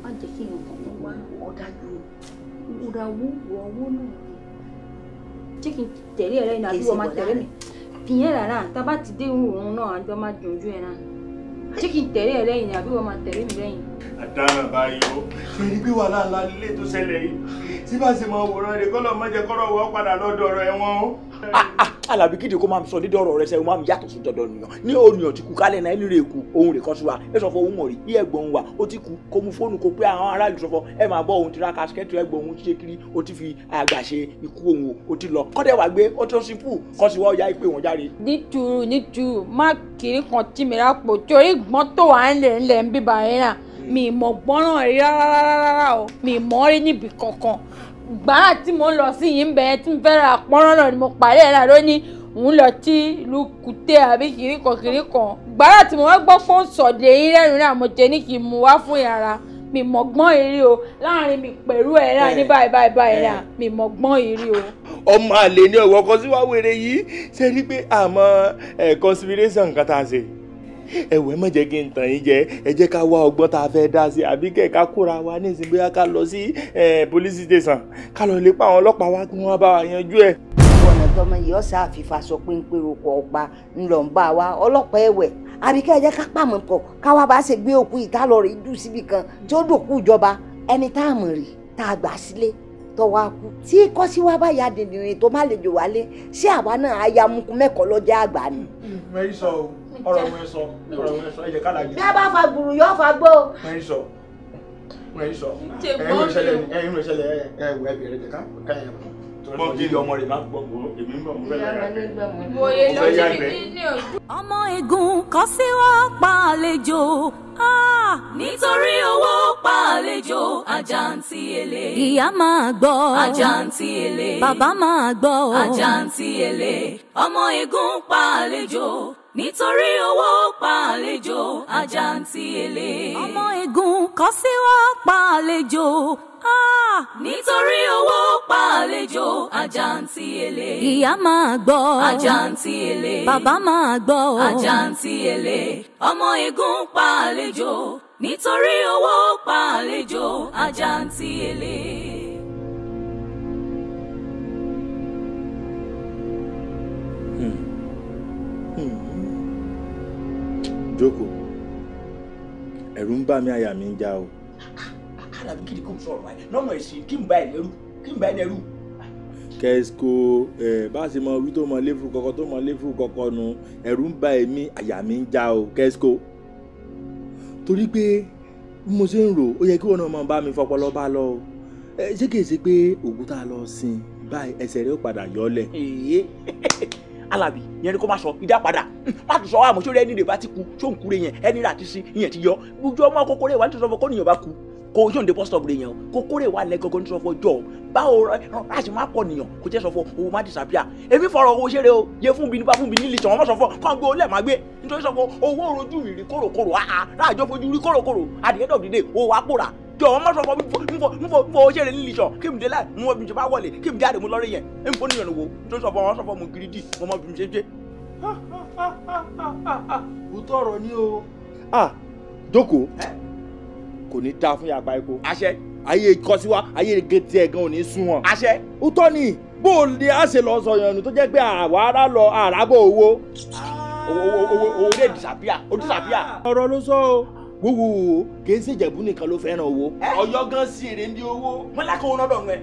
ra owó wọ owó náà jẹ́ kí n tẹ̀lé ẹ̀rẹ́ ìnà àbí wọ́n máa tẹ̀lé mi fìyẹn rárá tá a bá ti dé irun òun náà àjọ máa jòjú ẹ̀ náà jẹ́ kí n tẹ̀lé ẹ̀rẹ́ ìnà àbí máa tẹ̀lé mi lẹ́yìn àdáràn báyìí ó ṣe ní pé wàhálà ńlá lílé tó ṣẹlẹ̀ yìí tí bá ṣe máa wòran rẹ̀ kọ́lọ̀ má jẹ́ kọ́rọ̀ wọ́ padà lọ́dọ̀ rẹ̀ wọ́n ó. Ah, ah, alábí kíde kó máa sọ dídọ̀ ọ̀rọ̀ rẹ sẹ́yìn máa ń yàtọ̀ sí dandan nìyàn ní ònìyàn ti kú kálẹ̀ náà ẹni rè kú òun rè kan sí wa ẹ sọ fún òun mọ̀ rí bí ẹ̀gbọ́n wa ó ti kú kó mu fóònù kó pé àwọn aráàlú sọ fún ẹ máa bọ́ òun ti ra kásíkẹ́tì ẹ̀gbọ́n òun ti ṣe kiri ó ti fi àgbà ṣe ikú òun ó ti lọ kọ́dẹ̀ wà gbé ó tó simple kọ́ sí wọ́ọ́ ya ìpè wọn jáde. nítorí nítorí má kiri kan tí mi rà pò torí gbọ́n tó wà ń lè ń lè ń bíbá yẹn náà mi mọ̀ gbọ́ràn rí rárá o mi mọ̀ rí níbi kankan gbàrà tí mo lọ sí yìí ń bẹ tí n fẹ́ ra pọ́nrán náà ni mo pàdé ẹ̀ náà lóní òun lọ tí ìlú kùtẹ́ àbí kìríkan kìríkan gbàrà tí mo wá gbọ́ pé ó sọ̀dẹ̀ eyín lẹ́nu náà mo jẹ́ ní kí n wá fún yàrá mi mọ̀gbọ́n ìrí o láàrin mi pẹ̀lú ẹ̀ náà ní báyìí báyìí báyìí náà mi mọ̀gbọ́n ìrí o. ọmọ àlè ni ọ̀wọ́ kan sí wàá wèrè yìí ṣe rí pé àmọ́ conspiration kan tá a ṣe ẹ̀wẹ̀ má jẹ́ kí n tàn yín jẹ ẹ jẹ́ ká wá ọgbọ́n tá a fẹ́ dá sí àbí kẹ̀ ká kóra wa ní ìsìn bóyá ká lọ sí police station ká lọ lè pa àwọn ọlọ́pàá wa kí wọ́n bá wa yanjú ẹ̀. ọ̀nà tọmọ yìí ọ̀sà àfìfà sọ pé ń pé okò ọ̀pá ńlọ ń bá wa ọlọ́pàá ẹ̀wẹ̀ àbí kẹ́ ẹ jẹ́ ká pàmò pọ̀ káwa bá ṣe gbé òkú ìta lọ rèé dùn síbi kan tí ó dòkú ìjọba ẹni tá a mọ̀ rè tá a gbà sílé tọwọ́ akú tí kọ́síwá bá ya dìndìnrín tó má lè jò wálé ṣé àwa náà ayamukú mẹ́kọ̀ọ́ lọ́jà àgbà ni. mẹ́rin sọ ọ̀rọ̀ wọn sọ ọ̀rọ̀ wọn sọ ẹ jẹ́ ká làjẹ. bí a bá fa gbùrù yóò fa gbó. wọ́n sọ wọ́n sọ ẹ̀yin ìṣẹ̀lẹ̀ ẹ̀yin ìṣẹ̀lẹ̀ ẹ̀ wọ ẹ̀bì rẹ̀ jẹ́ ká káyà gbọ́ kí ni ọmọ rẹ̀ máa gbọ́ gbòòrò èmi ń bọ̀ mo fẹ́ yára rẹ̀ mo fẹ́ yára rẹ̀. ọmọ ègún kò sí wá pàlejò nítorí owó pàlejò àjàǹtí èlé. ìyá máa gbọ́ àjàǹtí èlé. bàbá máa gbọ́ àjàǹtí èlé. ọmọ ègún pàlejò nítorí owó pa àlejò àjàǹtì èlé. ọmọ ègún kò sí wá pa àlejò. Ah! nítorí owó pa àlejò àjàǹtì èlé. ìyá máa gbọ́ àjàǹtì èlé. bàbá máa gbọ́ àjàǹtì èlé. ọmọ ègún pa nítorí owó pa àlejò èlé. jókòó ẹ̀rù ń bà mí àyà mi ń já o. alábi kí ni kò sọ̀rọ̀ báyìí lọ́mọ èsì kí n bá ẹ̀ lẹ́rù kí n bá ẹ̀ lẹ́rù. kẹ́sìkò ẹ̀ bá a ṣe mọ wí mọ léfù kọ́kọ́ tó mọ léfù kọ́kọ́ nu ẹ̀rù ń bà èmi àyà mi ń já o kẹ́sìkò. torí pé bí mo ṣe ń rò ó yẹ kí wọn náà máa bá mi fọpọlọ bá lọ o ṣé kìí ṣe pé òkúta lọ sin báyìí ẹsẹ̀ rẹ̀ ó padà yọlẹ̀. alabi ìyẹn ni kó má sọ ìdá padà má tún sọ wá àmọ́ sórí ẹni rè bá ti ku tó ń kúre yẹn ẹni rà ti sí ìyẹn ti yọ gbogbo ọmọ kókórè wà nítorí ọmọ kó bá ku kó yóò dé bọ́sítọ̀pù rè yẹn o kókórè wà lẹ́ gọ́gọ́ nítorí ọfọ jọ báwo láti má pọ̀ nìyàn kó jẹ́ sọfọ owó má disapia èmi fọ̀rọ̀ owó ṣeré o yẹ fún bi nípa fún bi nílì tàn wọ́n kàn gbé olè má gbé nítorí sọfọ owó rojú ìrì kòròkòrò àá láàjọ fojú rí kòròkòrò àdìyẹ́dọ̀ dídé owó àpòrà jọ ọmọ sọ fọ nfọ nfọ nfọ ṣe rẹ nílì sọ kí mi dé láì mo bí mi ṣe bá wọlé kí mi jáde mo lọ́rẹ́ yẹn èmi fọ́ níyànjú wo tó sọ fọ ọmọ sọ fọ mo gidi dì mo mọ bí mi ṣe ṣe. òótọ́ ọ̀rọ̀ ni o. a jókòó kò ní dáa fún yàgbá epo. àṣẹ. ayé kọsíwá ayé gẹ̀ẹ́tì ẹ̀gán ò ní sún wọn. àṣẹ. òótọ́ ni bó o lè á ṣe lọ sọ yànnú tó jẹ́ pé àwa ará lọ àràbọ̀ owó owó owó owó lè disappear ó disappear. ọ̀rọ̀ ló sọ o wúwo kì í ṣe ìjẹ̀bú nìkan ló fẹ́ràn owó. ọ̀yọ́ gan sí èrè ní owó wọn lákàn wọn lọ́dọ̀ rẹ.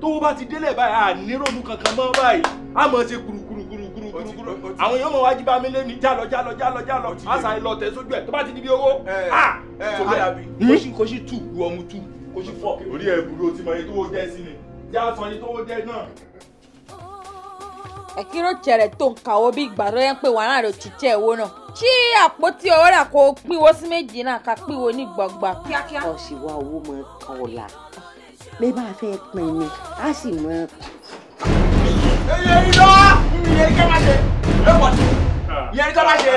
tówó bá ti délẹ̀ báyìí àníròdù kankan mọ́ báyìí a mọ̀ ṣe kùrùkùrùkùrùkùrù àwọn èèyàn mọ̀ wá jí bá mi lé ní jálọ jálọ jálọ jálọ àṣà ìlọ tẹ̀ sójú ẹ̀ tó bá ti di bí owó. kò sí tù wọ́n mu tù kò sí fọ́. orí ẹ̀ burú o ti mọ iye tó wọ́n jẹ́ sí ni já sọ iye tó wọ́n jẹ́ náà ẹ̀kírò jẹ̀rẹ̀ tó nǹkan wo bí ìgbà tó yẹ pé wàhálà rẹ̀ òtítẹ́ ẹ̀wọ́ náà tí àpótí owó rà kó pínwó sí méjì náà ká pínwó ní gbọ̀ngbà kíákíá. ọ̀ sì wá owó mọ kan ọ̀la bí bá a fẹ́ pin ni a sì mọ. iye iná iye ike má ṣe é pọ̀ sí iye ike má ṣe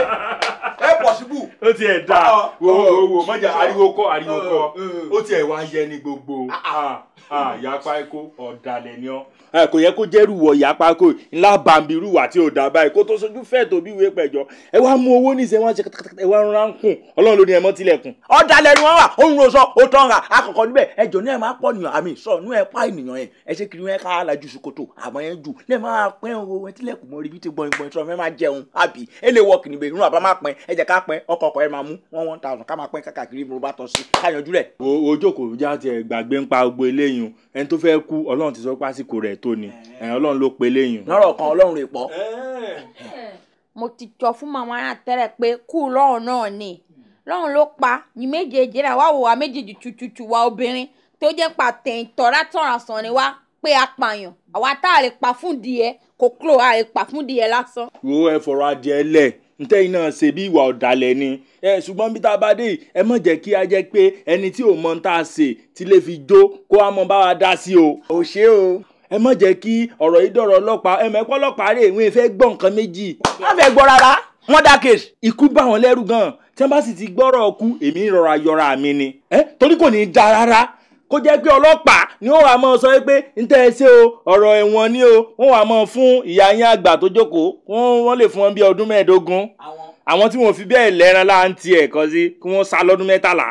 é pọ̀ sí bù. ó ti ẹ̀ dá wo wo wo mọ̀jà ariwo kọ́ ariwo kọ́ ó ti ẹ̀ wá yẹ ni gbogbo. Ah, ah. Ah àyàpá ah, ikó ọ̀dàlẹ̀ ni ọ́. kò yẹ kó jẹ́rù wọ ìyàpá kò ńlá bàǹbìrù wà tí ò dà báyìí kó tó sojú fẹ́ tóbi ìwé pẹ̀jọ́ ẹ wá mú owó níṣẹ́ wá ṣe ẹ wá rán kùn ọlọ́run ló ní ẹmọ́ tilẹ̀kùn. ọ̀dàlẹ̀ ni wọ́n wà òun ló sọ ó tán ra akọ̀kọ̀ níbẹ̀ ẹjọ́ ní ẹ máa pọ̀ nìyàn àmì sọ ní ẹ pa ènìyàn yẹn ẹ ṣe kiri wọn ká lajú ṣòkòtò àmọ́ yẹn jù ní ẹ máa pẹ́ o ẹ tilẹ̀kùn mọ́ ibi tí gbọ̀ngbọ̀n tí wọ́n fẹ́ one one thousand ká máa pẹ́ káàkiri mo bá tọ́ sí káyanjú rẹ̀. ojókòó jáde pa gbogbo eléyìí ẹni tó fẹ́ kú ọlọ́run ti sọ pásìkò rẹ̀ tó ni ọlọ́run ló pe eléyìí. lọ́rọ̀ kan ọlọ́run rè pọ̀. mo ti jọ fún màmá náà tẹ́lẹ̀ pé kú lọ́rùn náà ni lọ́run ló pa ní méjèèjì náà wá wò wá méjèèjì tututu wa obìnrin tó jẹ́ pa tẹ̀yìntọ́ látọ̀ràn sàn ni wá pé apààyàn àwa tá a lè pa fún díẹ̀ kò kúrò a lè pa fún díẹ̀ lásán. wo ẹ fọ̀rọ̀ adìẹ lẹ̀ ntẹ́yìn náà ṣe bí ìwà ọ̀dàlẹ̀ ni ẹ ṣùgbọ́n bí tá a bá dé ẹ mọ̀ jẹ́ kí a jẹ́ pé ẹni tí ò mọ tá a ṣe tí lè fi jó kó a mọ bá wa dá sí o. ò ṣe o. ẹ mọ̀ jẹ́ kí ọ̀rọ̀ yìí dọ̀rọ̀ ọlọ́pàá ẹ mẹ́kọ́ ọlọ́pàá rè wọ́n fẹ́ gbọ́ nǹkan méjì. wọ́n fẹ́ gbọ́ rárá wọ́n dá kéèsì. ikú bá wọn lẹ́rù gan-an tí wọ́n bá sì ti gbọ́rọ̀ ọkú èmi rọra yọra mi ni. ẹ torí kò ní í da rárá kó jẹ́ pé ọlọ́pàá ni ó wàá máa sọ pé ń tẹ́ ẹ ṣe o ọ̀rọ̀ ẹ̀wọ̀n ni o wọ́n wàá máa fún ìyá yín àgbà tó jókòó wọ́n lè fún wọn bí ọdún mẹ́ẹ̀ẹ́dógún àwọn tí wọn fi bẹ́ẹ̀ lẹ́ran láà ń tiẹ̀ kọ́ sí kí wọ́n sá lọ́dún mẹ́tàlá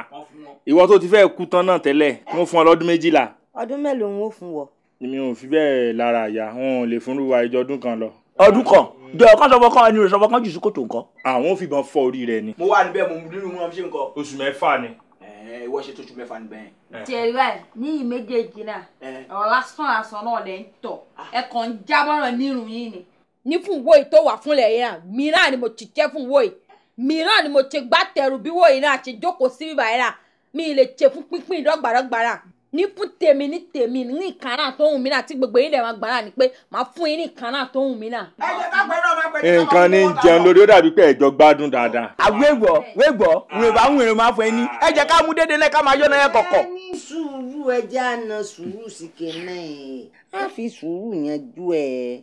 ìwọ tó ti fẹ́ kú tán náà tẹ́lẹ̀ kí wọ́n fún ọ lọ́dún méjìlá. ọdún mélòó ń wò fún wọ. mi ò fi bẹ́ẹ̀ lára àyà wọn ò lè fúnrú wa ìjọ ọdún kan lọ. ọdún kan jọ ọkàn sọfọ kan ẹni rẹ sọfọ kan jù sí kòtò nǹkan. àwọn ò fìbọn fọ orí rẹ ni. mo wà níbẹ̀ mo nínú wọn ṣe nǹkan. oṣù mẹ́fà ni Eh, ìwọ ṣe tóṣù mẹ́fà níbẹ̀ yẹn. jerry eh. well ní ìméjèèjì náà eh. ọ̀rọ̀ lásán lásán náà lẹ́ ń tọ̀ ah. ẹ ń jábọ̀ nírun yín ni. ní fún wo yìí tó wà fúnlẹ̀ yìí náà mìíràn ni mo ti jẹ́ fún wo yìí mìíràn ni mo ti gbá tẹrù bí wo yìí náà ti jókòó sí bíbá yìí náà mi ì lè ṣe fún pínpín dọ́gbàdọ́gbàdà ní fún tèmi ní tèmi ní ìkànnà tó hùn mí náà tí gbogbo yín lè máa ni pé màá fún yín ní ìkànnà tó hùn mí náà. ẹ jẹ́ ká pẹ̀lú ọmọ pẹ̀lú ọmọ nǹkan ní jẹun lórí ó dàbí pé ẹ̀jọ̀ gbádùn dáadáa. àwẹ̀gbọ̀ wẹ̀gbọ̀ wẹ̀bà ń wẹ̀rẹ̀ máa fọ ẹni ẹ jẹ́ ká mú déédéé náà máa yọ̀ náà kọ̀kọ̀. ẹ sùúrù ẹja na sùúrù sí kẹ́nẹ́ ẹ̀ á fi sùúrù yanjú ẹ̀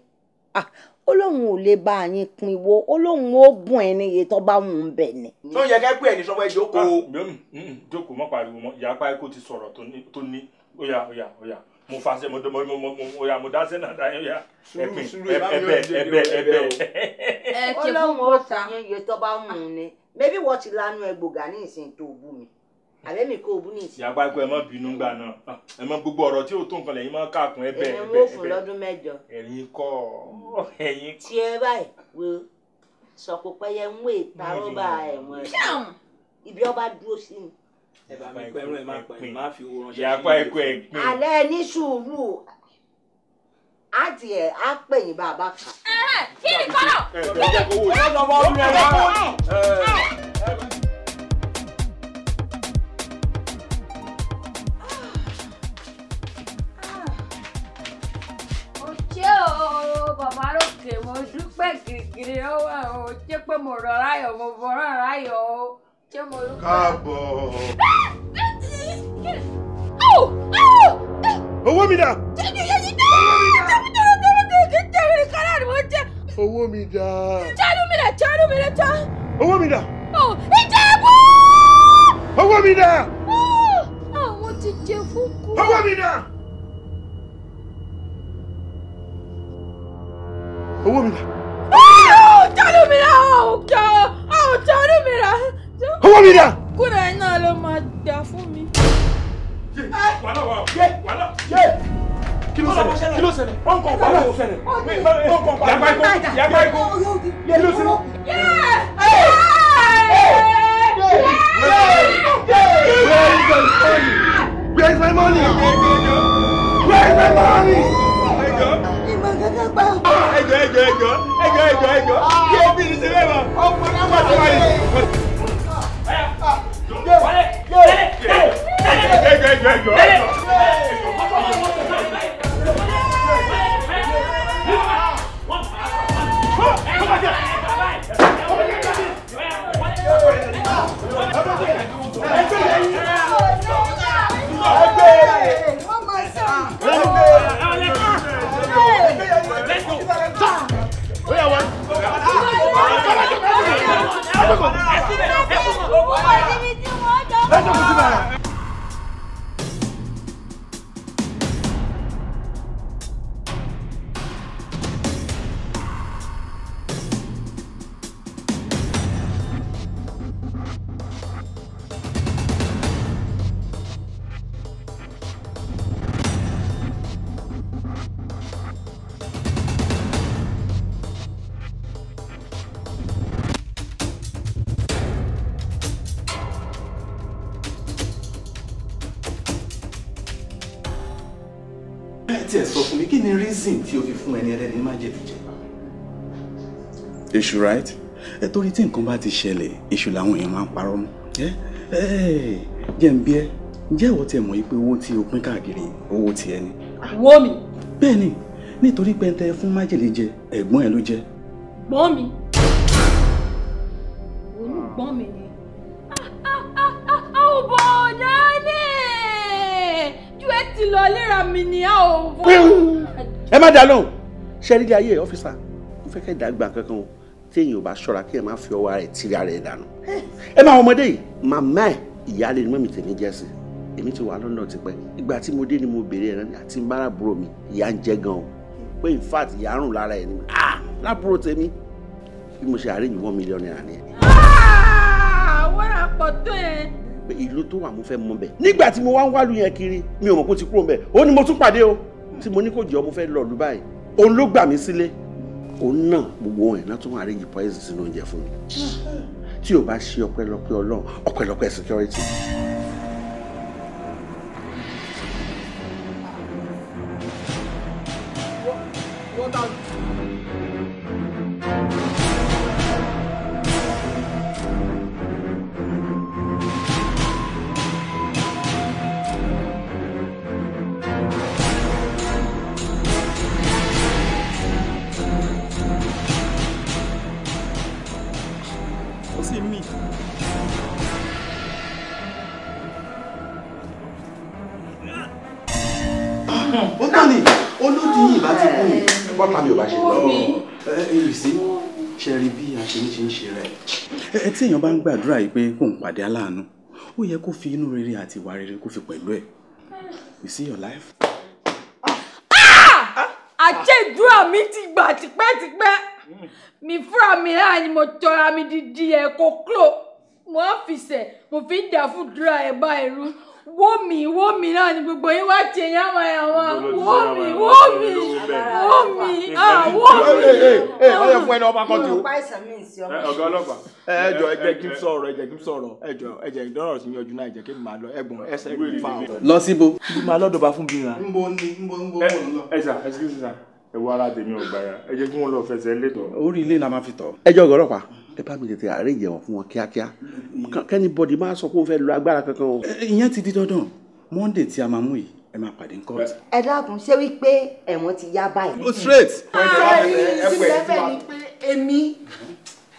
ah, ó lóun ò lè bá yín pin wo ó lóun ó bùn ẹni yìí tó bá wù ú bẹ̀ ni. tó yẹ kẹ́ pé ẹni sọ pé jókòó. Ah, jókòó mọ́ pariwo mọ́ ìyá apá ẹ̀kọ́ ti sọ̀rọ̀ tó ní ó yá ó yá ó yá mo fa se mo mo mo mo mo ya mo da se na da ya ẹpin ẹbẹ ẹbẹ ẹbẹ. ẹ ti fún mọ́ta. ọlọ́run ó ta yín iye tó bá mú un ni mẹ́bí wọ́n ti lanu ẹgbògá ní ìsìn tó bú mi àbẹ́ mi kò bú nìyí. ìyá pápá ẹ má bínú gbà náà ẹ má gbogbo ọ̀rọ̀ tí ò tó nǹkan lẹ́yìn má kàkún ẹ bẹ́ẹ̀ bẹ́ẹ̀ bẹ́ẹ̀. èmi wò fún lọ́dún mẹ́jọ. ẹ̀yin kọ́ ẹ̀yin. tí ẹ báyìí wo sọ̀kò pẹ́yẹ ń wé tarọ́ ẹ̀wọ̀n ẹ̀ ibi ọba dúró sí mi. ẹ mi pẹ́ ẹ má pẹ́ ẹ má fi owó ránṣẹ́ sí mi. ìyá pápá ẹ pín. alẹ́ ní sùúrù a ti ẹ pè yín bàbá kan. kí òkè mo dúpẹ́ gírígírí ọwọ́ àwọn ò jẹ́ pé mo rọ̀ ráyọ̀ mo bọ̀ rọ̀ ráyọ̀ o ṣé mo dúpẹ́. káàbọ̀. owó mi dà. owó mi dà. chadu mi dà chadu mi dà chá. owó mi dà. ìjẹ̀bú. owó mi dà. àwọn ti jẹ fún kú. owó mi dà. owó mi rà. tọ́lú ah, mi rà ọ̀jọ̀ ọ̀tọ́lú mi rà. owó mi rà. kúrẹ́ náà ló máa dà fún mi. wàhálà wàhálà kí ló ṣẹlẹ̀ kí ló ṣẹlẹ̀ ó ń kọ ọ̀pá ló ṣẹlẹ̀ ó ń kọ ọ̀pá yàgbá ikú yàgbá ikú kí ló ṣẹlẹ̀. Where is my money? Where is my money? Where is my money? Hey hey hey hey hey ẹjọ hey ẹjọ ẹjọ ẹjọ ẹjọ kí ẹ bí ìṣe bẹ́ẹ̀ mọ̀. ọmọ náà wà lórí ẹ̀. ẹjọ ẹjọ ẹjọ ẹjọ. jókòó síbẹ̀. ẹ jókòó síbẹ̀. reason tí o fi fún ẹni ẹlẹ́ni má jẹ̀bi jẹ. èṣù right ẹ torí tí nǹkan bá ti ṣẹlẹ̀ èṣù làwọn èèyàn máa ń parọ́ mú jẹ́ ń bí ẹ ǹjẹ́ ìwọ tiẹ̀ mọ̀ yìí pé owó tí o pín káàkiri owó tiẹ̀ ni. wo mi. bẹ́ẹ̀ ni nítorí pẹ́ńtẹ́ fún májèlé jẹ ẹ̀gbọ́n ẹ̀ ló jẹ. gbọ́n mi olùgbọ́n mi ni. ọ̀bọ̀ ọ̀dà ni ju ẹ ti lọ léra mi ni a ò fọ́ ẹ má dá lóhùn ṣe rí ilé ayé ọ́fíìsà ó fẹ́ kẹ́ dàgbà kankan o téèyàn ò bá ṣọ́ra kí ẹ má fi ọwọ́ rẹ̀ tìrì ara ẹ̀ dànù ẹ máa ọmọdé yìí màmá ẹ̀ ìyáálé ni mọ́mí tèmi jẹ́ sí èmi ti wà London tipẹ́ ìgbà tí mo dé ni mo béèrè ẹ̀rọ àti mbáràbúrò mi ìyá ń jẹ́ gan o pé in fact ìyá ń rùn lára ẹ̀ ni ah lábúrò tèmi bí mo ṣe àárín ìwọ́n mílíọ̀nù náírà ni ẹ̀. wọ́rà pọ̀ tó yẹn. ìlú tó wà mo fẹ́ mọ̀ bẹ́ẹ̀ nígbà tí mo wá ń wálu yẹn kiri mi ò mọ̀ kó ti kúrò bẹ́ẹ̀ ó ní mo tún pàdé o tí mo ní kò jọ mo fẹ́ lọ lù báyìí òun ló gbà mí sílé òun náà gbogbo ẹ̀ náà tó máa rẹ́yìn poison sínú oúnjẹ fún mi tí ò bá ṣe ọpẹ́lọpẹ́ Ọlọ́run ọpẹ́lọpẹ́ security. tí èèyàn bá ń gbàdúrà yìí pé kò ń pàdé aláàánú ó yẹ kó fi inú rere àti ìwà rere kó fi pẹ̀lú ẹ̀ you see your life. Ah! àjẹ̀dúrà mi ti gbà tipẹ́tipẹ́ mi fúnra mi hàn ni mo tọra mi di di ẹ̀ kó kúrò mo á fi sẹ̀ mo fi ń dà fún dúrà ẹ̀ bá ẹ̀ rú wómi wómi náà ni gbogbo yín wá ṣe yàmà yàmà wómi wómi wómi ah wómi. ẹ ọ yẹ fún ẹni ọba kan tó. ọgá ọlọ́pàá. ẹ jọ ẹ jẹ́ kí n sọ̀rọ̀ ẹ jẹ́ kí n sọ̀rọ̀ ẹ jọ ẹ jẹ́ ìdánwò sí yanjú náà ẹ jẹ́ kí n máa lọ ẹ̀gbọ́n ẹsẹ ìlú fa ọ. lọ síbo. bí máa lọ́dọ̀ bá fún bí ra. nbọ nbọ nbọ lọ. ẹ sà ẹ sì sà ẹ wọ ara tèmi ò gbára ẹ jẹ́ kí wọn lọ fẹsẹ̀ létọ. orí ilé la máa fi tọ. ẹ jọ ọgọ ọlọ́pàá ẹ bá mi tètè àárẹ̀ yẹ̀wọ̀n fún wọn kíákíá kẹ́ni bọ́dì máa sọ pé ó fẹ́ lo agbára kankan o. ìyẹn ti di dandan monday tí a máa mú yìí ẹ máa pàdé nǹkan. ẹ dákun ṣé wípé ẹ̀wọ̀n ti yá báyìí. Oh, straight. ṣé ah, ẹ rí ìdílé ni pé èmi